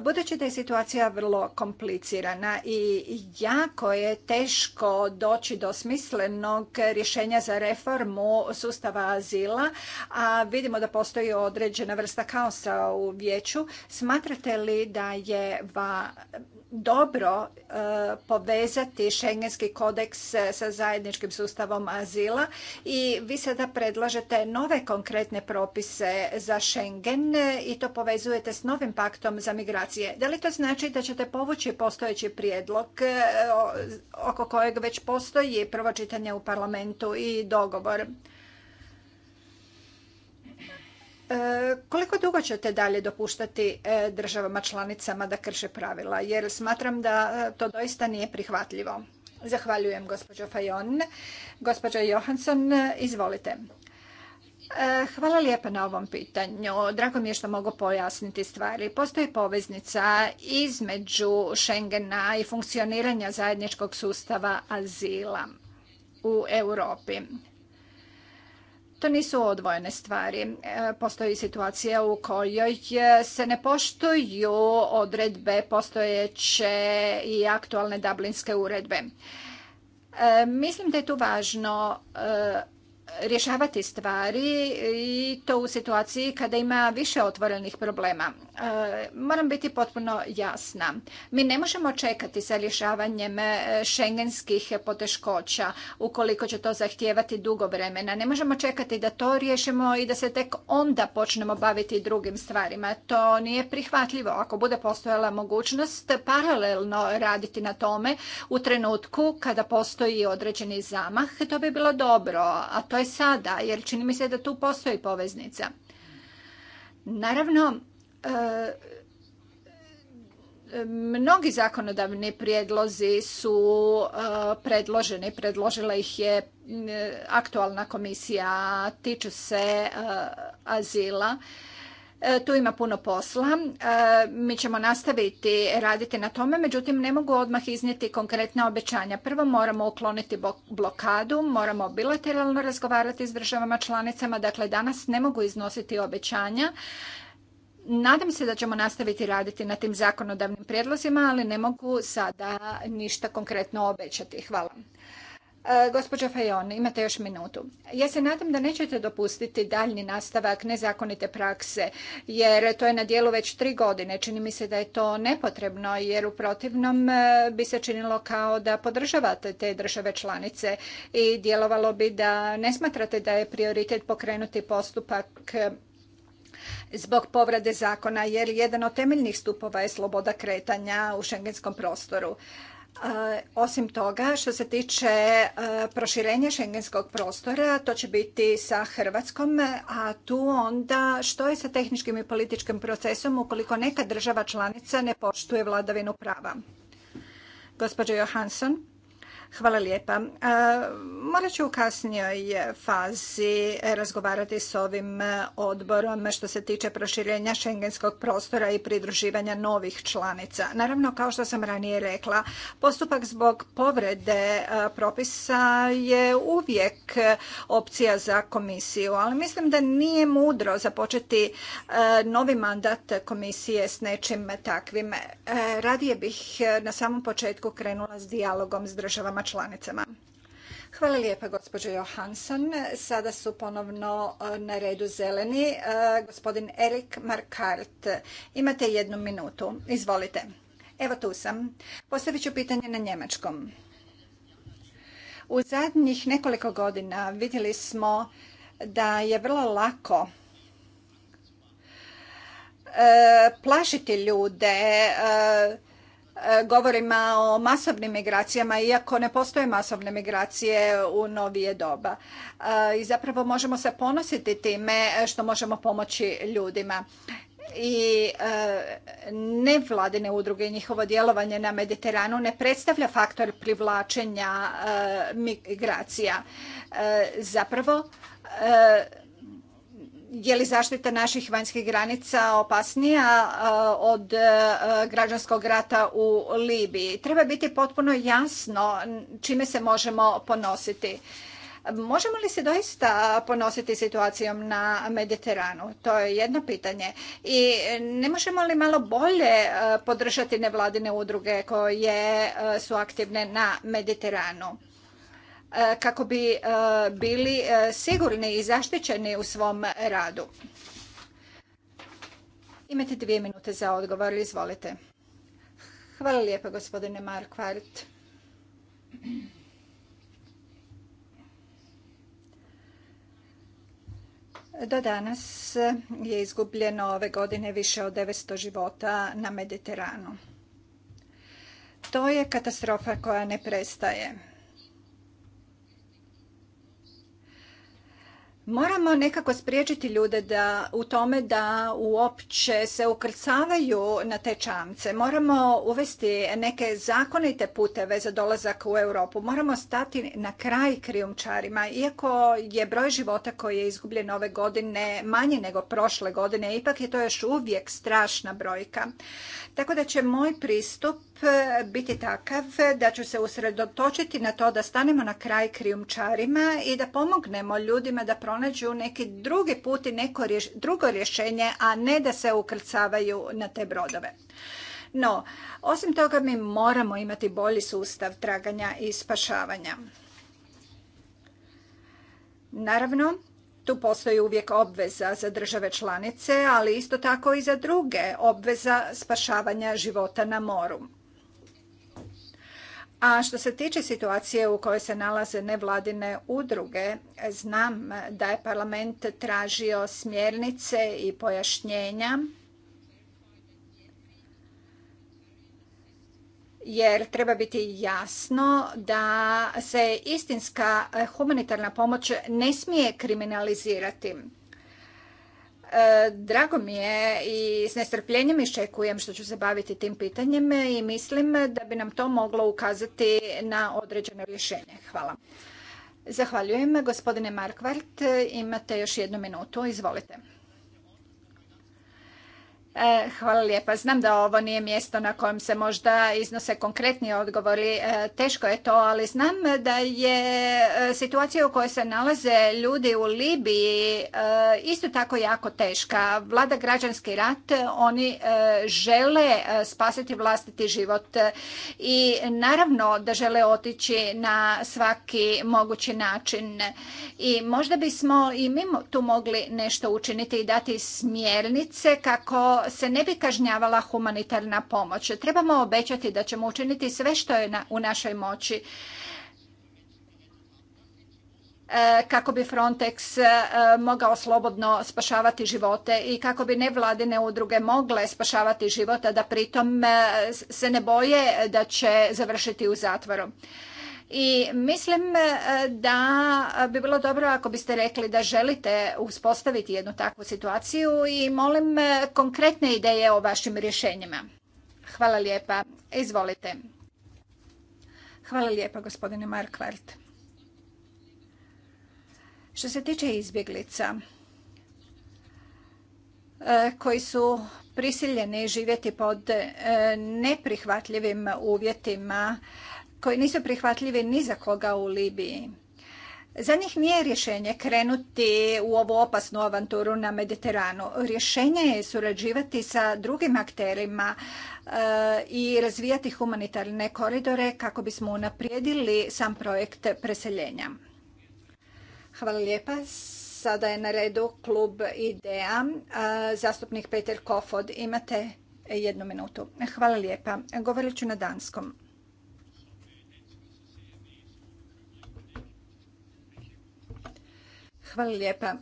budući da je situacija vrlo komplicirana i jako je teško doći do smislenog rješenja za reformu sustava azila, a vidimo da postoji određena vrsta kaosa u vijeću. Smatrate li da je va dobro e, povezati Schengenski kodeks sa zajedničkim sustavom azila i vi sada predlažete nove konkretne propise za Schengen i to povezujete s novim paktom za migracije. Da li to znači da ćete povući postojeći prijedlog e, oko kojeg već postoji prvo čitanje u parlamentu i dogovor? E, koliko dugo ćete dalje dopuštati e, državama članicama da krše pravila? Jer smatram da e, to doista nije prihvatljivo. Zahvaljujem gospođo Fajon. Gospođo Johansson, izvolite. Hvala lijepa na ovom pitanju. Drago mi je što mogu pojasniti stvari. Postoji poveznica između Schengena i funkcioniranja zajedničkog sustava azila u Europi. To nisu odvojene stvari. E, postoji situacija u kojoj se ne poštuju odredbe postojeće i aktualne Dublinske uredbe. E, mislim da je tu važno e, rješavati stvari i to u situaciji kada ima više otvorenih problema. Eh, moram biti potpuno jasna. Mi ne možemo čekati sa rješavanjem eh, šengenskih poteškoća ukoliko će to zahtijevati dugo vremena. Ne možemo čekati da to riješimo i da se tek onda počnemo baviti drugim stvarima. To nije prihvatljivo. Ako bude postojala mogućnost paralelno raditi na tome u trenutku kada postoji određeni zamah, to bi bilo dobro, a to je sada, jer čini mi se da tu postoji poveznica. Naravno, Mnogi zakonodavni prijedlozi su e, predloženi, predložila ih je e, aktualna komisija, tiču se e, azila. Tu ima puno posla. Mi ćemo nastaviti raditi na tome, međutim ne mogu odmah iznijeti konkretna obećanja. Prvo moramo ukloniti blokadu, moramo bilateralno razgovarati s državama članicama. Dakle, danas ne mogu iznositi obećanja Nadam se da ćemo nastaviti raditi na tim zakonodavnim prijedlozima, ali ne mogu sada ništa konkretno obećati. Hvala. E, gospođo Fajon, imate još minutu. Ja se nadam da nećete dopustiti daljni nastavak nezakonite prakse, jer to je na dijelu već tri godine. Čini mi se da je to nepotrebno, jer u protivnom e, bi se činilo kao da podržavate te države članice i djelovalo bi da ne smatrate da je prioritet pokrenuti postupak zbog povrede zakona, jer jedan od temeljnih stupova je sloboda kretanja u šengenskom prostoru. E, osim toga, što se tiče e, proširenja šengenskog prostora, to će biti sa Hrvatskom, a tu onda što je sa tehničkim i političkim procesom ukoliko neka država članica ne poštuje vladavinu prava? Gospođo Johansson. Hvala lijepa. E, morat ću u kasnijoj fazi razgovarati s ovim odborom što se tiče proširenja šengenskog prostora i pridruživanja novih članica. Naravno, kao što sam ranije rekla, postupak zbog povrede e, propisa je uvijek opcija za komisiju, ali mislim da nije mudro započeti e, novi mandat komisije s nečim takvim. Radije bih na samom početku krenula s dijalogom s državama članicama. Hvala lijepa gospođo Johansson. Sada su ponovno e, na redu zeleni. E, gospodin Erik Markart, imate jednu minutu. Izvolite. Evo tu sam. Postavit ću pitanje na njemačkom. U zadnjih nekoliko godina vidjeli smo da je vrlo lako e, plašiti ljude, govorimo o masovnim migracijama, iako ne postoje masovne migracije u novije doba. E, I zapravo možemo se ponositi time što možemo pomoći ljudima i e, nevladine udruge i njihovo djelovanje na Mediteranu ne predstavlja faktor privlačenja e, migracija. Zapravo, je li zaštita naših vanjskih granica opasnija od e, građanskog rata u Libiji? Treba biti potpuno jasno čime se možemo ponositi. Možemo li se doista ponositi situacijom na Mediteranu? To je jedno pitanje. I ne možemo li malo bolje e, podržati nevladine udruge koje e, su aktivne na Mediteranu? E, kako bi e, bili e, sigurni i zaštićeni u svom radu. Imate dvije minute za odgovor, izvolite. Hvala lijepo, gospodine Markvart. Do danas je izgubljeno ove godine više od 900 života na Mediteranu. To je katastrofa koja ne prestaje Moramo nekako spriječiti ljude da, u tome da uopće se ukrcavaju na te čamce. Moramo uvesti neke zakonite puteve za dolazak u Europu. Moramo stati na kraj krijumčarima. Iako je broj života koji je izgubljen ove godine manji nego prošle godine, ipak je to još uvijek strašna brojka. Tako da će moj pristup eh, biti takav da ću se usredotočiti na to da stanemo na kraj krijumčarima i da pomognemo ljudima da pronađu neki drugi put i neko drugo rješenje, a ne da se ukrcavaju na te brodove. No, osim toga mi moramo imati bolji sustav traganja i spašavanja. Naravno, tu postoji uvijek obveza za države članice, ali isto tako i za druge obveza spašavanja života na moru. A što se tiče situacije u kojoj se nalaze nevladine udruge, znam da je parlament tražio smjernice i pojašnjenja jer treba biti jasno da se istinska humanitarna pomoć ne smije kriminalizirati. E, drago mi je i s nestrpljenjem iščekujem što ću se baviti tim pitanjem i mislim da bi nam to moglo ukazati na određeno rješenje. Hvala. Zahvaljujem. Gospodine Markvart, imate još jednu minutu. Izvolite. E, hvala lijepa. Znam da ovo nije mjesto na kojem se možda iznose konkretni odgovori. E, teško je to, ali znam da je e, situacija u kojoj se nalaze ljudi u Libiji isto tako jako teška. Vlada građanski rat, oni žele spasiti vlastiti život i naravno da žele otići na svaki mogući način. I možda bismo i mi tu mogli nešto učiniti i dati smjernice kako se ne bi kažnjavala humanitarna pomoć. Trebamo obećati da ćemo učiniti sve što je u našoj moći e, kako bi Frontex e, mogao slobodno spašavati živote i kako bi nevladine udruge mogle spašavati života da pritom e, se ne boje da će završiti u zatvoru. I mislim e, da bi bilo dobro ako biste rekli da želite uspostaviti jednu takvu situaciju i molim e, konkretne ideje o vašim rješenjima. Hvala lijepa. Izvolite. Hvala lijepa gospodine Markvart. Što se tiče izbjeglica e, koji su prisiljeni živjeti pod neprihvatljivim uvjetima koji nisu prihvatljivi ni za koga u Libiji. Za njih nije rješenje krenuti u ovu opasnu avanturu na Mediteranu. Rješenje je surađivati sa drugim akterima e, i razvijati humanitarne koridore kako bismo unaprijedili sam projekt preseljenja. Hvala lijepa. Sada je na redu klub IDEA. E, zastupnik Peter Kofod, imate jednu minutu. Hvala lijepa. Govorit ću na danskom. Hvala lijepa.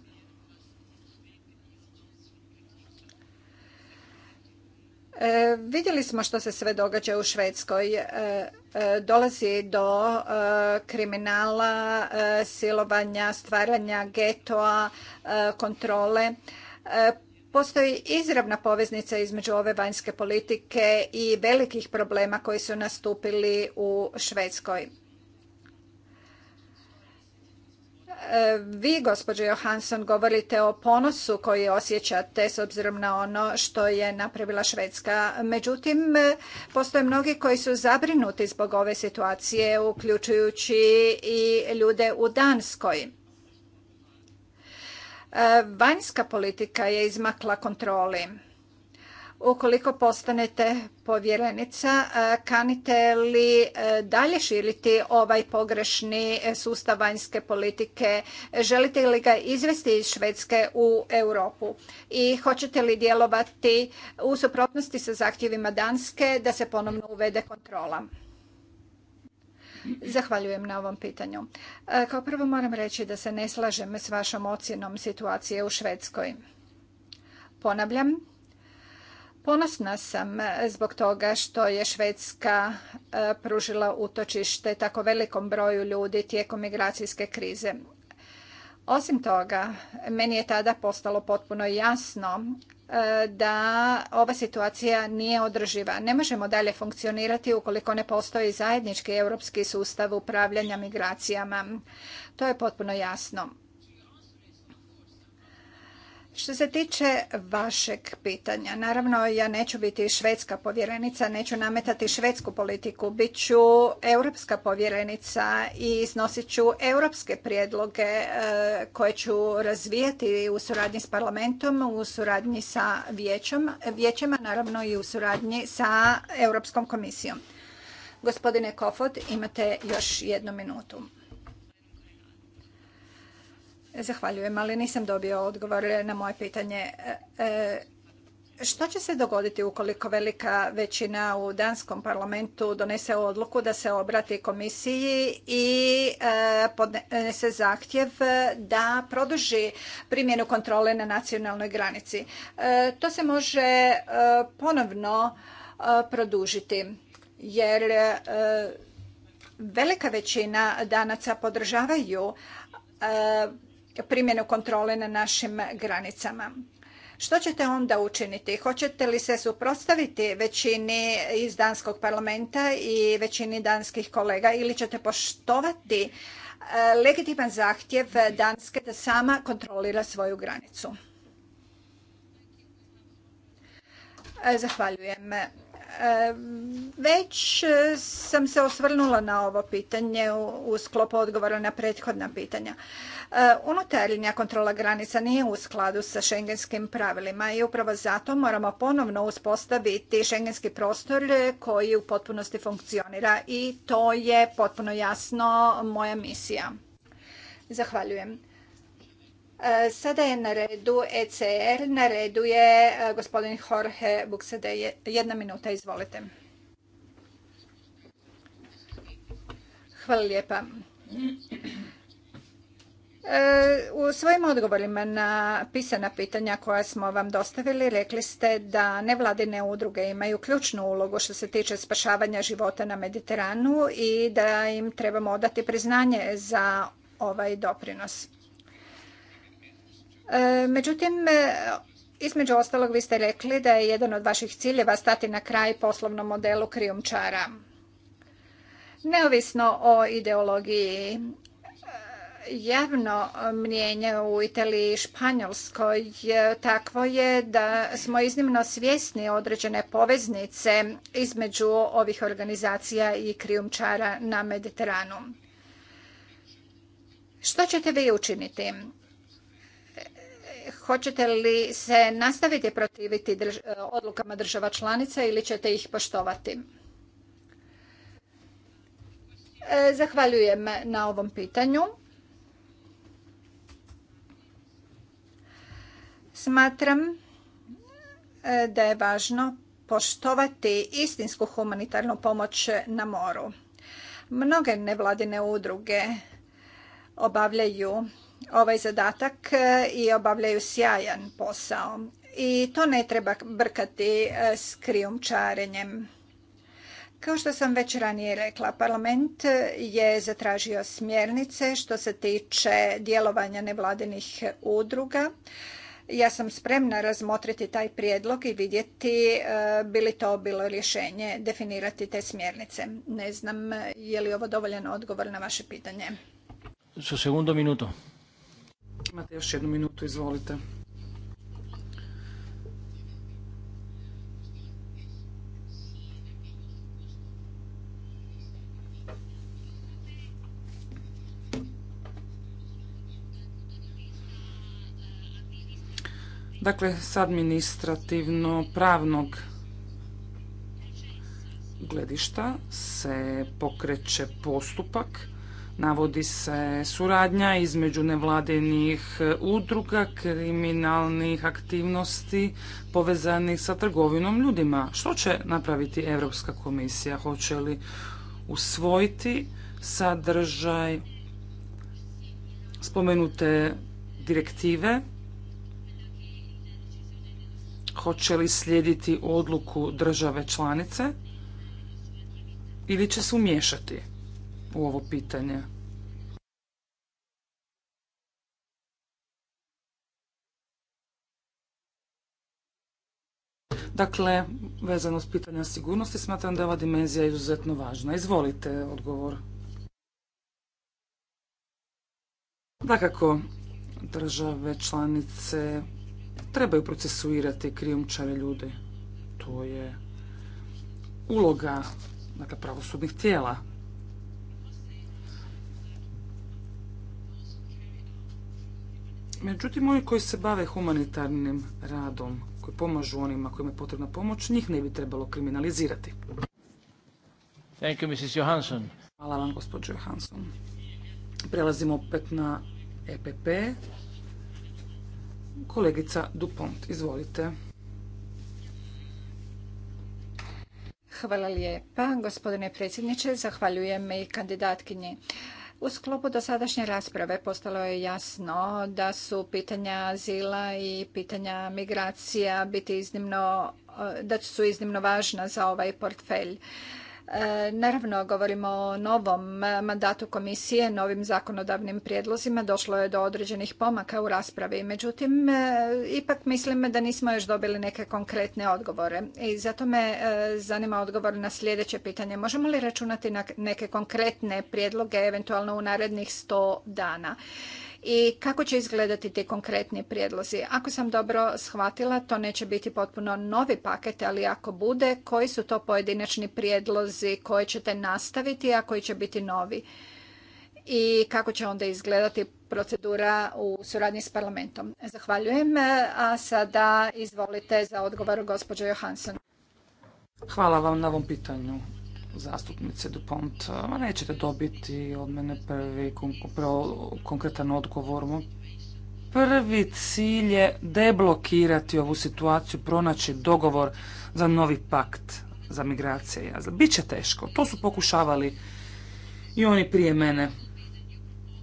E, vidjeli smo što se sve događa u Švedskoj. E, e, dolazi do kriminala, silovanja, stvaranja getoa, kontrole. Postoji izravna poveznica između ove vanjske politike i velikih problema koji su nastupili u Švedskoj. E, vi, gospođo Johansson, govorite o ponosu koji osjećate s obzirom na ono što je napravila Švedska. Međutim, e, postoje mnogi koji su zabrinuti zbog ove situacije, uključujući i ljude u Danskoj. E, vanjska politika je izmakla kontroli Ukoliko postanete povjerenica, e, kanite li e, dalje širiti ovaj pogrešni e, sustav vanjske politike? Želite li ga izvesti iz Švedske u Europu? I hoćete li djelovati u suprotnosti sa zahtjevima Danske da se ponovno uvede kontrola? Zahvaljujem na ovom pitanju. Kao prvo moram reći da se ne slažem s vašom ocjenom situacije u Švedskoj. Ponavljam, Ponosna sam e, zbog toga što je Švedska e, pružila utočište tako velikom broju ljudi tijekom migracijske krize. Osim toga, meni je tada postalo potpuno jasno e, da ova situacija nije održiva. Ne možemo dalje funkcionirati ukoliko ne postoji zajednički europski sustav upravljanja migracijama. To je potpuno jasno. Što se tiče vašeg pitanja, naravno ja neću biti švedska povjerenica, neću nametati švedsku politiku, bit ću europska povjerenica i iznosit ću europske prijedloge e, koje ću razvijati u suradnji s parlamentom, u suradnji sa vijećem, naravno i u suradnji sa Europskom komisijom. Gospodine Kofod, imate još jednu minutu. Zahvaljujem, ali nisam dobio odgovor na moje pitanje. E, e, što će se dogoditi ukoliko velika većina u Danskom parlamentu donese odluku da se obrati komisiji i e, podnese zahtjev da produži primjenu kontrole na nacionalnoj granici? To se može ponovno produžiti jer velika većina Danaca podržavaju primjenu kontrole na našim granicama. Što ćete onda učiniti? Hoćete li se suprotstaviti većini iz danskog parlamenta i većini danskih kolega ili ćete poštovati e, legitiman zahtjev Danske da sama kontrolira svoju granicu? E, zahvaljujem. Već e, sam se osvrnula na ovo pitanje u sklopu odgovora na prethodna pitanja. E, unutarnja kontrola granica nije u skladu sa šengenskim pravilima i upravo zato moramo ponovno uspostaviti šengenski prostor koji u potpunosti funkcionira i to je potpuno jasno moja misija. Zahvaljujem. Eh, sada je na redu ECR, na redu je eh, gospodin Jorge Buksade. Jedna minuta, izvolite. Hvala lijepa. Eh, u svojim odgovorima na pisana pitanja koja smo vam dostavili rekli ste da nevladine udruge imaju ključnu ulogu što se tiče spašavanja života na Mediteranu i da im trebamo odati priznanje za ovaj doprinos. Međutim, između ostalog vi ste rekli da je jedan od vaših ciljeva stati na kraj poslovnom modelu krijumčara. Neovisno o ideologiji, javno mnjenje u Italiji i Španjolskoj takvo je da smo iznimno svjesni određene poveznice između ovih organizacija i krijumčara na Mediteranu. Što ćete vi učiniti? hoćete li se nastaviti protiviti e, odlukama država članica ili ćete ih poštovati? E, zahvaljujem na ovom pitanju. Smatram e, da je važno poštovati istinsku humanitarnu pomoć na moru. Mnoge nevladine udruge obavljaju ovaj zadatak e, i obavljaju sjajan posao. I to ne treba brkati e, s krijumčarenjem. Kao što sam već ranije rekla, parlament je zatražio smjernice što se tiče djelovanja nevladinih udruga. Ja sam spremna razmotriti taj prijedlog i vidjeti e, bi li to bilo rješenje definirati te smjernice. Ne znam je li ovo dovoljan odgovor na vaše pitanje. Su segundo minuto. Imate još jednu minutu, izvolite. Dakle, s administrativno pravnog gledišta se pokreće postupak Navodi se suradnja između nevladinih e, udruga, kriminalnih aktivnosti povezanih sa trgovinom ljudima. Što će napraviti Europska komisija? Hoće li usvojiti sadržaj spomenute direktive? Hoće li slijediti odluku države članice? Ili će se umiješati? u ovo pitanje. Dakle, vezano s pitanja sigurnosti, smatram da je ova dimenzija izuzetno važna. Izvolite odgovor. Dakako, države, članice trebaju procesuirati krijumčare ljudi. To je uloga dakle, pravosudnih tijela. Međutim, oni koji se bave humanitarnim radom, koji pomažu onima kojima je potrebna pomoć, njih ne bi trebalo kriminalizirati. Thank you, Mrs. Johansson. Hvala vam, gospođo Johansson. Prelazimo opet na EPP. Kolegica Dupont, izvolite. Hvala lijepa, gospodine predsjedniče. Zahvaljujem i kandidatkinji. U sklopu dosadašnje rasprave postalo je jasno da su pitanja azila i pitanja migracija biti iznimno, eh, da su iznimno važna za ovaj portfelj. E, naravno, govorimo o novom mandatu komisije, novim zakonodavnim prijedlozima. Došlo je do određenih pomaka u raspravi. Međutim, e, ipak mislim da nismo još dobili neke konkretne odgovore. I zato me e, zanima odgovor na sljedeće pitanje. Možemo li računati na neke konkretne prijedloge, eventualno u narednih sto dana? i kako će izgledati ti konkretni prijedlozi. Ako sam dobro shvatila, to neće biti potpuno novi paket, ali ako bude, koji su to pojedinačni prijedlozi koje ćete nastaviti, a koji će biti novi? i kako će onda izgledati procedura u suradnji s parlamentom. Zahvaljujem, a sada izvolite za odgovor gospođo Johansson. Hvala vam na ovom pitanju zastupnice Dupont, nećete dobiti od mene prvi konkretan odgovor. Prvi cilj je deblokirati ovu situaciju, pronaći dogovor za novi pakt za migracije Biće teško, to su pokušavali i oni prije mene.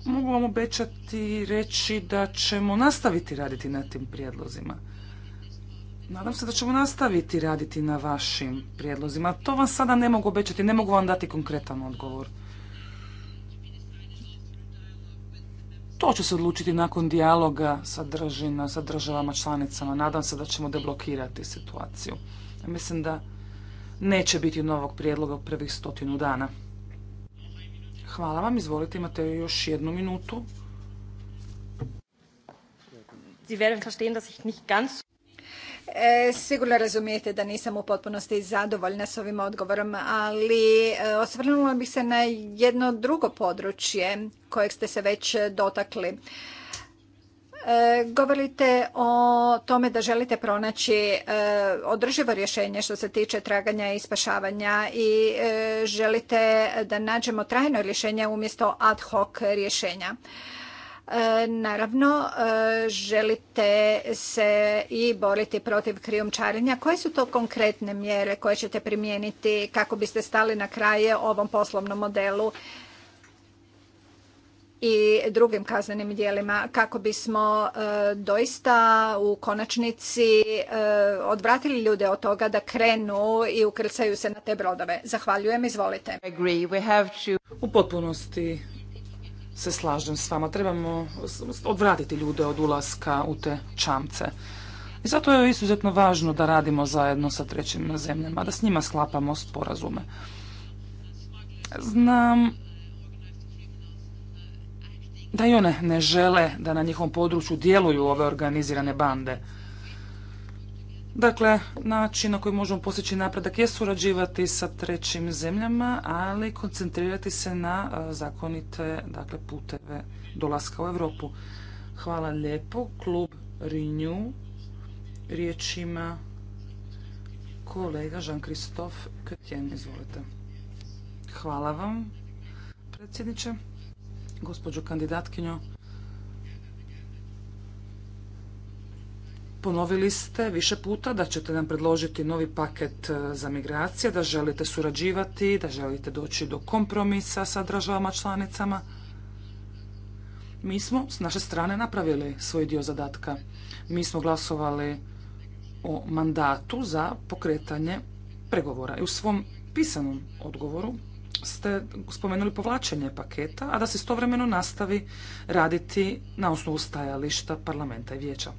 Mogu vam obećati reći da ćemo nastaviti raditi na tim prijedlozima. Nadam se da ćemo nastaviti raditi na vašim prijedlozima. To vam sada ne mogu obećati, ne mogu vam dati konkretan odgovor. To će se odlučiti nakon dijaloga sa, državama članicama. Nadam se da ćemo deblokirati situaciju. Mislim da neće biti novog prijedloga u prvih stotinu dana. Hvala vam, izvolite, imate još jednu minutu. E, sigurno razumijete da nisam u potpunosti zadovoljna s ovim odgovorom, ali e, osvrnula bih se na jedno drugo područje kojeg ste se već dotakli. E, govorite o tome da želite pronaći održivo rješenje što se tiče traganja i spašavanja i želite da nađemo trajno rješenje umjesto ad hoc rješenja. E, naravno, e, želite se i boriti protiv krijumčarenja. Koje su to konkretne mjere koje ćete primijeniti kako biste stali na kraje ovom poslovnom modelu i drugim kaznenim djelima kako bismo e, doista u konačnici odvratili ljude od toga da krenu i ukrcaju se na te brodove. Zahvaljujem, izvolite. U potpunosti se slažem s vama. Trebamo odvratiti ljude od ulaska u te čamce. I zato je izuzetno važno da radimo zajedno sa trećim zemljama, da s njima sklapamo sporazume. Znam da i one ne žele da na njihovom području djeluju ove organizirane bande. Dakle, način na koji možemo postići napredak je surađivati sa trećim zemljama, ali koncentrirati se na e, zakonite dakle, puteve dolaska u Europu. Hvala lijepo. Klub Renew. Riječ ima kolega jean christof Ketjen. Izvolite. Hvala vam, predsjedniče. Gospođo kandidatkinjo, Ponovili ste više puta da ćete nam predložiti novi paket e, za migracije, da želite surađivati, da želite doći do kompromisa sa državama članicama. Mi smo s naše strane napravili svoj dio zadatka. Mi smo glasovali o mandatu za pokretanje pregovora. I u svom pisanom odgovoru ste spomenuli povlačenje paketa, a da se istovremeno nastavi raditi na osnovu stajališta parlamenta i vijeća.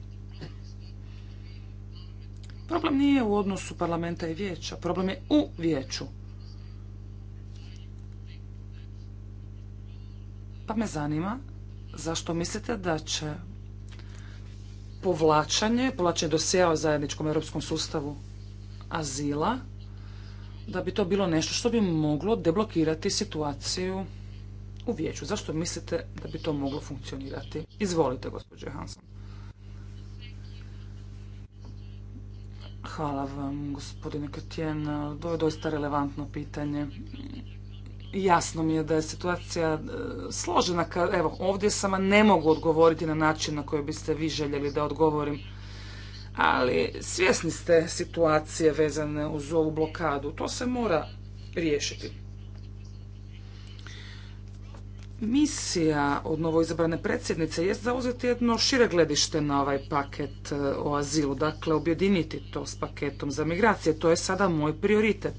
Problem nije u odnosu parlamenta i vijeća, problem je u vijeću. Pa me zanima zašto mislite da će povlačanje, povlačenje dosija o zajedničkom europskom sustavu azila, da bi to bilo nešto što bi moglo deblokirati situaciju u vijeću. Zašto mislite da bi to moglo funkcionirati? Izvolite, gospođo Hansen. Hvala vam, gospodine Katijen. To je doista relevantno pitanje. Jasno mi je da je situacija e, složena. Evo, ovdje sama ne mogu odgovoriti na način na koji biste vi željeli da odgovorim. Ali svjesni ste situacije vezane uz ovu blokadu. To se mora riješiti. Misija od novoizabrane predsjednice je zauzeti jedno šire gledište na ovaj paket e, o azilu, dakle objediniti to s paketom za migracije. To je sada moj prioritet.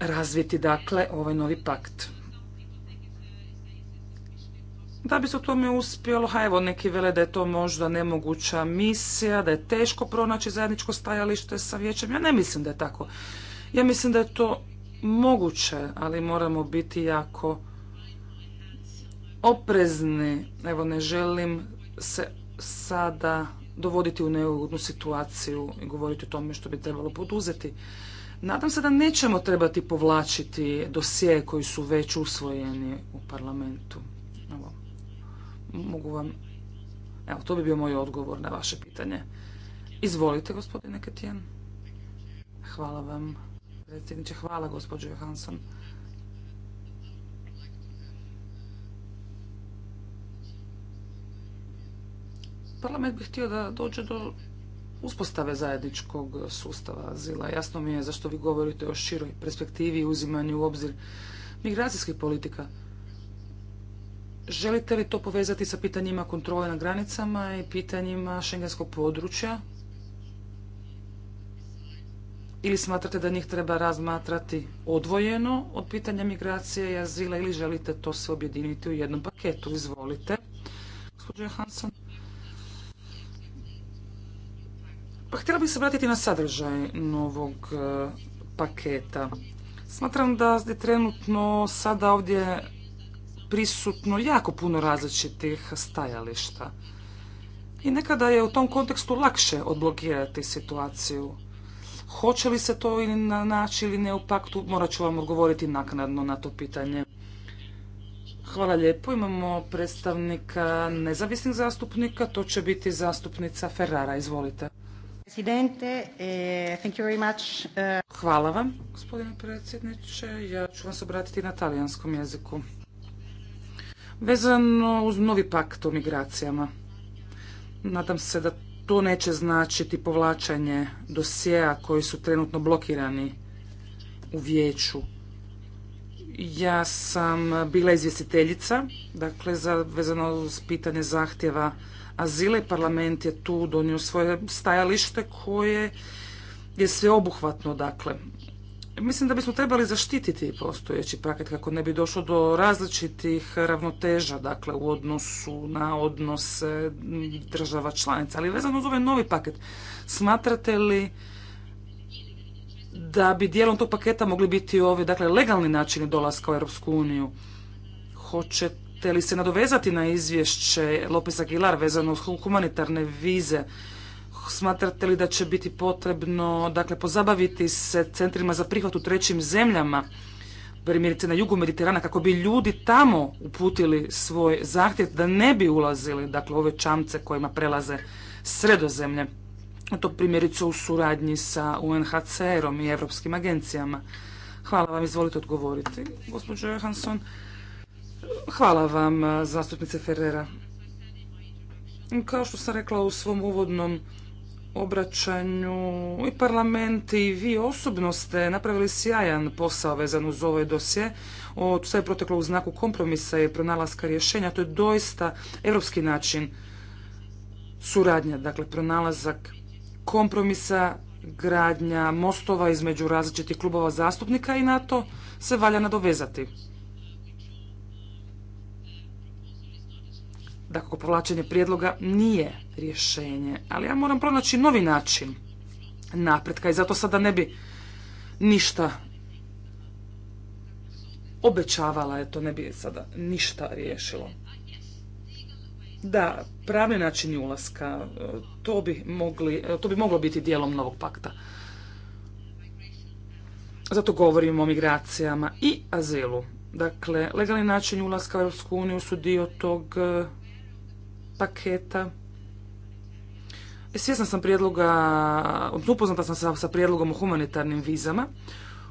Razviti dakle ovaj novi pakt. Da bi se u tome uspjelo, ha evo neki vele da je to možda nemoguća misija, da je teško pronaći zajedničko stajalište sa vijećem. Ja ne mislim da je tako. Ja mislim da je to moguće, ali moramo biti jako oprezni. Evo, ne želim se sada dovoditi u neugodnu situaciju i govoriti o tome što bi trebalo poduzeti. Nadam se da nećemo trebati povlačiti dosije koji su već usvojeni u parlamentu. Evo, mogu vam... Evo, to bi bio moj odgovor na vaše pitanje. Izvolite, gospodine Ketijan. Hvala vam, predsjedniče. Hvala, gospođo Johansson. Parlament bi htio da dođe do uspostave zajedničkog sustava azila. Jasno mi je zašto vi govorite o široj perspektivi i uzimanju u obzir migracijskih politika. Želite li to povezati sa pitanjima kontrole na granicama i pitanjima šengenskog područja? Ili smatrate da njih treba razmatrati odvojeno od pitanja migracije i azila ili želite to sve objediniti u jednom paketu? Izvolite. Gospodin Hansen. Pa htjela bih se vratiti na sadržaj novog e, paketa. Smatram da je trenutno sada ovdje prisutno jako puno različitih stajališta. I nekada je u tom kontekstu lakše odblokirati situaciju. Hoće li se to ili naći ili ne u paktu, morat ću vam odgovoriti naknadno na to pitanje. Hvala lijepo. Imamo predstavnika nezavisnih zastupnika, to će biti zastupnica Ferrara. Izvolite. E, e. Hvala vam, gospodine predsjedniče. Ja ću vam se obratiti na talijanskom jeziku. Vezano uz novi pakt o migracijama. Nadam se da to neće značiti povlačanje dosjea koji su trenutno blokirani u vijeću. Ja sam bila izvjestiteljica, dakle, za, vezano uz pitanje zahtjeva Azile parlament je tu donio svoje stajalište koje je sveobuhvatno, dakle. Mislim da bismo trebali zaštititi postojeći paket kako ne bi došlo do različitih ravnoteža, dakle u odnosu na odnos država članica. Ali vezano uz ovaj novi paket, smatrate li da bi dijelom tog paketa mogli biti ovi, dakle, legalni načini dolaska u Europsku uniju? Hoćete Možete li se nadovezati na izvješće Lopez Aguilar vezano uz humanitarne vize? Smatrate li da će biti potrebno dakle, pozabaviti se centrima za prihvat u trećim zemljama, primjerice na jugu Mediterana, kako bi ljudi tamo uputili svoj zahtjev da ne bi ulazili dakle, ove čamce kojima prelaze sredozemlje? To primjerice u suradnji sa UNHCR-om i evropskim agencijama. Hvala vam, izvolite odgovoriti, gospođo Johansson. Hvala vam, eh, zastupnice Ferrera. Kao što sam rekla u svom uvodnom obraćanju, i parlament i vi osobno ste napravili sjajan posao vezan uz ovoj dosje. Od sve je proteklo u znaku kompromisa i pronalaska rješenja. To je doista evropski način suradnja, dakle pronalazak kompromisa, gradnja mostova između različitih klubova zastupnika i na to se valja nadovezati. Dakle, povlačenje prijedloga nije rješenje, ali ja moram pronaći novi način napretka i zato sada ne bi ništa obećavala, to ne bi sada ništa riješilo. Da, pravi način ulaska, to bi, mogli, to bi moglo biti dijelom novog pakta. Zato govorimo o migracijama i azilu. Dakle, legalni način ulaska u EU su dio tog paketa. E, svjesna sam prijedloga, upoznata sam sa, sa prijedlogom o humanitarnim vizama.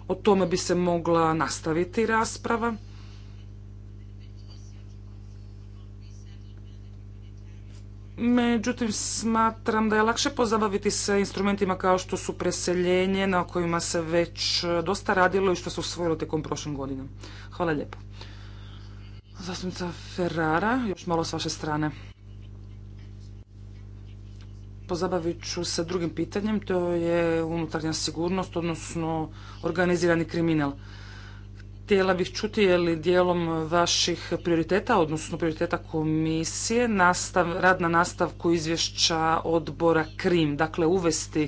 O tome bi se mogla nastaviti rasprava. Međutim, smatram da je lakše pozabaviti se instrumentima kao što su preseljenje, na kojima se već dosta radilo i što se usvojilo tijekom prošle godine. Hvala lijepo. Zastupnica Ferrara, još malo s vaše strane pozabavit ću se drugim pitanjem, to je unutarnja sigurnost, odnosno organizirani kriminal. Htjela bih čuti je li dijelom vaših prioriteta, odnosno prioriteta komisije, nastav, rad na nastavku izvješća odbora KRIM, dakle uvesti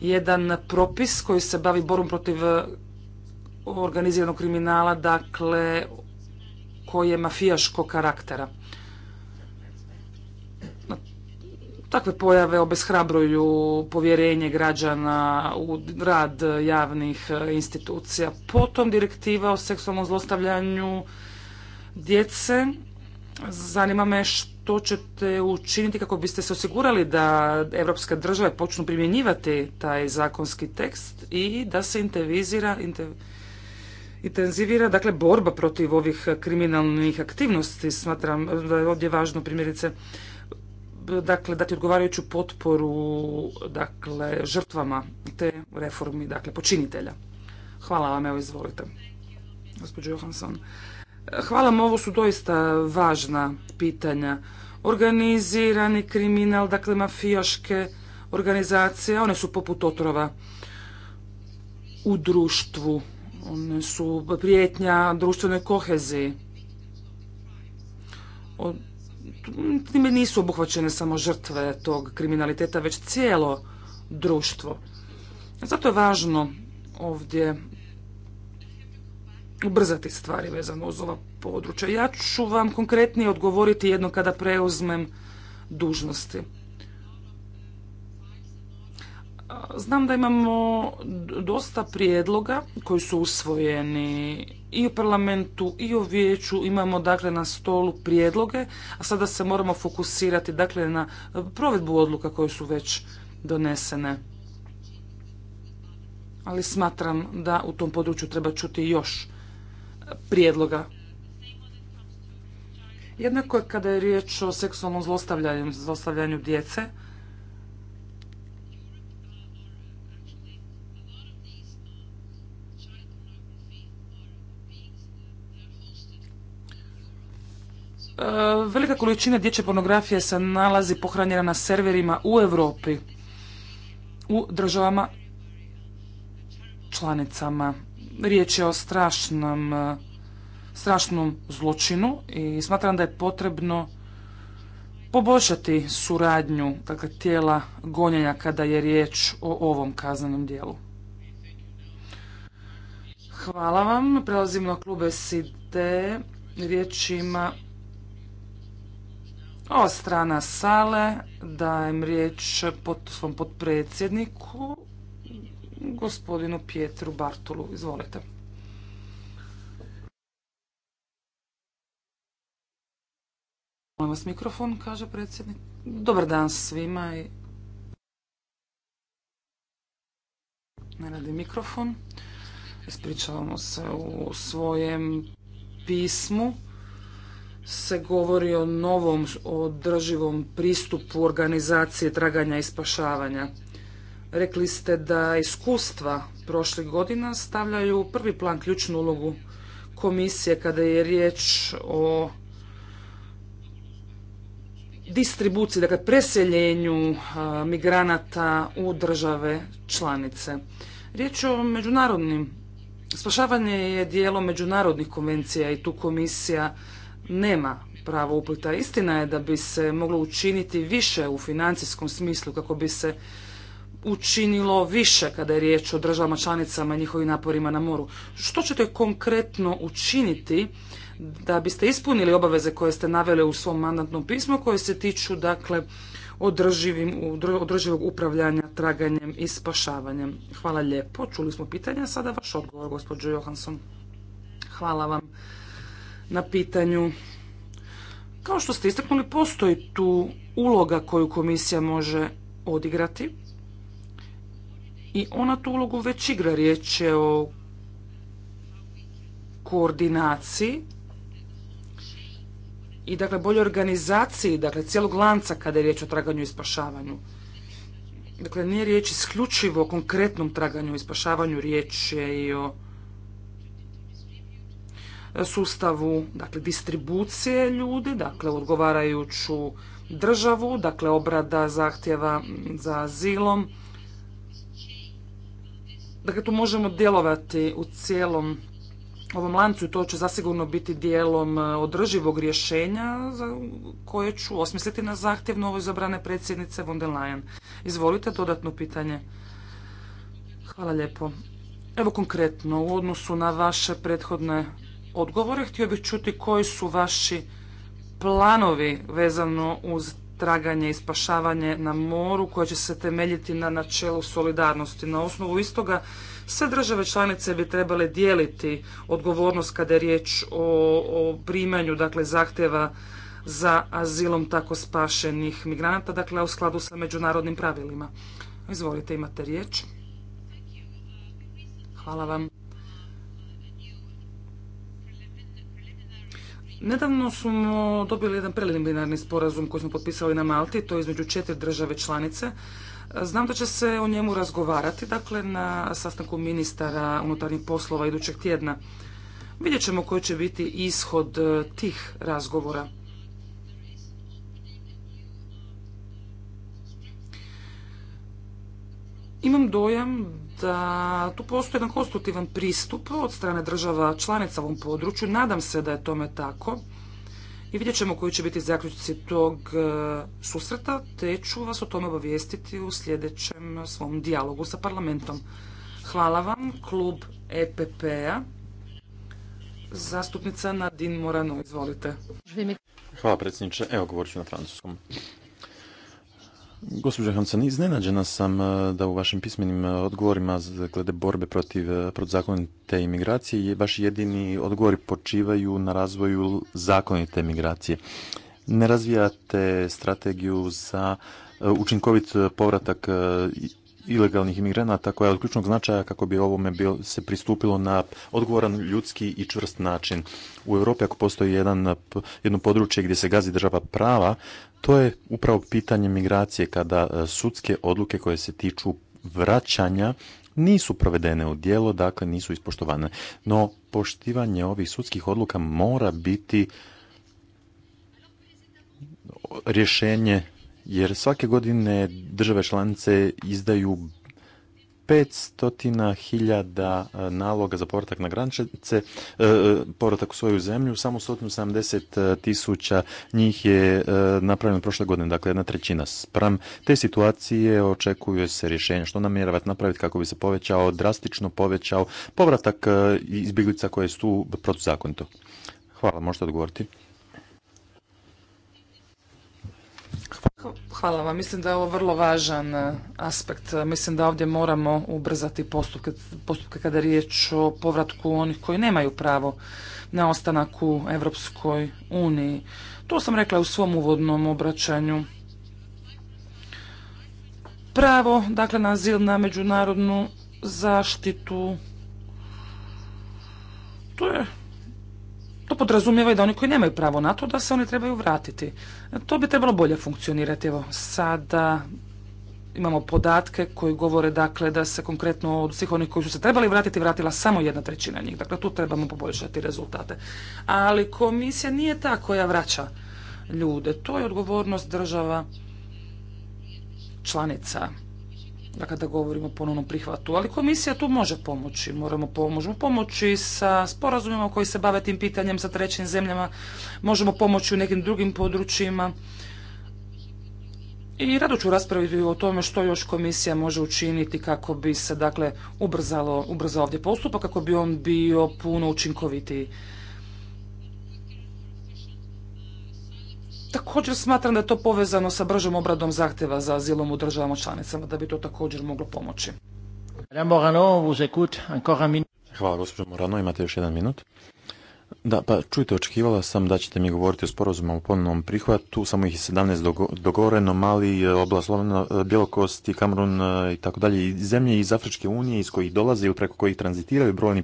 jedan propis koji se bavi borom protiv organiziranog kriminala, dakle koji je mafijaškog karaktera. Takve pojave obeshrabruju povjerenje građana u rad javnih e, institucija. Potom direktiva o seksualnom zlostavljanju djece. Zanima me što ćete učiniti kako biste se osigurali da evropske države počnu primjenjivati taj zakonski tekst i da se intervizira, intenzivira dakle borba protiv ovih kriminalnih aktivnosti. Smatram da je ovdje važno primjerice dakle dati odgovarajuću potporu dakle žrtvama te reformi dakle počinitelja. Hvala vam, evo izvolite. Gospođo Johansson. Hvala vam, ovo su doista važna pitanja. Organizirani kriminal, dakle mafijaške organizacije, one su poput otrova u društvu. One su prijetnja društvenoj koheziji time nisu obuhvaćene samo žrtve tog kriminaliteta, već cijelo društvo. Zato je važno ovdje ubrzati stvari vezano uz ova područja. Ja ću vam konkretnije odgovoriti jedno kada preuzmem dužnosti. Znam da imamo dosta prijedloga koji su usvojeni i u parlamentu i u vijeću imamo dakle na stolu prijedloge, a sada se moramo fokusirati dakle na provedbu odluka koje su već donesene. Ali smatram da u tom području treba čuti još prijedloga. Jednako je kada je riječ o seksualnom zlostavljanju, zlostavljanju djece. E, velika količina dječje pornografije se nalazi pohranjena na serverima u Europi, u državama članicama. Riječ je o strašnom, e, strašnom zločinu i smatram da je potrebno poboljšati suradnju dakle, tijela gonjenja kada je riječ o ovom kaznenom dijelu. Hvala vam. Prelazimo na klube SID. Riječ ima ova strana sale dajem riječ pod svom podpredsjedniku, gospodinu Pietru Bartolu. Izvolite. Molim vas mikrofon, kaže predsjednik. Dobar dan svima. I... Ne radi mikrofon. Ispričavamo se u svojem pismu se govori o novom održivom pristupu organizacije traganja i spašavanja. Rekli ste da iskustva prošlih godina stavljaju u prvi plan ključnu ulogu komisije kada je riječ o distribuciji, dakle preseljenju migranata u države članice. Riječ je o međunarodnim, spašavanje je dijelo međunarodnih konvencija i tu komisija nema pravo uplita. Istina je da bi se moglo učiniti više u financijskom smislu kako bi se učinilo više kada je riječ o državama članicama i njihovim naporima na moru. Što ćete konkretno učiniti da biste ispunili obaveze koje ste naveli u svom mandatnom pismu koje se tiču dakle održivim, održivog upravljanja traganjem i spašavanjem. Hvala lijepo. Čuli smo pitanja, sada vaš odgovor, gospođo Johansson. Hvala vam na pitanju. Kao što ste istaknuli, postoji tu uloga koju komisija može odigrati i ona tu ulogu već igra. Riječ je o koordinaciji i dakle bolje organizaciji dakle cijelog lanca kada je riječ o traganju i spašavanju. Dakle, nije riječ isključivo o konkretnom traganju i spašavanju, riječ je i o sustavu dakle, distribucije ljudi, dakle odgovarajuću državu, dakle obrada zahtjeva za azilom. Dakle, tu možemo djelovati u cijelom ovom lancu i to će zasigurno biti dijelom e, održivog rješenja za koje ću osmisliti na zahtjev novo izabrane predsjednice von der Leyen. Izvolite dodatno pitanje. Hvala lijepo. Evo konkretno, u odnosu na vaše prethodne odgovore. Htio bih čuti koji su vaši planovi vezano uz traganje i spašavanje na moru koje će se temeljiti na načelu solidarnosti. Na osnovu istoga sve države članice bi trebale dijeliti odgovornost kada je riječ o, o primanju dakle, zahtjeva za azilom tako spašenih migranata, dakle u skladu sa međunarodnim pravilima. Izvolite, imate riječ. Hvala vam. Nedavno smo dobili jedan preliminarni sporazum koji smo potpisali na Malti, to je između četiri države članice. Znam da će se o njemu razgovarati, dakle, na sastanku ministara unutarnjih poslova idućeg tjedna. Vidjet ćemo koji će biti ishod e, tih razgovora. Imam dojam da tu postoji jedan konstruktivan pristup od strane država članica u ovom području. Nadam se da je tome tako. I vidjet ćemo koji će biti zaključci tog e, susreta, te ću vas o tome obavijestiti u sljedećem svom dijalogu sa parlamentom. Hvala vam, klub EPP-a. Zastupnica Nadine Morano, izvolite. Hvala predsjedniče. Evo, govorit ću na francuskom. Gospođo Hansan, iznenađena sam e, da u vašim pismenim e, odgovorima glede borbe protiv e, protuzakonite imigracije vaši jedini odgovori počivaju na razvoju zakonite migracije. Ne razvijate strategiju za učinkovit povratak ilegalnih imigranata koja je od ključnog značaja kako bi ovome se pristupilo na odgovoran ljudski i čvrst način. U Europi ako postoji jedan, jedno područje gdje se gazi država prava, to je upravo pitanje migracije kada e, sudske odluke koje se tiču vraćanja nisu provedene u djelo, dakle nisu ispoštovane. No poštivanje ovih sudskih odluka mora biti rješenje jer svake godine države članice izdaju 500.000 e, naloga za povratak na grančice, e, e, povratak u svoju zemlju, samo 170.000 njih je napravljeno prošle godine, dakle jedna trećina. sprem. te situacije očekuju se rješenja. Što namjeravate napraviti kako bi se povećao, drastično povećao povratak izbjeglica koje su tu protuzakonito? Hvala, možete odgovoriti. Hvala vam. Mislim da je ovo vrlo važan e, aspekt. Mislim da ovdje moramo ubrzati postupke, kada je riječ o povratku onih koji nemaju pravo na ostanak u Evropskoj uniji. To sam rekla u svom uvodnom obraćanju. Pravo, dakle, na azil, na međunarodnu zaštitu, to je to podrazumijeva i da oni koji nemaju pravo na to, da se oni trebaju vratiti. E, to bi trebalo bolje funkcionirati. Evo, sada imamo podatke koji govore dakle da se konkretno od svih onih koji su se trebali vratiti vratila samo jedna trećina njih. Dakle, tu trebamo poboljšati rezultate. Ali komisija nije ta koja vraća ljude. To je odgovornost država članica da kada govorimo ponovnom prihvatu, ali komisija tu može pomoći, moramo pomoći, pomoći sa sporazumima koji se bave tim pitanjem sa trećim zemljama, možemo pomoći u nekim drugim područjima. I rado ću raspraviti o tome što još komisija može učiniti kako bi se dakle ubrzalo, ubrzao ovdje postupak, kako bi on bio puno učinkovitiji. Također smatram da je to povezano sa bržom obradom zahtjeva za azilom u državama članicama, da bi to također moglo pomoći. Hvala, gospođo Morano, imate još jedan minut. Da, pa čujte, očekivala sam da ćete mi govoriti o sporazumu o ponovnom prihvatu, samo ih je 17 dogoreno. dogovoreno, Mali, oblast Slovena, Bjelokosti, Kamrun e, i tako dalje, i zemlje iz Afričke unije iz kojih dolaze ili preko kojih tranzitiraju brojni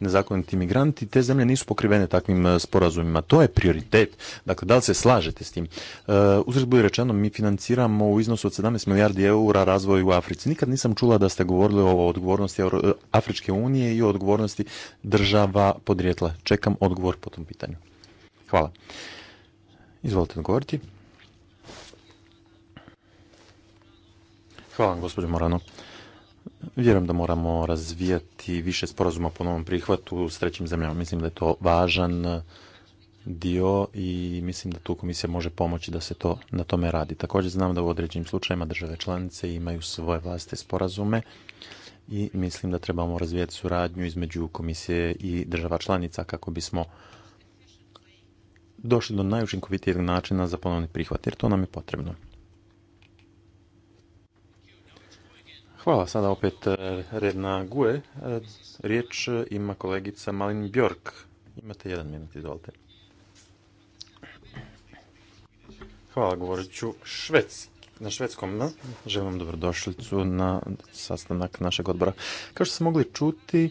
nezakoniti migranti, te zemlje nisu pokrivene takvim e, sporazumima. To je prioritet. Dakle, da li se slažete s tim? E, Uzred rečeno, mi financiramo u iznosu od 17 milijardi eura razvoj u Africi. Nikad nisam čula da ste govorili o odgovornosti Afričke unije i o odgovornosti država podrijetla. Čekam odgovor po tom pitanju. Hvala. Izvolite odgovoriti. Hvala vam, gospođo Morano. Vjerujem da moramo razvijati više sporazuma po novom prihvatu s trećim zemljama. Mislim da je to važan dio i mislim da tu komisija može pomoći da se to na tome radi. Također znam da u određenim slučajevima države članice imaju svoje vlastite sporazume i mislim da trebamo razvijati suradnju između komisije i država članica kako bismo došli do najučinkovitijeg načina za ponovni prihvat, jer to nam je potrebno. Hvala, sada opet e, redna na e, Riječ ima kolegica Malin Bjork. Imate jedan minut, izvolite. Hvala, govorit ću Švec na švedskom. da. Želim vam dobrodošlicu na sastanak našeg odbora. Kao što ste mogli čuti,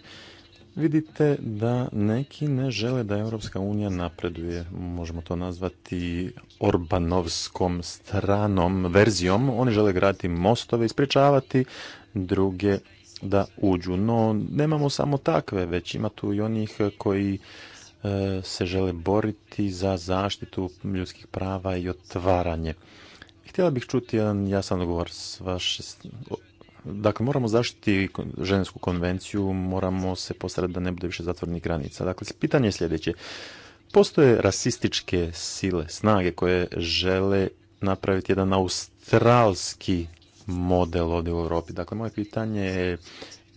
vidite da neki ne žele da Europska unija napreduje. Možemo to nazvati orbanovskom stranom verzijom. Oni žele graditi mostove i druge da uđu. No, nemamo samo takve, već ima tu i onih koji e, se žele boriti za zaštitu ljudskih prava i otvaranje. Htjela bih čuti jedan jasan odgovor s vaše Dakle, moramo zaštiti žensku konvenciju, moramo se postarati da ne bude više zatvornih granica. Dakle, pitanje je sljedeće. Postoje rasističke sile, snage koje žele napraviti jedan australski model ovdje u Europi. Dakle, moje pitanje je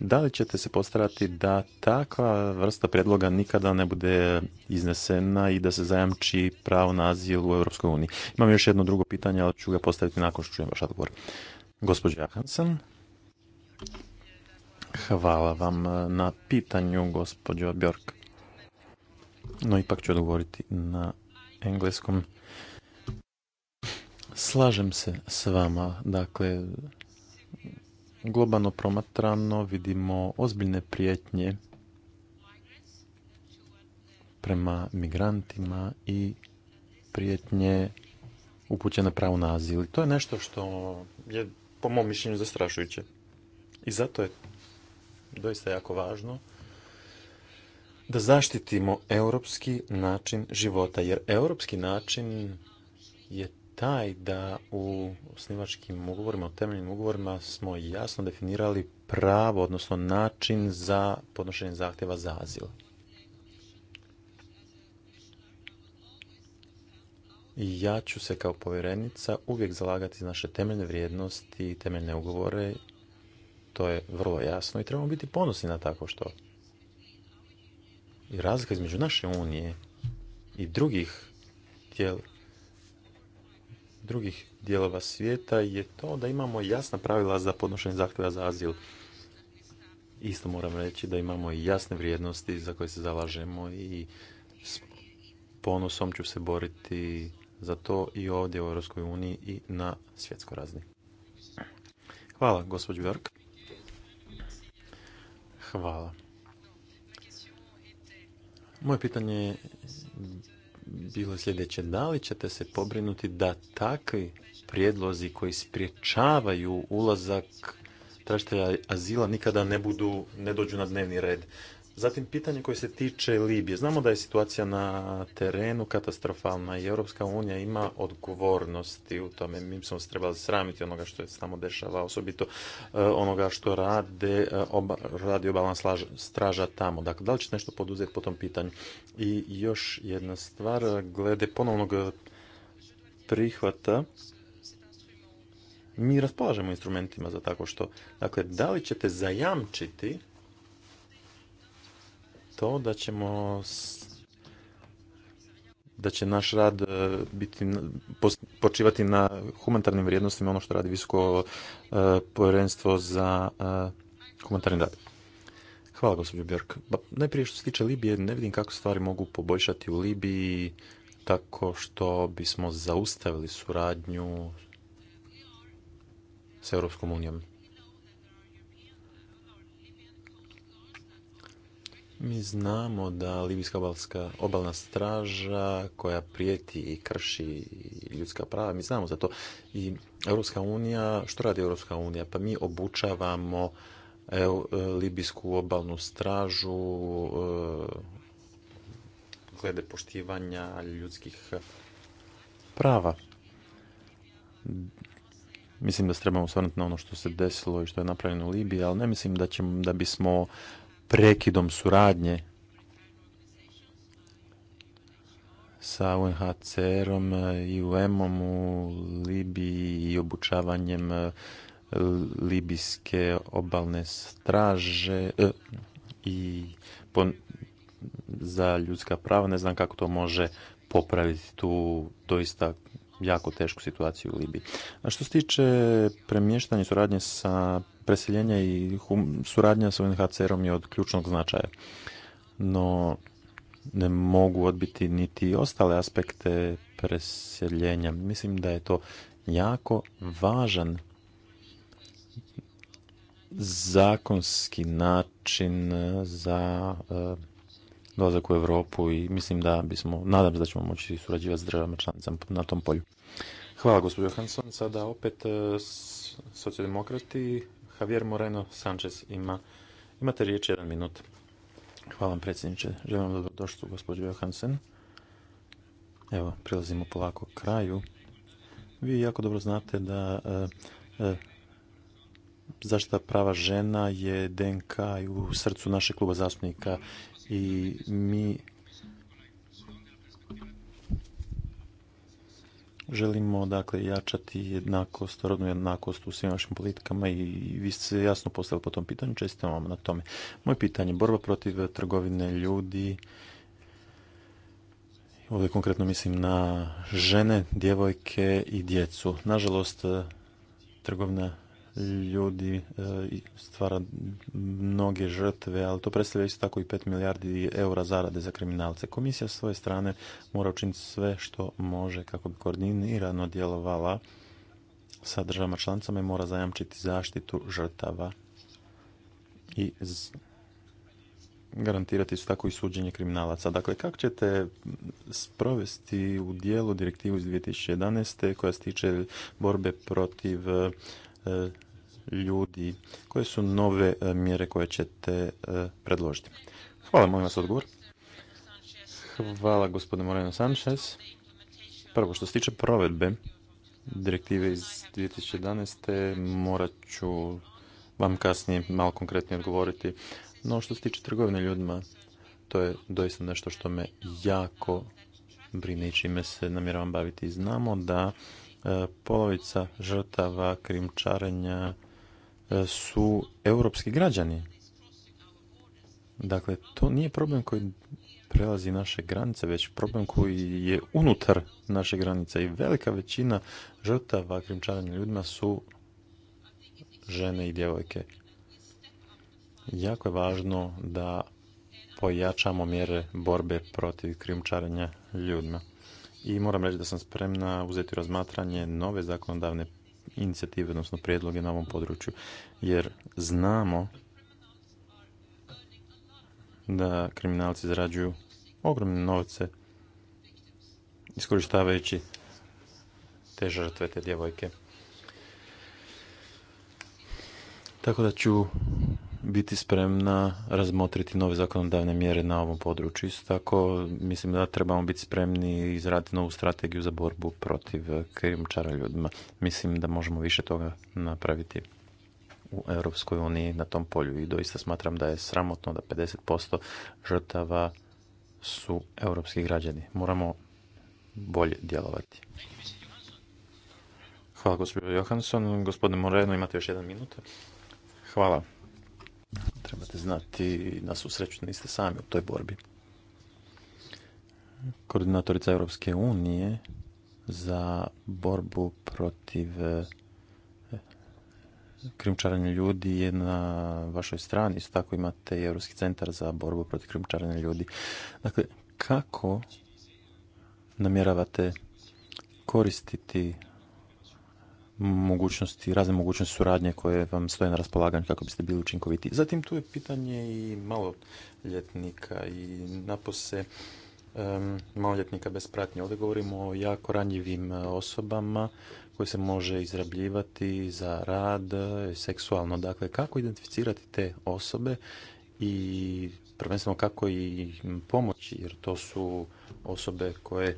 da li ćete se postarati da takva vrsta predloga nikada ne bude iznesena i da se zajamči pravo na azil u Europskoj uniji? Imam još jedno drugo pitanje, ali ću ga postaviti nakon što čujem vaš odgovor. Gospođa Hansen. Hvala vam na pitanju, gospođo Bjork. No, ipak ću odgovoriti na engleskom. Slažem se s vama. Dakle, globalno promatrano vidimo ozbiljne prijetnje prema migrantima i prijetnje upućene pravo na azil. To je nešto što je po mom mišljenju zastrašujuće. I zato je doista jako važno da zaštitimo europski način života, jer europski način je taj da u osnivačkim ugovorima, u temeljnim ugovorima smo jasno definirali pravo, odnosno način za podnošenje zahtjeva za azil. ja ću se kao povjerenica uvijek zalagati za naše temeljne vrijednosti i temeljne ugovore. To je vrlo jasno i trebamo biti ponosni na tako što. I razlika između naše unije i drugih tijela drugih dijelova svijeta je to da imamo jasna pravila za podnošenje zahtjeva za azil. Isto moram reći da imamo i jasne vrijednosti za koje se zalažemo i s ponosom ću se boriti za to i ovdje u Europskoj uniji i na svjetskoj razini. Hvala, gospođo Bjork. Hvala. Moje pitanje bilo sljedeće. Da li ćete se pobrinuti da takvi prijedlozi koji spriječavaju ulazak tražitelja azila nikada ne budu, ne dođu na dnevni red? Zatim pitanje koje se tiče Libije. Znamo da je situacija na terenu katastrofalna i Europska unija ima odgovornosti u tome. Mi smo se trebali sramiti onoga što je samo dešava, osobito e, onoga što rade, e, oba, radi obalna straža tamo. Dakle, da li ćete nešto poduzeti po tom pitanju? I još jedna stvar, glede ponovnog e, prihvata, mi raspolažemo instrumentima za tako što. Dakle, da li ćete zajamčiti da ćemo da će naš rad e, biti počivati na humanitarnim vrijednostima ono što radi visoko e, povjerenstvo za e, humanitarni rad. Hvala gospođo Bjork. Pa, najprije što se tiče Libije, ne vidim kako stvari mogu poboljšati u Libiji tako što bismo zaustavili suradnju s Europskom unijom. Mi znamo da Libijska obalna straža koja prijeti i krši ljudska prava, mi znamo za to. I Europska unija, što radi Europska unija? Pa mi obučavamo e, Libijsku obalnu stražu e, glede poštivanja ljudskih prava. Mislim da se trebamo osvrnuti na ono što se desilo i što je napravljeno u Libiji, ali ne mislim da, ćemo, da bismo prekidom suradnje sa UNHCR-om e, i UM-om u Libiji i obučavanjem e, libijske obalne straže e, i za ljudska prava. Ne znam kako to može popraviti tu doista jako tešku situaciju u Libiji. A što se tiče premještanja suradnje sa preseljenja i suradnja sa UNHCR-om je od ključnog značaja. No, ne mogu odbiti niti ostale aspekte preseljenja. Mislim da je to jako važan zakonski način za eh, dolazak u Europu i mislim da bismo, nadam se da ćemo moći surađivati s državama članicama na tom polju. Hvala gospođo Johansson. Sada opet eh, socijaldemokrati Javier Moreno Sanchez ima. Imate riječ jedan minut. Hvala vam predsjedniče. Želim vam dobrodošću gospođo Johansen. Evo, prilazimo polako kraju. Vi jako dobro znate da eh, eh, zaštita prava žena je DNK u srcu našeg kluba zastupnika i mi želimo dakle jačati jednakost, rodnu jednakost u svim vašim politikama i vi ste se jasno postavili po tom pitanju, čestitam vam na tome. Moje pitanje, borba protiv trgovine ljudi, ovdje konkretno mislim na žene, djevojke i djecu. Nažalost, trgovina ljudi e, stvara mnoge žrtve, ali to predstavlja isto tako i 5 milijardi eura zarade za kriminalce. Komisija s svoje strane mora učiniti sve što može kako bi koordinirano djelovala sa državama članicama i mora zajamčiti zaštitu žrtava i garantirati su tako i suđenje kriminalaca. Dakle, kako ćete sprovesti u dijelu direktivu iz 2011. koja se tiče borbe protiv E, ljudi? Koje su nove e, mjere koje ćete e, predložiti? Hvala, molim vas odgovor. Hvala, gospodine Moreno Sanchez. Prvo, što se tiče provedbe direktive iz 2011. morat ću vam kasnije malo konkretnije odgovoriti. No, što se tiče trgovine ljudima, to je doista nešto što me jako brine i čime se namjeravam baviti. Znamo da E, polovica žrtava krimčarenja e, su europski građani. Dakle, to nije problem koji prelazi naše granice, već problem koji je unutar naše granice i velika većina žrtava krimčarenja ljudima su žene i djevojke. Jako je važno da pojačamo mjere borbe protiv krimčarenja ljudima i moram reći da sam spremna uzeti razmatranje nove zakonodavne inicijative, odnosno prijedloge na ovom području, jer znamo da kriminalci zarađuju ogromne novce iskorištavajući te žrtve, te djevojke. Tako da ću biti spremna razmotriti nove zakonodavne mjere na ovom području. Isto tako, mislim da trebamo biti spremni izraditi novu strategiju za borbu protiv krijumčara ljudima. Mislim da možemo više toga napraviti u Europskoj uniji na tom polju i doista smatram da je sramotno da 50% žrtava su europski građani. Moramo bolje djelovati. Hvala gospođo Johansson. Gospodine Moreno, imate još jedan minut. Hvala. Trebate znati na su srećni niste sami u toj borbi. Koordinatorica Europske unije za borbu protiv eh, krimčaranja ljudi je na vašoj strani, isto tako imate i Europski centar za borbu protiv krimčaranja ljudi. Dakle, kako namjeravate koristiti mogućnosti, razne mogućnosti suradnje koje vam stoje na raspolaganju kako biste bili učinkoviti. Zatim tu je pitanje i maloljetnika i napose um, maloljetnika bez pratnje. Ovdje govorimo o jako ranjivim e, osobama koje se može izrabljivati za rad e, seksualno. Dakle, kako identificirati te osobe i prvenstveno kako im pomoći, jer to su osobe koje e,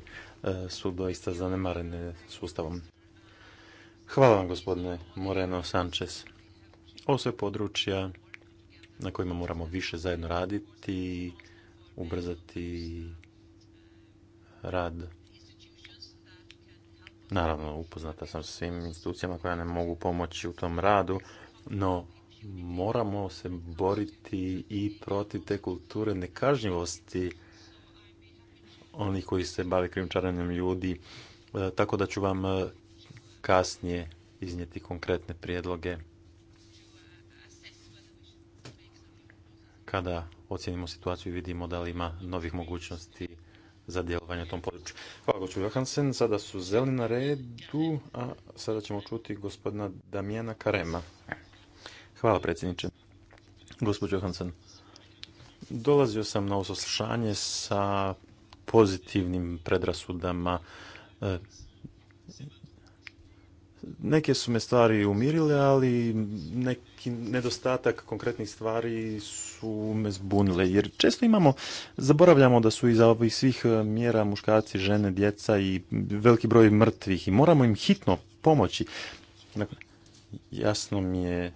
su doista zanemarene sustavom. Hvala vam gospodine Moreno Sanchez. Ovo sve područja na kojima moramo više zajedno raditi, ubrzati rad. Naravno, upoznata sam sa svim institucijama koja ne mogu pomoći u tom radu, no moramo se boriti i protiv te kulture nekažnjivosti onih koji se bave krijumčarenjem ljudi. E, tako da ću vam e, kasnije iznijeti konkretne prijedloge kada ocjenimo situaciju i vidimo da li ima novih mogućnosti za djelovanje u tom području. Hvala gospođo Johansen. Sada su zeli na redu, a sada ćemo čuti gospodina Damjana Karema. Hvala predsjedniče. Gospođo Johansen, dolazio sam na ovo sa pozitivnim predrasudama e, Neke su me stvari umirile, ali neki nedostatak konkretnih stvari su me zbunile. Jer često imamo, zaboravljamo da su iza ovih svih e, mjera muškarci, žene, djeca i veliki broj mrtvih i moramo im hitno pomoći. Dakle, jasno mi je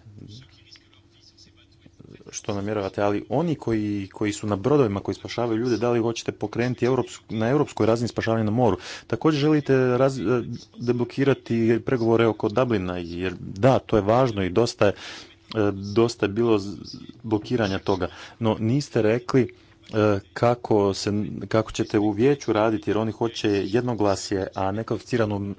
što namjeravate, ali oni koji, koji su na brodovima koji spašavaju ljude, da li hoćete pokrenuti na europskoj razini spašavanja na moru? Također želite raz, e, deblokirati pregovore oko Dublina, jer da, to je važno i dosta je, e, dosta je bilo blokiranja toga, no niste rekli E, kako, se, kako ćete u vijeću raditi jer oni hoće jednoglasje, a ne kvalificiranu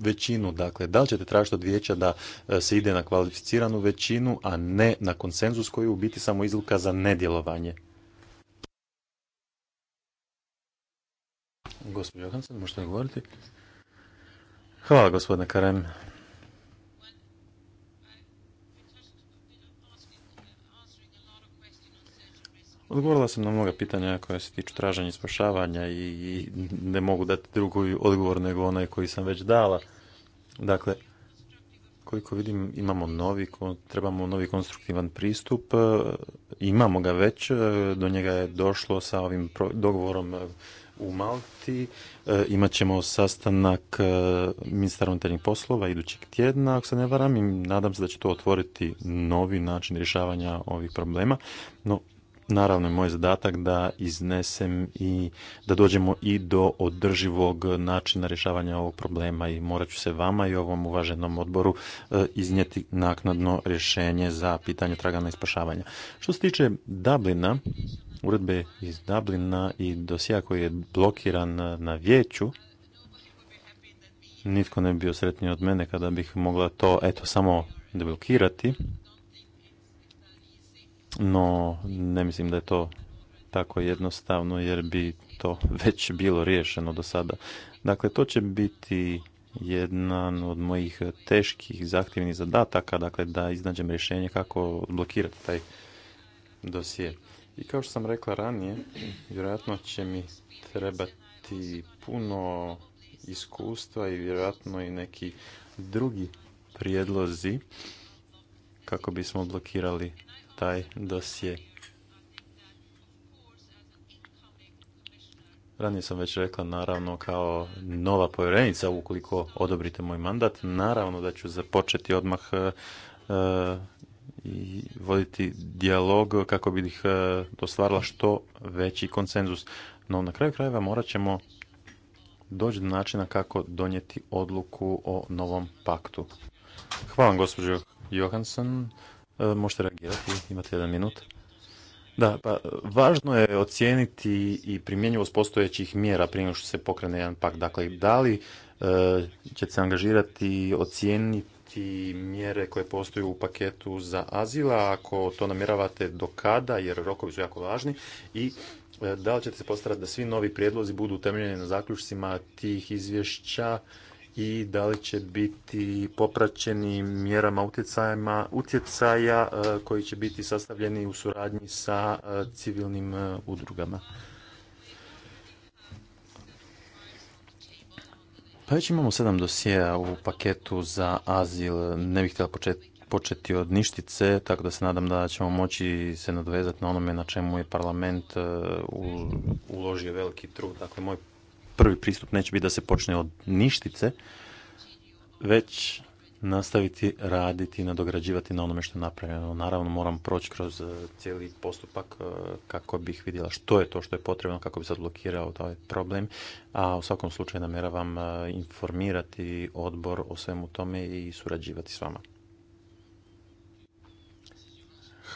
većinu. Dakle, da li ćete tražiti od vijeća da e, se ide na kvalificiranu većinu, a ne na konsenzus koji je u biti samo izluka za nedjelovanje? Gospodin Johansen, možete govoriti? Hvala gospodine Karem. Odgovorila sam na mnoga pitanja koja se tiču traženja i spašavanja i ne mogu dati drugi odgovor nego onaj koji sam već dala. Dakle, koliko vidim imamo novi, trebamo novi konstruktivan pristup, e, imamo ga već, e, do njega je došlo sa ovim dogovorom e, u Malti, imat ćemo sastanak ministra unutarnjih poslova idućeg tjedna, ako se ne varam, i nadam se da će to otvoriti novi način rješavanja ovih problema, no naravno je moj zadatak da iznesem i da dođemo i do održivog načina rješavanja ovog problema i morat ću se vama i ovom uvaženom odboru e, iznijeti naknadno rješenje za pitanje traganja i spašavanja. Što se tiče Dublina, uredbe iz Dublina i dosija koji je blokiran na vijeću, nitko ne bi bio sretniji od mene kada bih mogla to eto samo deblokirati no, ne mislim da je to tako jednostavno jer bi to [LAUGHS] već bilo riješeno do sada. Dakle, to će biti jedan od mojih teških zahtjevnih zadataka, dakle da iznađem rješenje kako blokirati taj dosje. I kao što sam rekla ranije, vjerojatno će mi trebati puno iskustva i vjerojatno i neki drugi prijedlozi kako bismo blokirali taj dosje. Ranije sam već rekla, naravno, kao nova povjerenica, ukoliko odobrite moj mandat, naravno da ću započeti odmah e, e, i voditi dijalog kako bi ih e, ostvarila što veći konsenzus. No na kraju krajeva morat ćemo doći do načina kako donijeti odluku o novom paktu. Hvala vam gospođo Johansson. E, možete reagirati, imate jedan minut. Da, pa važno je ocijeniti i primjenjivost postojećih mjera prije što se pokrene jedan pak. Dakle, da li e, ćete se angažirati, ocijeniti mjere koje postoje u paketu za azila, ako to namjeravate do kada, jer rokovi su jako važni, i e, da li ćete se postarati da svi novi prijedlozi budu utemeljeni na zaključcima tih izvješća i da li će biti popraćeni mjerama utjecaja e, koji će biti sastavljeni u suradnji sa e, civilnim e, udrugama. Pa već imamo sedam dosjea u paketu za azil. Ne bih htjela početi početi od ništice, tako da se nadam da ćemo moći se nadvezati na onome na čemu je parlament uložio veliki trud. Dakle, moj prvi pristup neće biti da se počne od ništice, već nastaviti raditi i nadograđivati na onome što je napravljeno. Naravno moram proći kroz e, cijeli postupak e, kako bih vidjela što je to što je potrebno, kako bi se odblokirao taj problem, a u svakom slučaju namjeravam e, informirati odbor o svemu tome i surađivati s vama.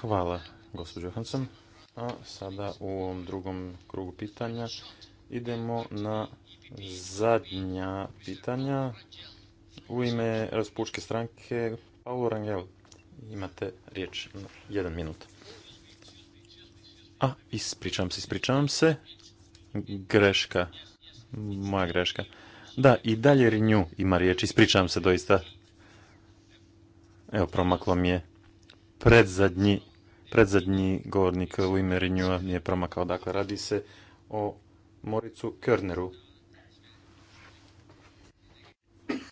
Hvala, gospođo Johansson. A sada u ovom drugom krugu pitanja Idemo na zadnja pitanja. U ime Raspučke stranke, Paolo Rangel, imate riječ, jedan minut. A, ispričavam se, ispričavam se. Greška, moja greška. Da, i dalje Rinju ima riječ, ispričavam se doista. Evo, promaklo mi je predzadnji, govornik u ime Rinjua, mi je promakao, dakle, radi se o Moricu Körneru.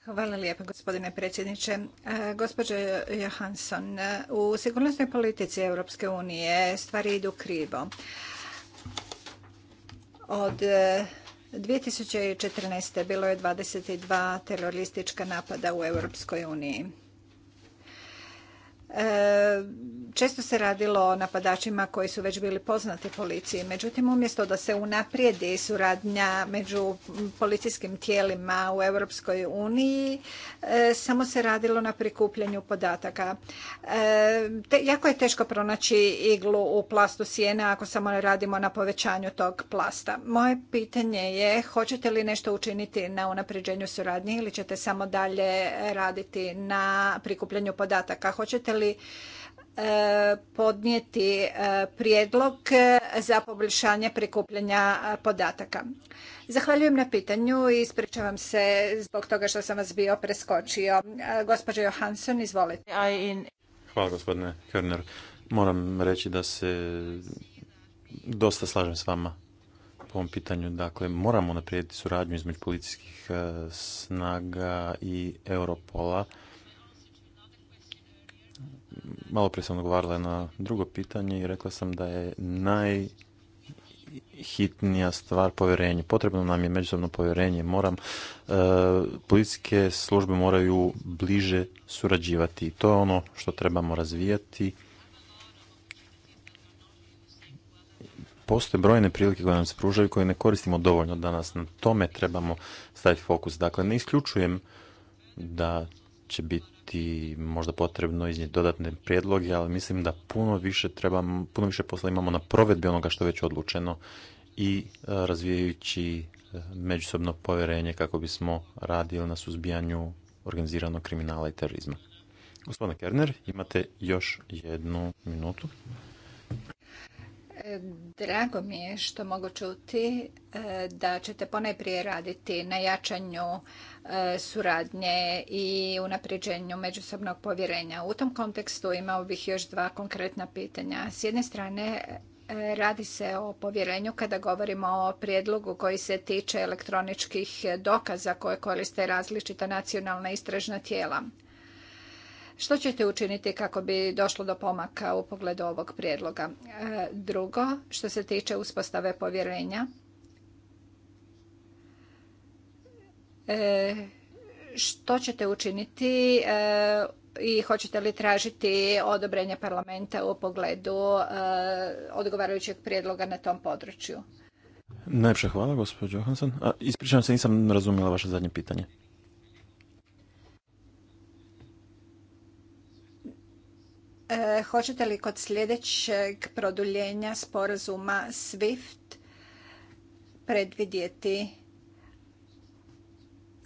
Hvala lijepa gospodine predsjedniče. E, gospođo Johansson, u sigurnosnoj politici Europske unije stvari idu krivo. Od 2014. E, bilo je 22 teroristička napada u Europskoj uniji. E, često se radilo o napadačima koji su već bili poznati policiji, međutim umjesto da se unaprijedi suradnja među policijskim tijelima u Europskoj uniji, e, samo se radilo na prikupljanju podataka. E, jako je teško pronaći iglu u plastu sjena ako samo ne radimo na povećanju tog plasta. Moje pitanje je hoćete li nešto učiniti na unapređenju suradnje ili ćete samo dalje raditi na prikupljanju podataka? Hoćete li li e, podnijeti e, prijedlog za poboljšanje prikupljanja podataka. Zahvaljujem na pitanju i ispričavam se zbog toga što sam vas bio preskočio. E, gospođo Johansson, izvolite. Hvala gospodine Körner. Moram reći da se dosta slažem s vama po ovom pitanju. Dakle, moramo naprijediti suradnju između policijskih snaga i Europola malo prije sam odgovarala na drugo pitanje i rekla sam da je najhitnija stvar povjerenje. Potrebno nam je međusobno povjerenje. Moram, uh, policijske službe moraju bliže surađivati i to je ono što trebamo razvijati. postoje brojne prilike koje nam se pružaju koje ne koristimo dovoljno danas. Na tome trebamo staviti fokus. Dakle, ne isključujem da će biti možda potrebno iznijeti dodatne prijedloge, ali mislim da puno više treba puno više posla imamo na provedbi onoga što je već odlučeno i e, razvijajući e, međusobno povjerenje kako bismo radili na suzbijanju organiziranog kriminala i terorizma. Gospodine Kerner, imate još jednu minutu. Drago mi je što mogu čuti e, da ćete ponajprije raditi na jačanju e, suradnje i unapređenju međusobnog povjerenja. U tom kontekstu imao bih još dva konkretna pitanja. S jedne strane, e, radi se o povjerenju kada govorimo o prijedlogu koji se tiče elektroničkih dokaza koje koriste različita nacionalna istražna tijela. Što ćete učiniti kako bi došlo do pomaka u pogledu ovog prijedloga? E, drugo, što se tiče uspostave povjerenja, e, što ćete učiniti e, i hoćete li tražiti odobrenje parlamenta u pogledu odgovarajućeg prijedloga na tom području? Najpše hvala, gospođo Johansson. ispričavam se, nisam razumjela vaše zadnje pitanje. E, hoćete li kod sljedećeg produljenja sporazuma SWIFT predvidjeti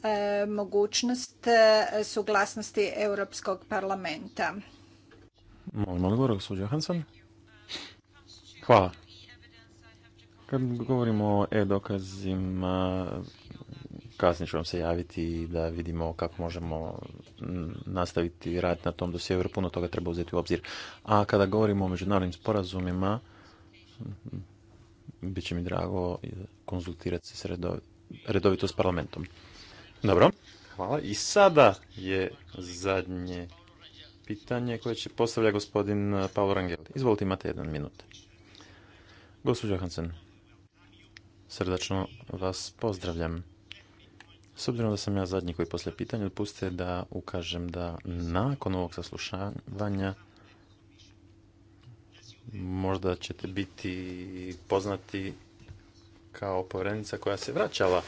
e, mogućnost e, suglasnosti Europskog parlamenta? Molim odgovor, gospođo Johansson. Hvala. Kad govorimo o e-dokazima, kasnije ću vam se javiti da vidimo kako možemo nastaviti rad na tom dosjeu puno toga treba uzeti u obzir. A kada govorimo o međunarodnim sporazumima, bit će mi drago konzultirati se s redovito, s parlamentom. Dobro, hvala. I sada je zadnje pitanje koje će postavlja gospodin Paolo Rangel. Izvolite, imate jedan minut. Gospodin Hansen, srdačno vas pozdravljam. S obzirom da sam ja zadnji koji poslije pitanja, dopustite da ukažem da nakon ovog saslušavanja možda ćete biti poznati kao povjerenica koja se vraćala. E,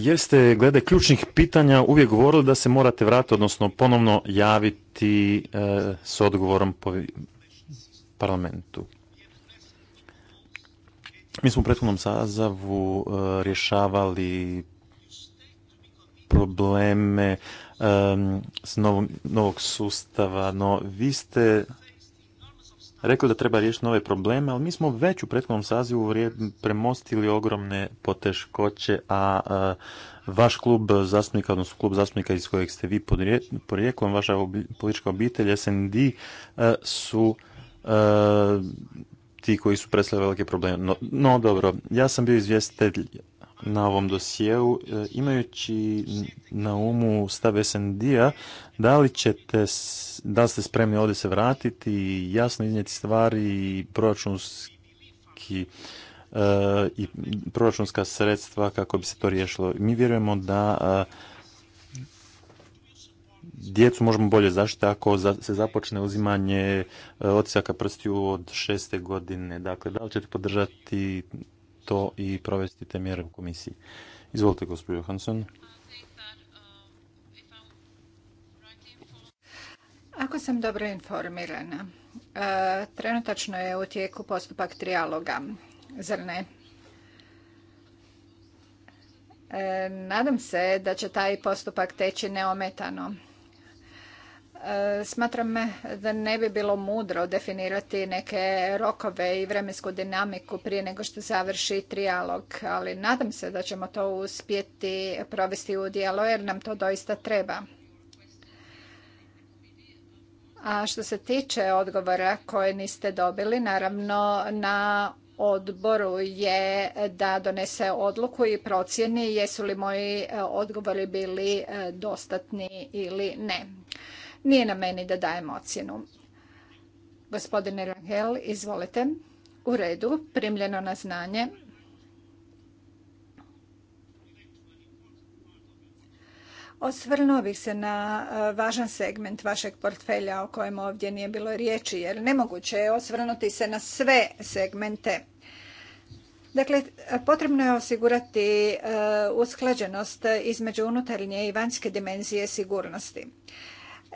jer ste glede ključnih pitanja uvijek govorili da se morate vratiti, odnosno ponovno javiti e, s odgovorom po parlamentu. Mi smo u prethodnom sazavu e, rješavali probleme um, s novom, novog sustava, no vi ste rekli da treba riješiti nove probleme, ali mi smo već u prethodnom sazivu premostili ogromne poteškoće, a, vaš klub zastupnika, odnosno klub zastupnika iz kojeg ste vi porijeklom, vaša politička obitelj, SND, e, su e, ti koji su predstavili velike probleme. No, no dobro, ja sam bio izvjestitelj na ovom dosjeu. E, imajući na umu stav SND-a, da li ćete, da li ste spremni ovdje se vratiti i jasno iznijeti stvari i proračunski e, i proračunska sredstva kako bi se to riješilo. Mi vjerujemo da e, djecu možemo bolje zaštiti ako se započne uzimanje odsjaka prstiju od šeste godine. Dakle, da li ćete podržati to i provesti te mjere u komisiji. Izvolite, gospođo Johansson. Ako sam dobro informirana, e, trenutačno je u tijeku postupak trijaloga, zar ne? E, nadam se da će taj postupak teći neometano Smatram da ne bi bilo mudro definirati neke rokove i vremensku dinamiku prije nego što završi trijalog, ali nadam se da ćemo to uspjeti provesti u dijelu jer nam to doista treba. A što se tiče odgovora koje niste dobili, naravno na odboru je da donese odluku i procjeni jesu li moji e, odgovori bili e, dostatni ili ne. Nije na meni da dajem ocjenu. Gospodine Rangel, izvolite. U redu, primljeno na znanje. Osvrnuo bih se na e, važan segment vašeg portfelja o kojem ovdje nije bilo riječi, jer nemoguće je osvrnuti se na sve segmente. Dakle, potrebno je osigurati e, usklađenost između unutarnje i vanjske dimenzije sigurnosti.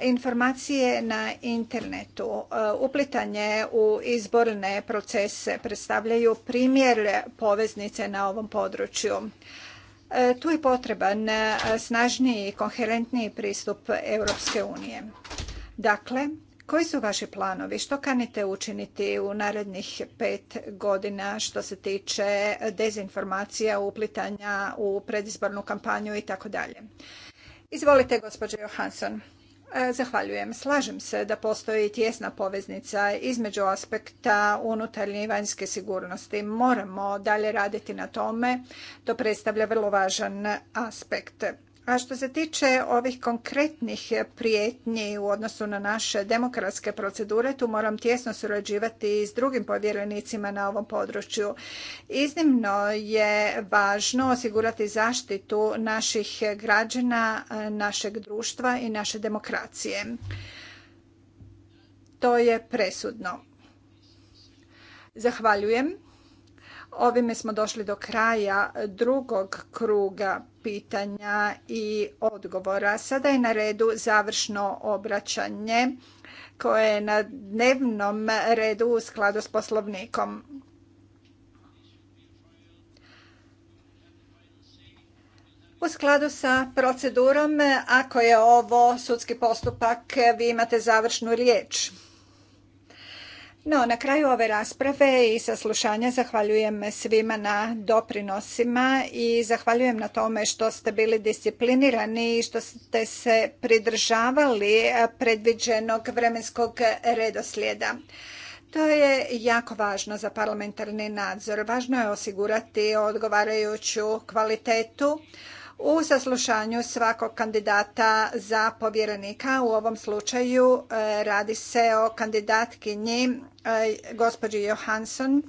Informacije na internetu, e, uplitanje u izborne procese predstavljaju primjer poveznice na ovom području. E, tu je potreban e, snažniji i koherentniji pristup Europske unije. Dakle, koji su vaši planovi? Što kanite učiniti u narednih pet godina što se tiče dezinformacija, uplitanja u predizbornu kampanju i tako dalje? Izvolite, gospođo Johansson. E, zahvaljujem. Slažem se da postoji tjesna poveznica između aspekta unutarnje i vanjske sigurnosti. Moramo dalje raditi na tome. To predstavlja vrlo važan aspekt. A što se tiče ovih konkretnih prijetnji u odnosu na naše demokratske procedure, tu moram tjesno surađivati i s drugim povjerenicima na ovom području. Iznimno je važno osigurati zaštitu naših građana, našeg društva i naše demokracije. To je presudno. Zahvaljujem. Ovime smo došli do kraja drugog kruga pitanja i odgovora. Sada je na redu završno obraćanje koje je na dnevnom redu u skladu s poslovnikom. U skladu sa procedurom, ako je ovo sudski postupak, vi imate završnu riječ. No, na kraju ove rasprave i saslušanja zahvaljujem svima na doprinosima i zahvaljujem na tome što ste bili disciplinirani i što ste se pridržavali predviđenog vremenskog redoslijeda. To je jako važno za parlamentarni nadzor. Važno je osigurati odgovarajuću kvalitetu u saslušanju svakog kandidata za povjerenika. U ovom slučaju e, radi se o kandidatkinji e, gospođi Johansson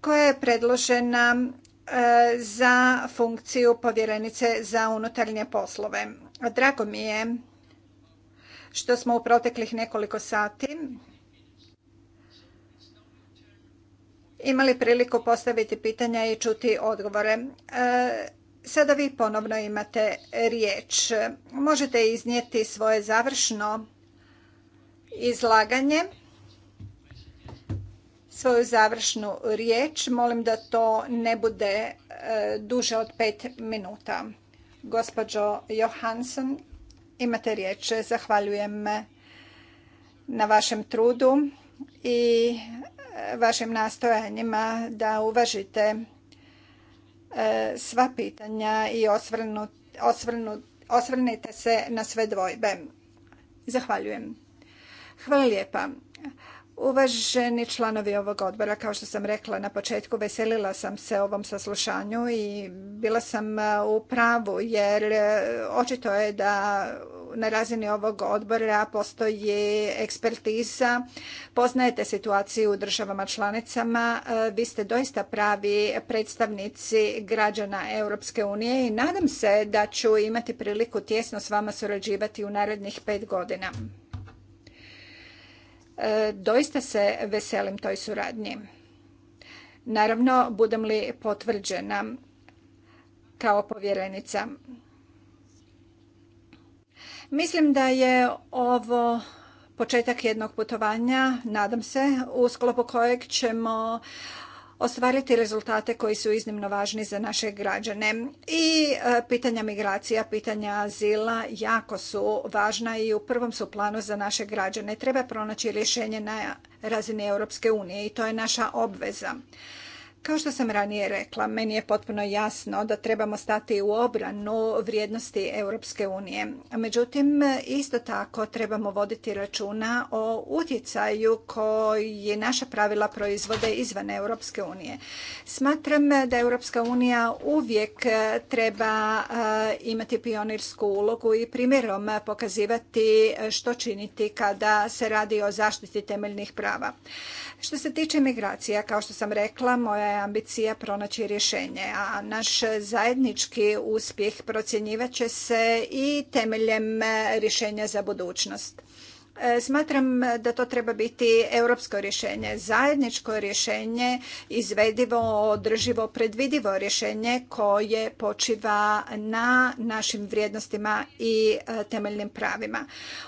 koja je predložena e, za funkciju povjerenice za unutarnje poslove. Drago mi je što smo u proteklih nekoliko sati imali priliku postaviti pitanja i čuti odgovore. E, sada vi ponovno imate riječ. Možete iznijeti svoje završno izlaganje, svoju završnu riječ. Molim da to ne bude e, duže od pet minuta. Gospođo Johansson, imate riječ. Zahvaljujem na vašem trudu i vašim nastojanjima da uvažite e, sva pitanja i osvrnite se na sve dvojbe. Zahvaljujem. Hvala lijepa. Uvaženi članovi ovog odbora, kao što sam rekla na početku, veselila sam se ovom saslušanju i bila sam e, u pravu jer e, očito je da na razini ovog odbora postoji ekspertiza, poznajete situaciju u državama članicama, e, vi ste doista pravi predstavnici građana Europske unije i nadam se da ću imati priliku tjesno s vama surađivati u narednih pet godina. E, doista se veselim toj suradnji. Naravno, budem li potvrđena kao povjerenica. Mislim da je ovo početak jednog putovanja, nadam se, u sklopu kojeg ćemo ostvariti rezultate koji su iznimno važni za naše građane. I e, pitanja migracija, pitanja azila jako su važna i u prvom su planu za naše građane. Treba pronaći rješenje na razini Europske unije i to je naša obveza. Kao što sam ranije rekla, meni je potpuno jasno da trebamo stati u obranu vrijednosti Europske unije. Međutim, isto tako trebamo voditi računa o utjecaju koji naša pravila proizvode izvan Europske unije. Smatram da Europska unija uvijek treba imati pionirsku ulogu i primjerom pokazivati što činiti kada se radi o zaštiti temeljnih prava. Što se tiče migracija, kao što sam rekla, moja je ambicija pronaći rješenje, a naš zajednički uspjeh procjenjivat će se i temeljem rješenja za budućnost. E, smatram da to treba biti europsko rješenje, zajedničko rješenje, izvedivo, održivo, predvidivo rješenje koje počiva na našim vrijednostima i e, temeljnim pravima.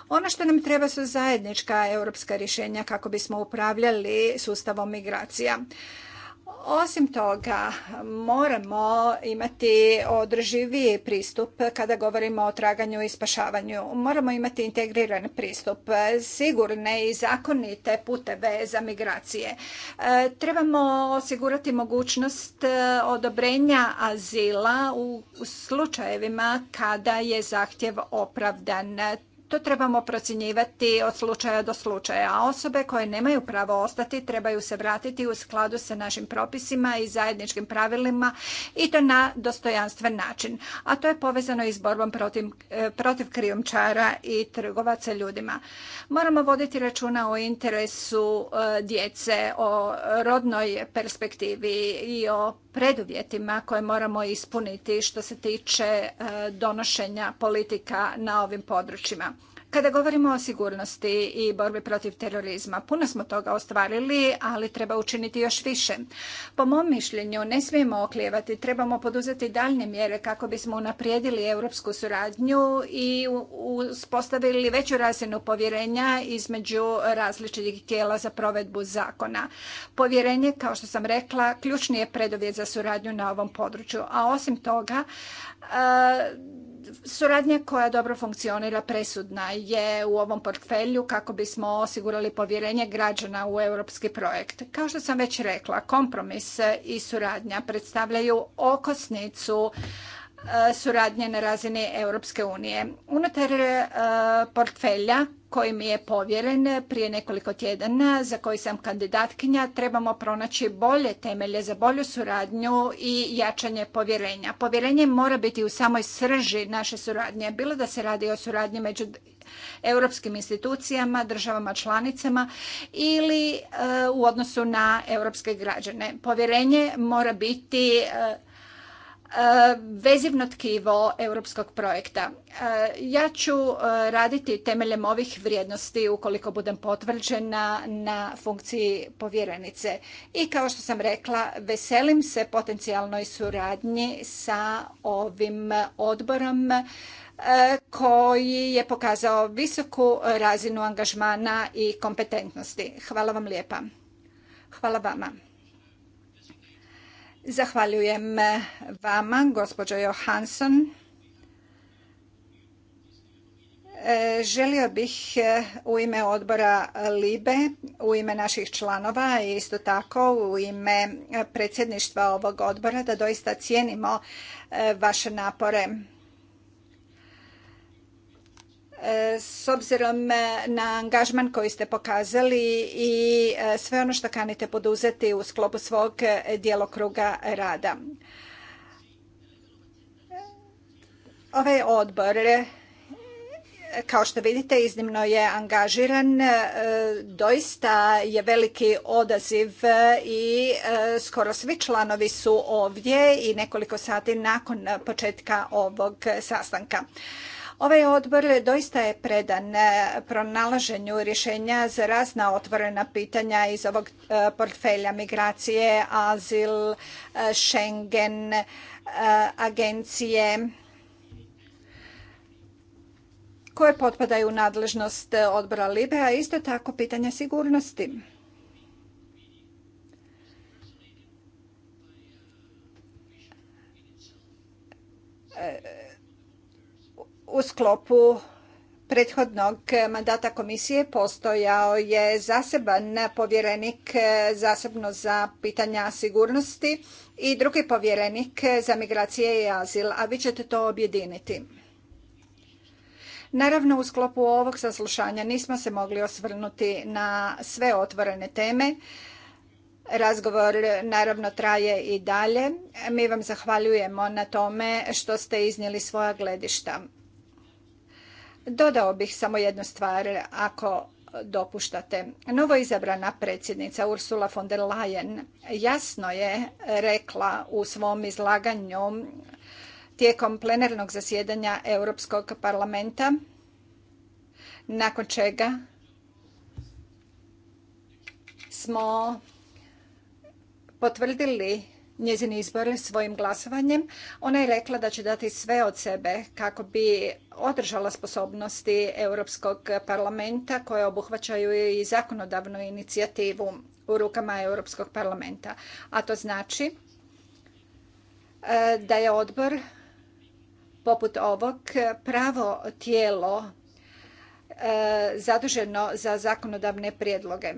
Ono što nam treba su zajednička europska rješenja kako bismo upravljali sustavom migracija. Osim toga, moramo imati održivi pristup kada govorimo o traganju i spašavanju. Moramo imati integriran pristup, sigurne i zakonite puteve za migracije. E, trebamo osigurati mogućnost e, odobrenja azila u slučajevima kada je zahtjev opravdan. To trebamo procjenjivati od slučaja do slučaja, a osobe koje nemaju pravo ostati trebaju se vratiti u skladu sa našim propisima i zajedničkim pravilima i to na dostojanstven način. A to je povezano i s borbom protiv, e, protiv krijumčara i trgovaca ljudima. Moramo voditi računa o interesu e, djece, o rodnoj perspektivi i o preduvjetima koje moramo ispuniti što se tiče e, donošenja politika na ovim područjima. Kada govorimo o sigurnosti i borbi protiv terorizma, puno smo toga ostvarili, ali treba učiniti još više. Po mom mišljenju ne smijemo oklijevati, trebamo poduzeti daljne mjere kako bismo unaprijedili europsku suradnju i uspostavili veću razinu povjerenja između različitih tijela za provedbu zakona. Povjerenje, kao što sam rekla, ključni je preduvjet za suradnju na ovom području, a osim toga e, Suradnja koja dobro funkcionira presudna je u ovom portfelju kako bismo osigurali povjerenje građana u europski projekt. Kao što sam već rekla, kompromis i suradnja predstavljaju okosnicu Eh, suradnje na razini Europske unije. Unutar eh, portfelja koji mi je povjeren prije nekoliko tjedana, za koji sam kandidatkinja, trebamo pronaći bolje temelje za bolju suradnju i jačanje povjerenja. Povjerenje mora biti u samoj srži naše suradnje, bilo da se radi o suradnji među europskim institucijama, državama članicama ili eh, u odnosu na europske građane. Povjerenje mora biti Eh, vezivno tkivo europskog projekta. Eh, ja ću eh, raditi temeljem ovih vrijednosti ukoliko budem potvrđena na funkciji povjerenice. I kao što sam rekla, veselim se potencijalnoj suradnji sa ovim odborom koji je pokazao visoku razinu angažmana i kompetentnosti. Hvala vam lijepa. Hvala vama. Zahvaljujem eh, vama, gospođo Johansson. Eh, želio bih eh, u ime odbora LIBE, u ime naših članova i isto tako u ime predsjedništva ovog odbora da doista cijenimo vaše napore E, s obzirom e, na angažman koji ste pokazali i e, sve ono što kanite poduzeti u sklopu svog djelokruga rada. Ovaj odbor, kao što vidite, iznimno je angažiran. Doista je veliki odaziv i skoro svi članovi su ovdje i nekoliko sati nakon početka ovog sastanka. Ovaj odbor doista je predan e, pronalaženju rješenja za razna otvorena pitanja iz ovog e, portfelja migracije, azil, e, Schengen, agencije koje potpadaju u nadležnost odbora Libe, a isto tako pitanja sigurnosti. U sklopu prethodnog mandata komisije postojao je zaseban povjerenik e, zasebno za pitanja sigurnosti i drugi povjerenik za migracije i azil, a vi ćete to objediniti. Naravno, u sklopu ovog saslušanja nismo se mogli osvrnuti na sve otvorene teme. Razgovor naravno traje i dalje. Mi vam zahvaljujemo na tome što ste iznijeli svoja gledišta. Dodao bih samo jednu stvar, ako dopuštate. Novo izabrana predsjednica Ursula von der Leyen jasno je rekla u svom izlaganju tijekom plenarnog zasjedanja Europskog parlamenta, nakon čega smo potvrdili njezin izbor svojim glasovanjem. Ona je rekla da će dati sve od sebe kako bi održala sposobnosti Europskog parlamenta koje obuhvaćaju i zakonodavnu inicijativu u rukama Europskog parlamenta. A to znači e, da je odbor poput ovog pravo tijelo E, zaduženo za zakonodavne prijedloge.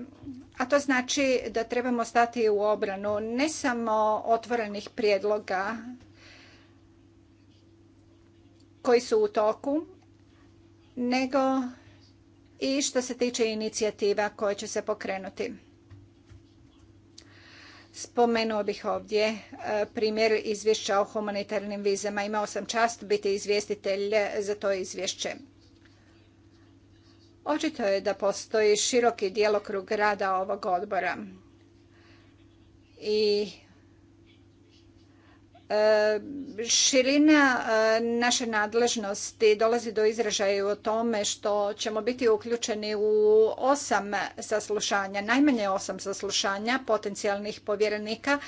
A to znači da trebamo stati u obranu ne samo otvorenih prijedloga koji su u toku, nego i što se tiče inicijativa koje će se pokrenuti. Spomenuo bih ovdje e, primjer izvješća o humanitarnim vizama. Imao sam čast biti izvjestitelj za to izvješće. Očito je da postoji široki djelokrug rada ovog odbora. I e, širina e, naše nadležnosti dolazi do izražaja u tome što ćemo biti uključeni u osam saslušanja, najmanje osam saslušanja potencijalnih povjerenika,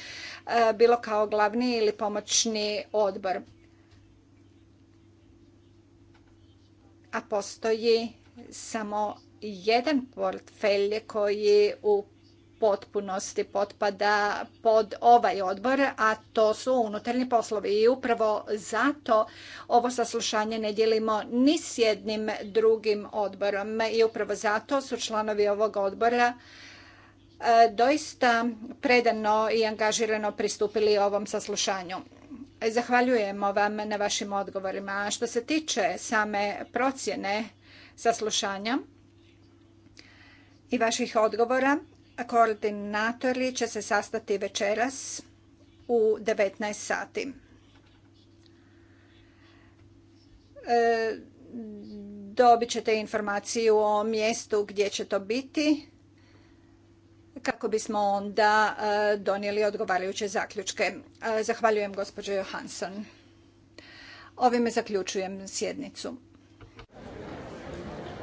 e, bilo kao glavni ili pomoćni odbor. A postoji samo jedan portfelj koji u potpunosti potpada pod ovaj odbor, a to su unutarnji poslovi. I upravo zato ovo saslušanje ne dijelimo ni s jednim drugim odborom i upravo zato su članovi ovog odbora e, doista predano i angažirano pristupili ovom saslušanju. Zahvaljujemo vam na vašim odgovorima. A što se tiče same procjene saslušanja i vaših odgovora. Koordinatori će se sastati večeras u 19 sati. E, dobit ćete informaciju o mjestu gdje će to biti kako bismo onda e, donijeli odgovarajuće zaključke. E, zahvaljujem gospođo Johansson. Ovime zaključujem sjednicu.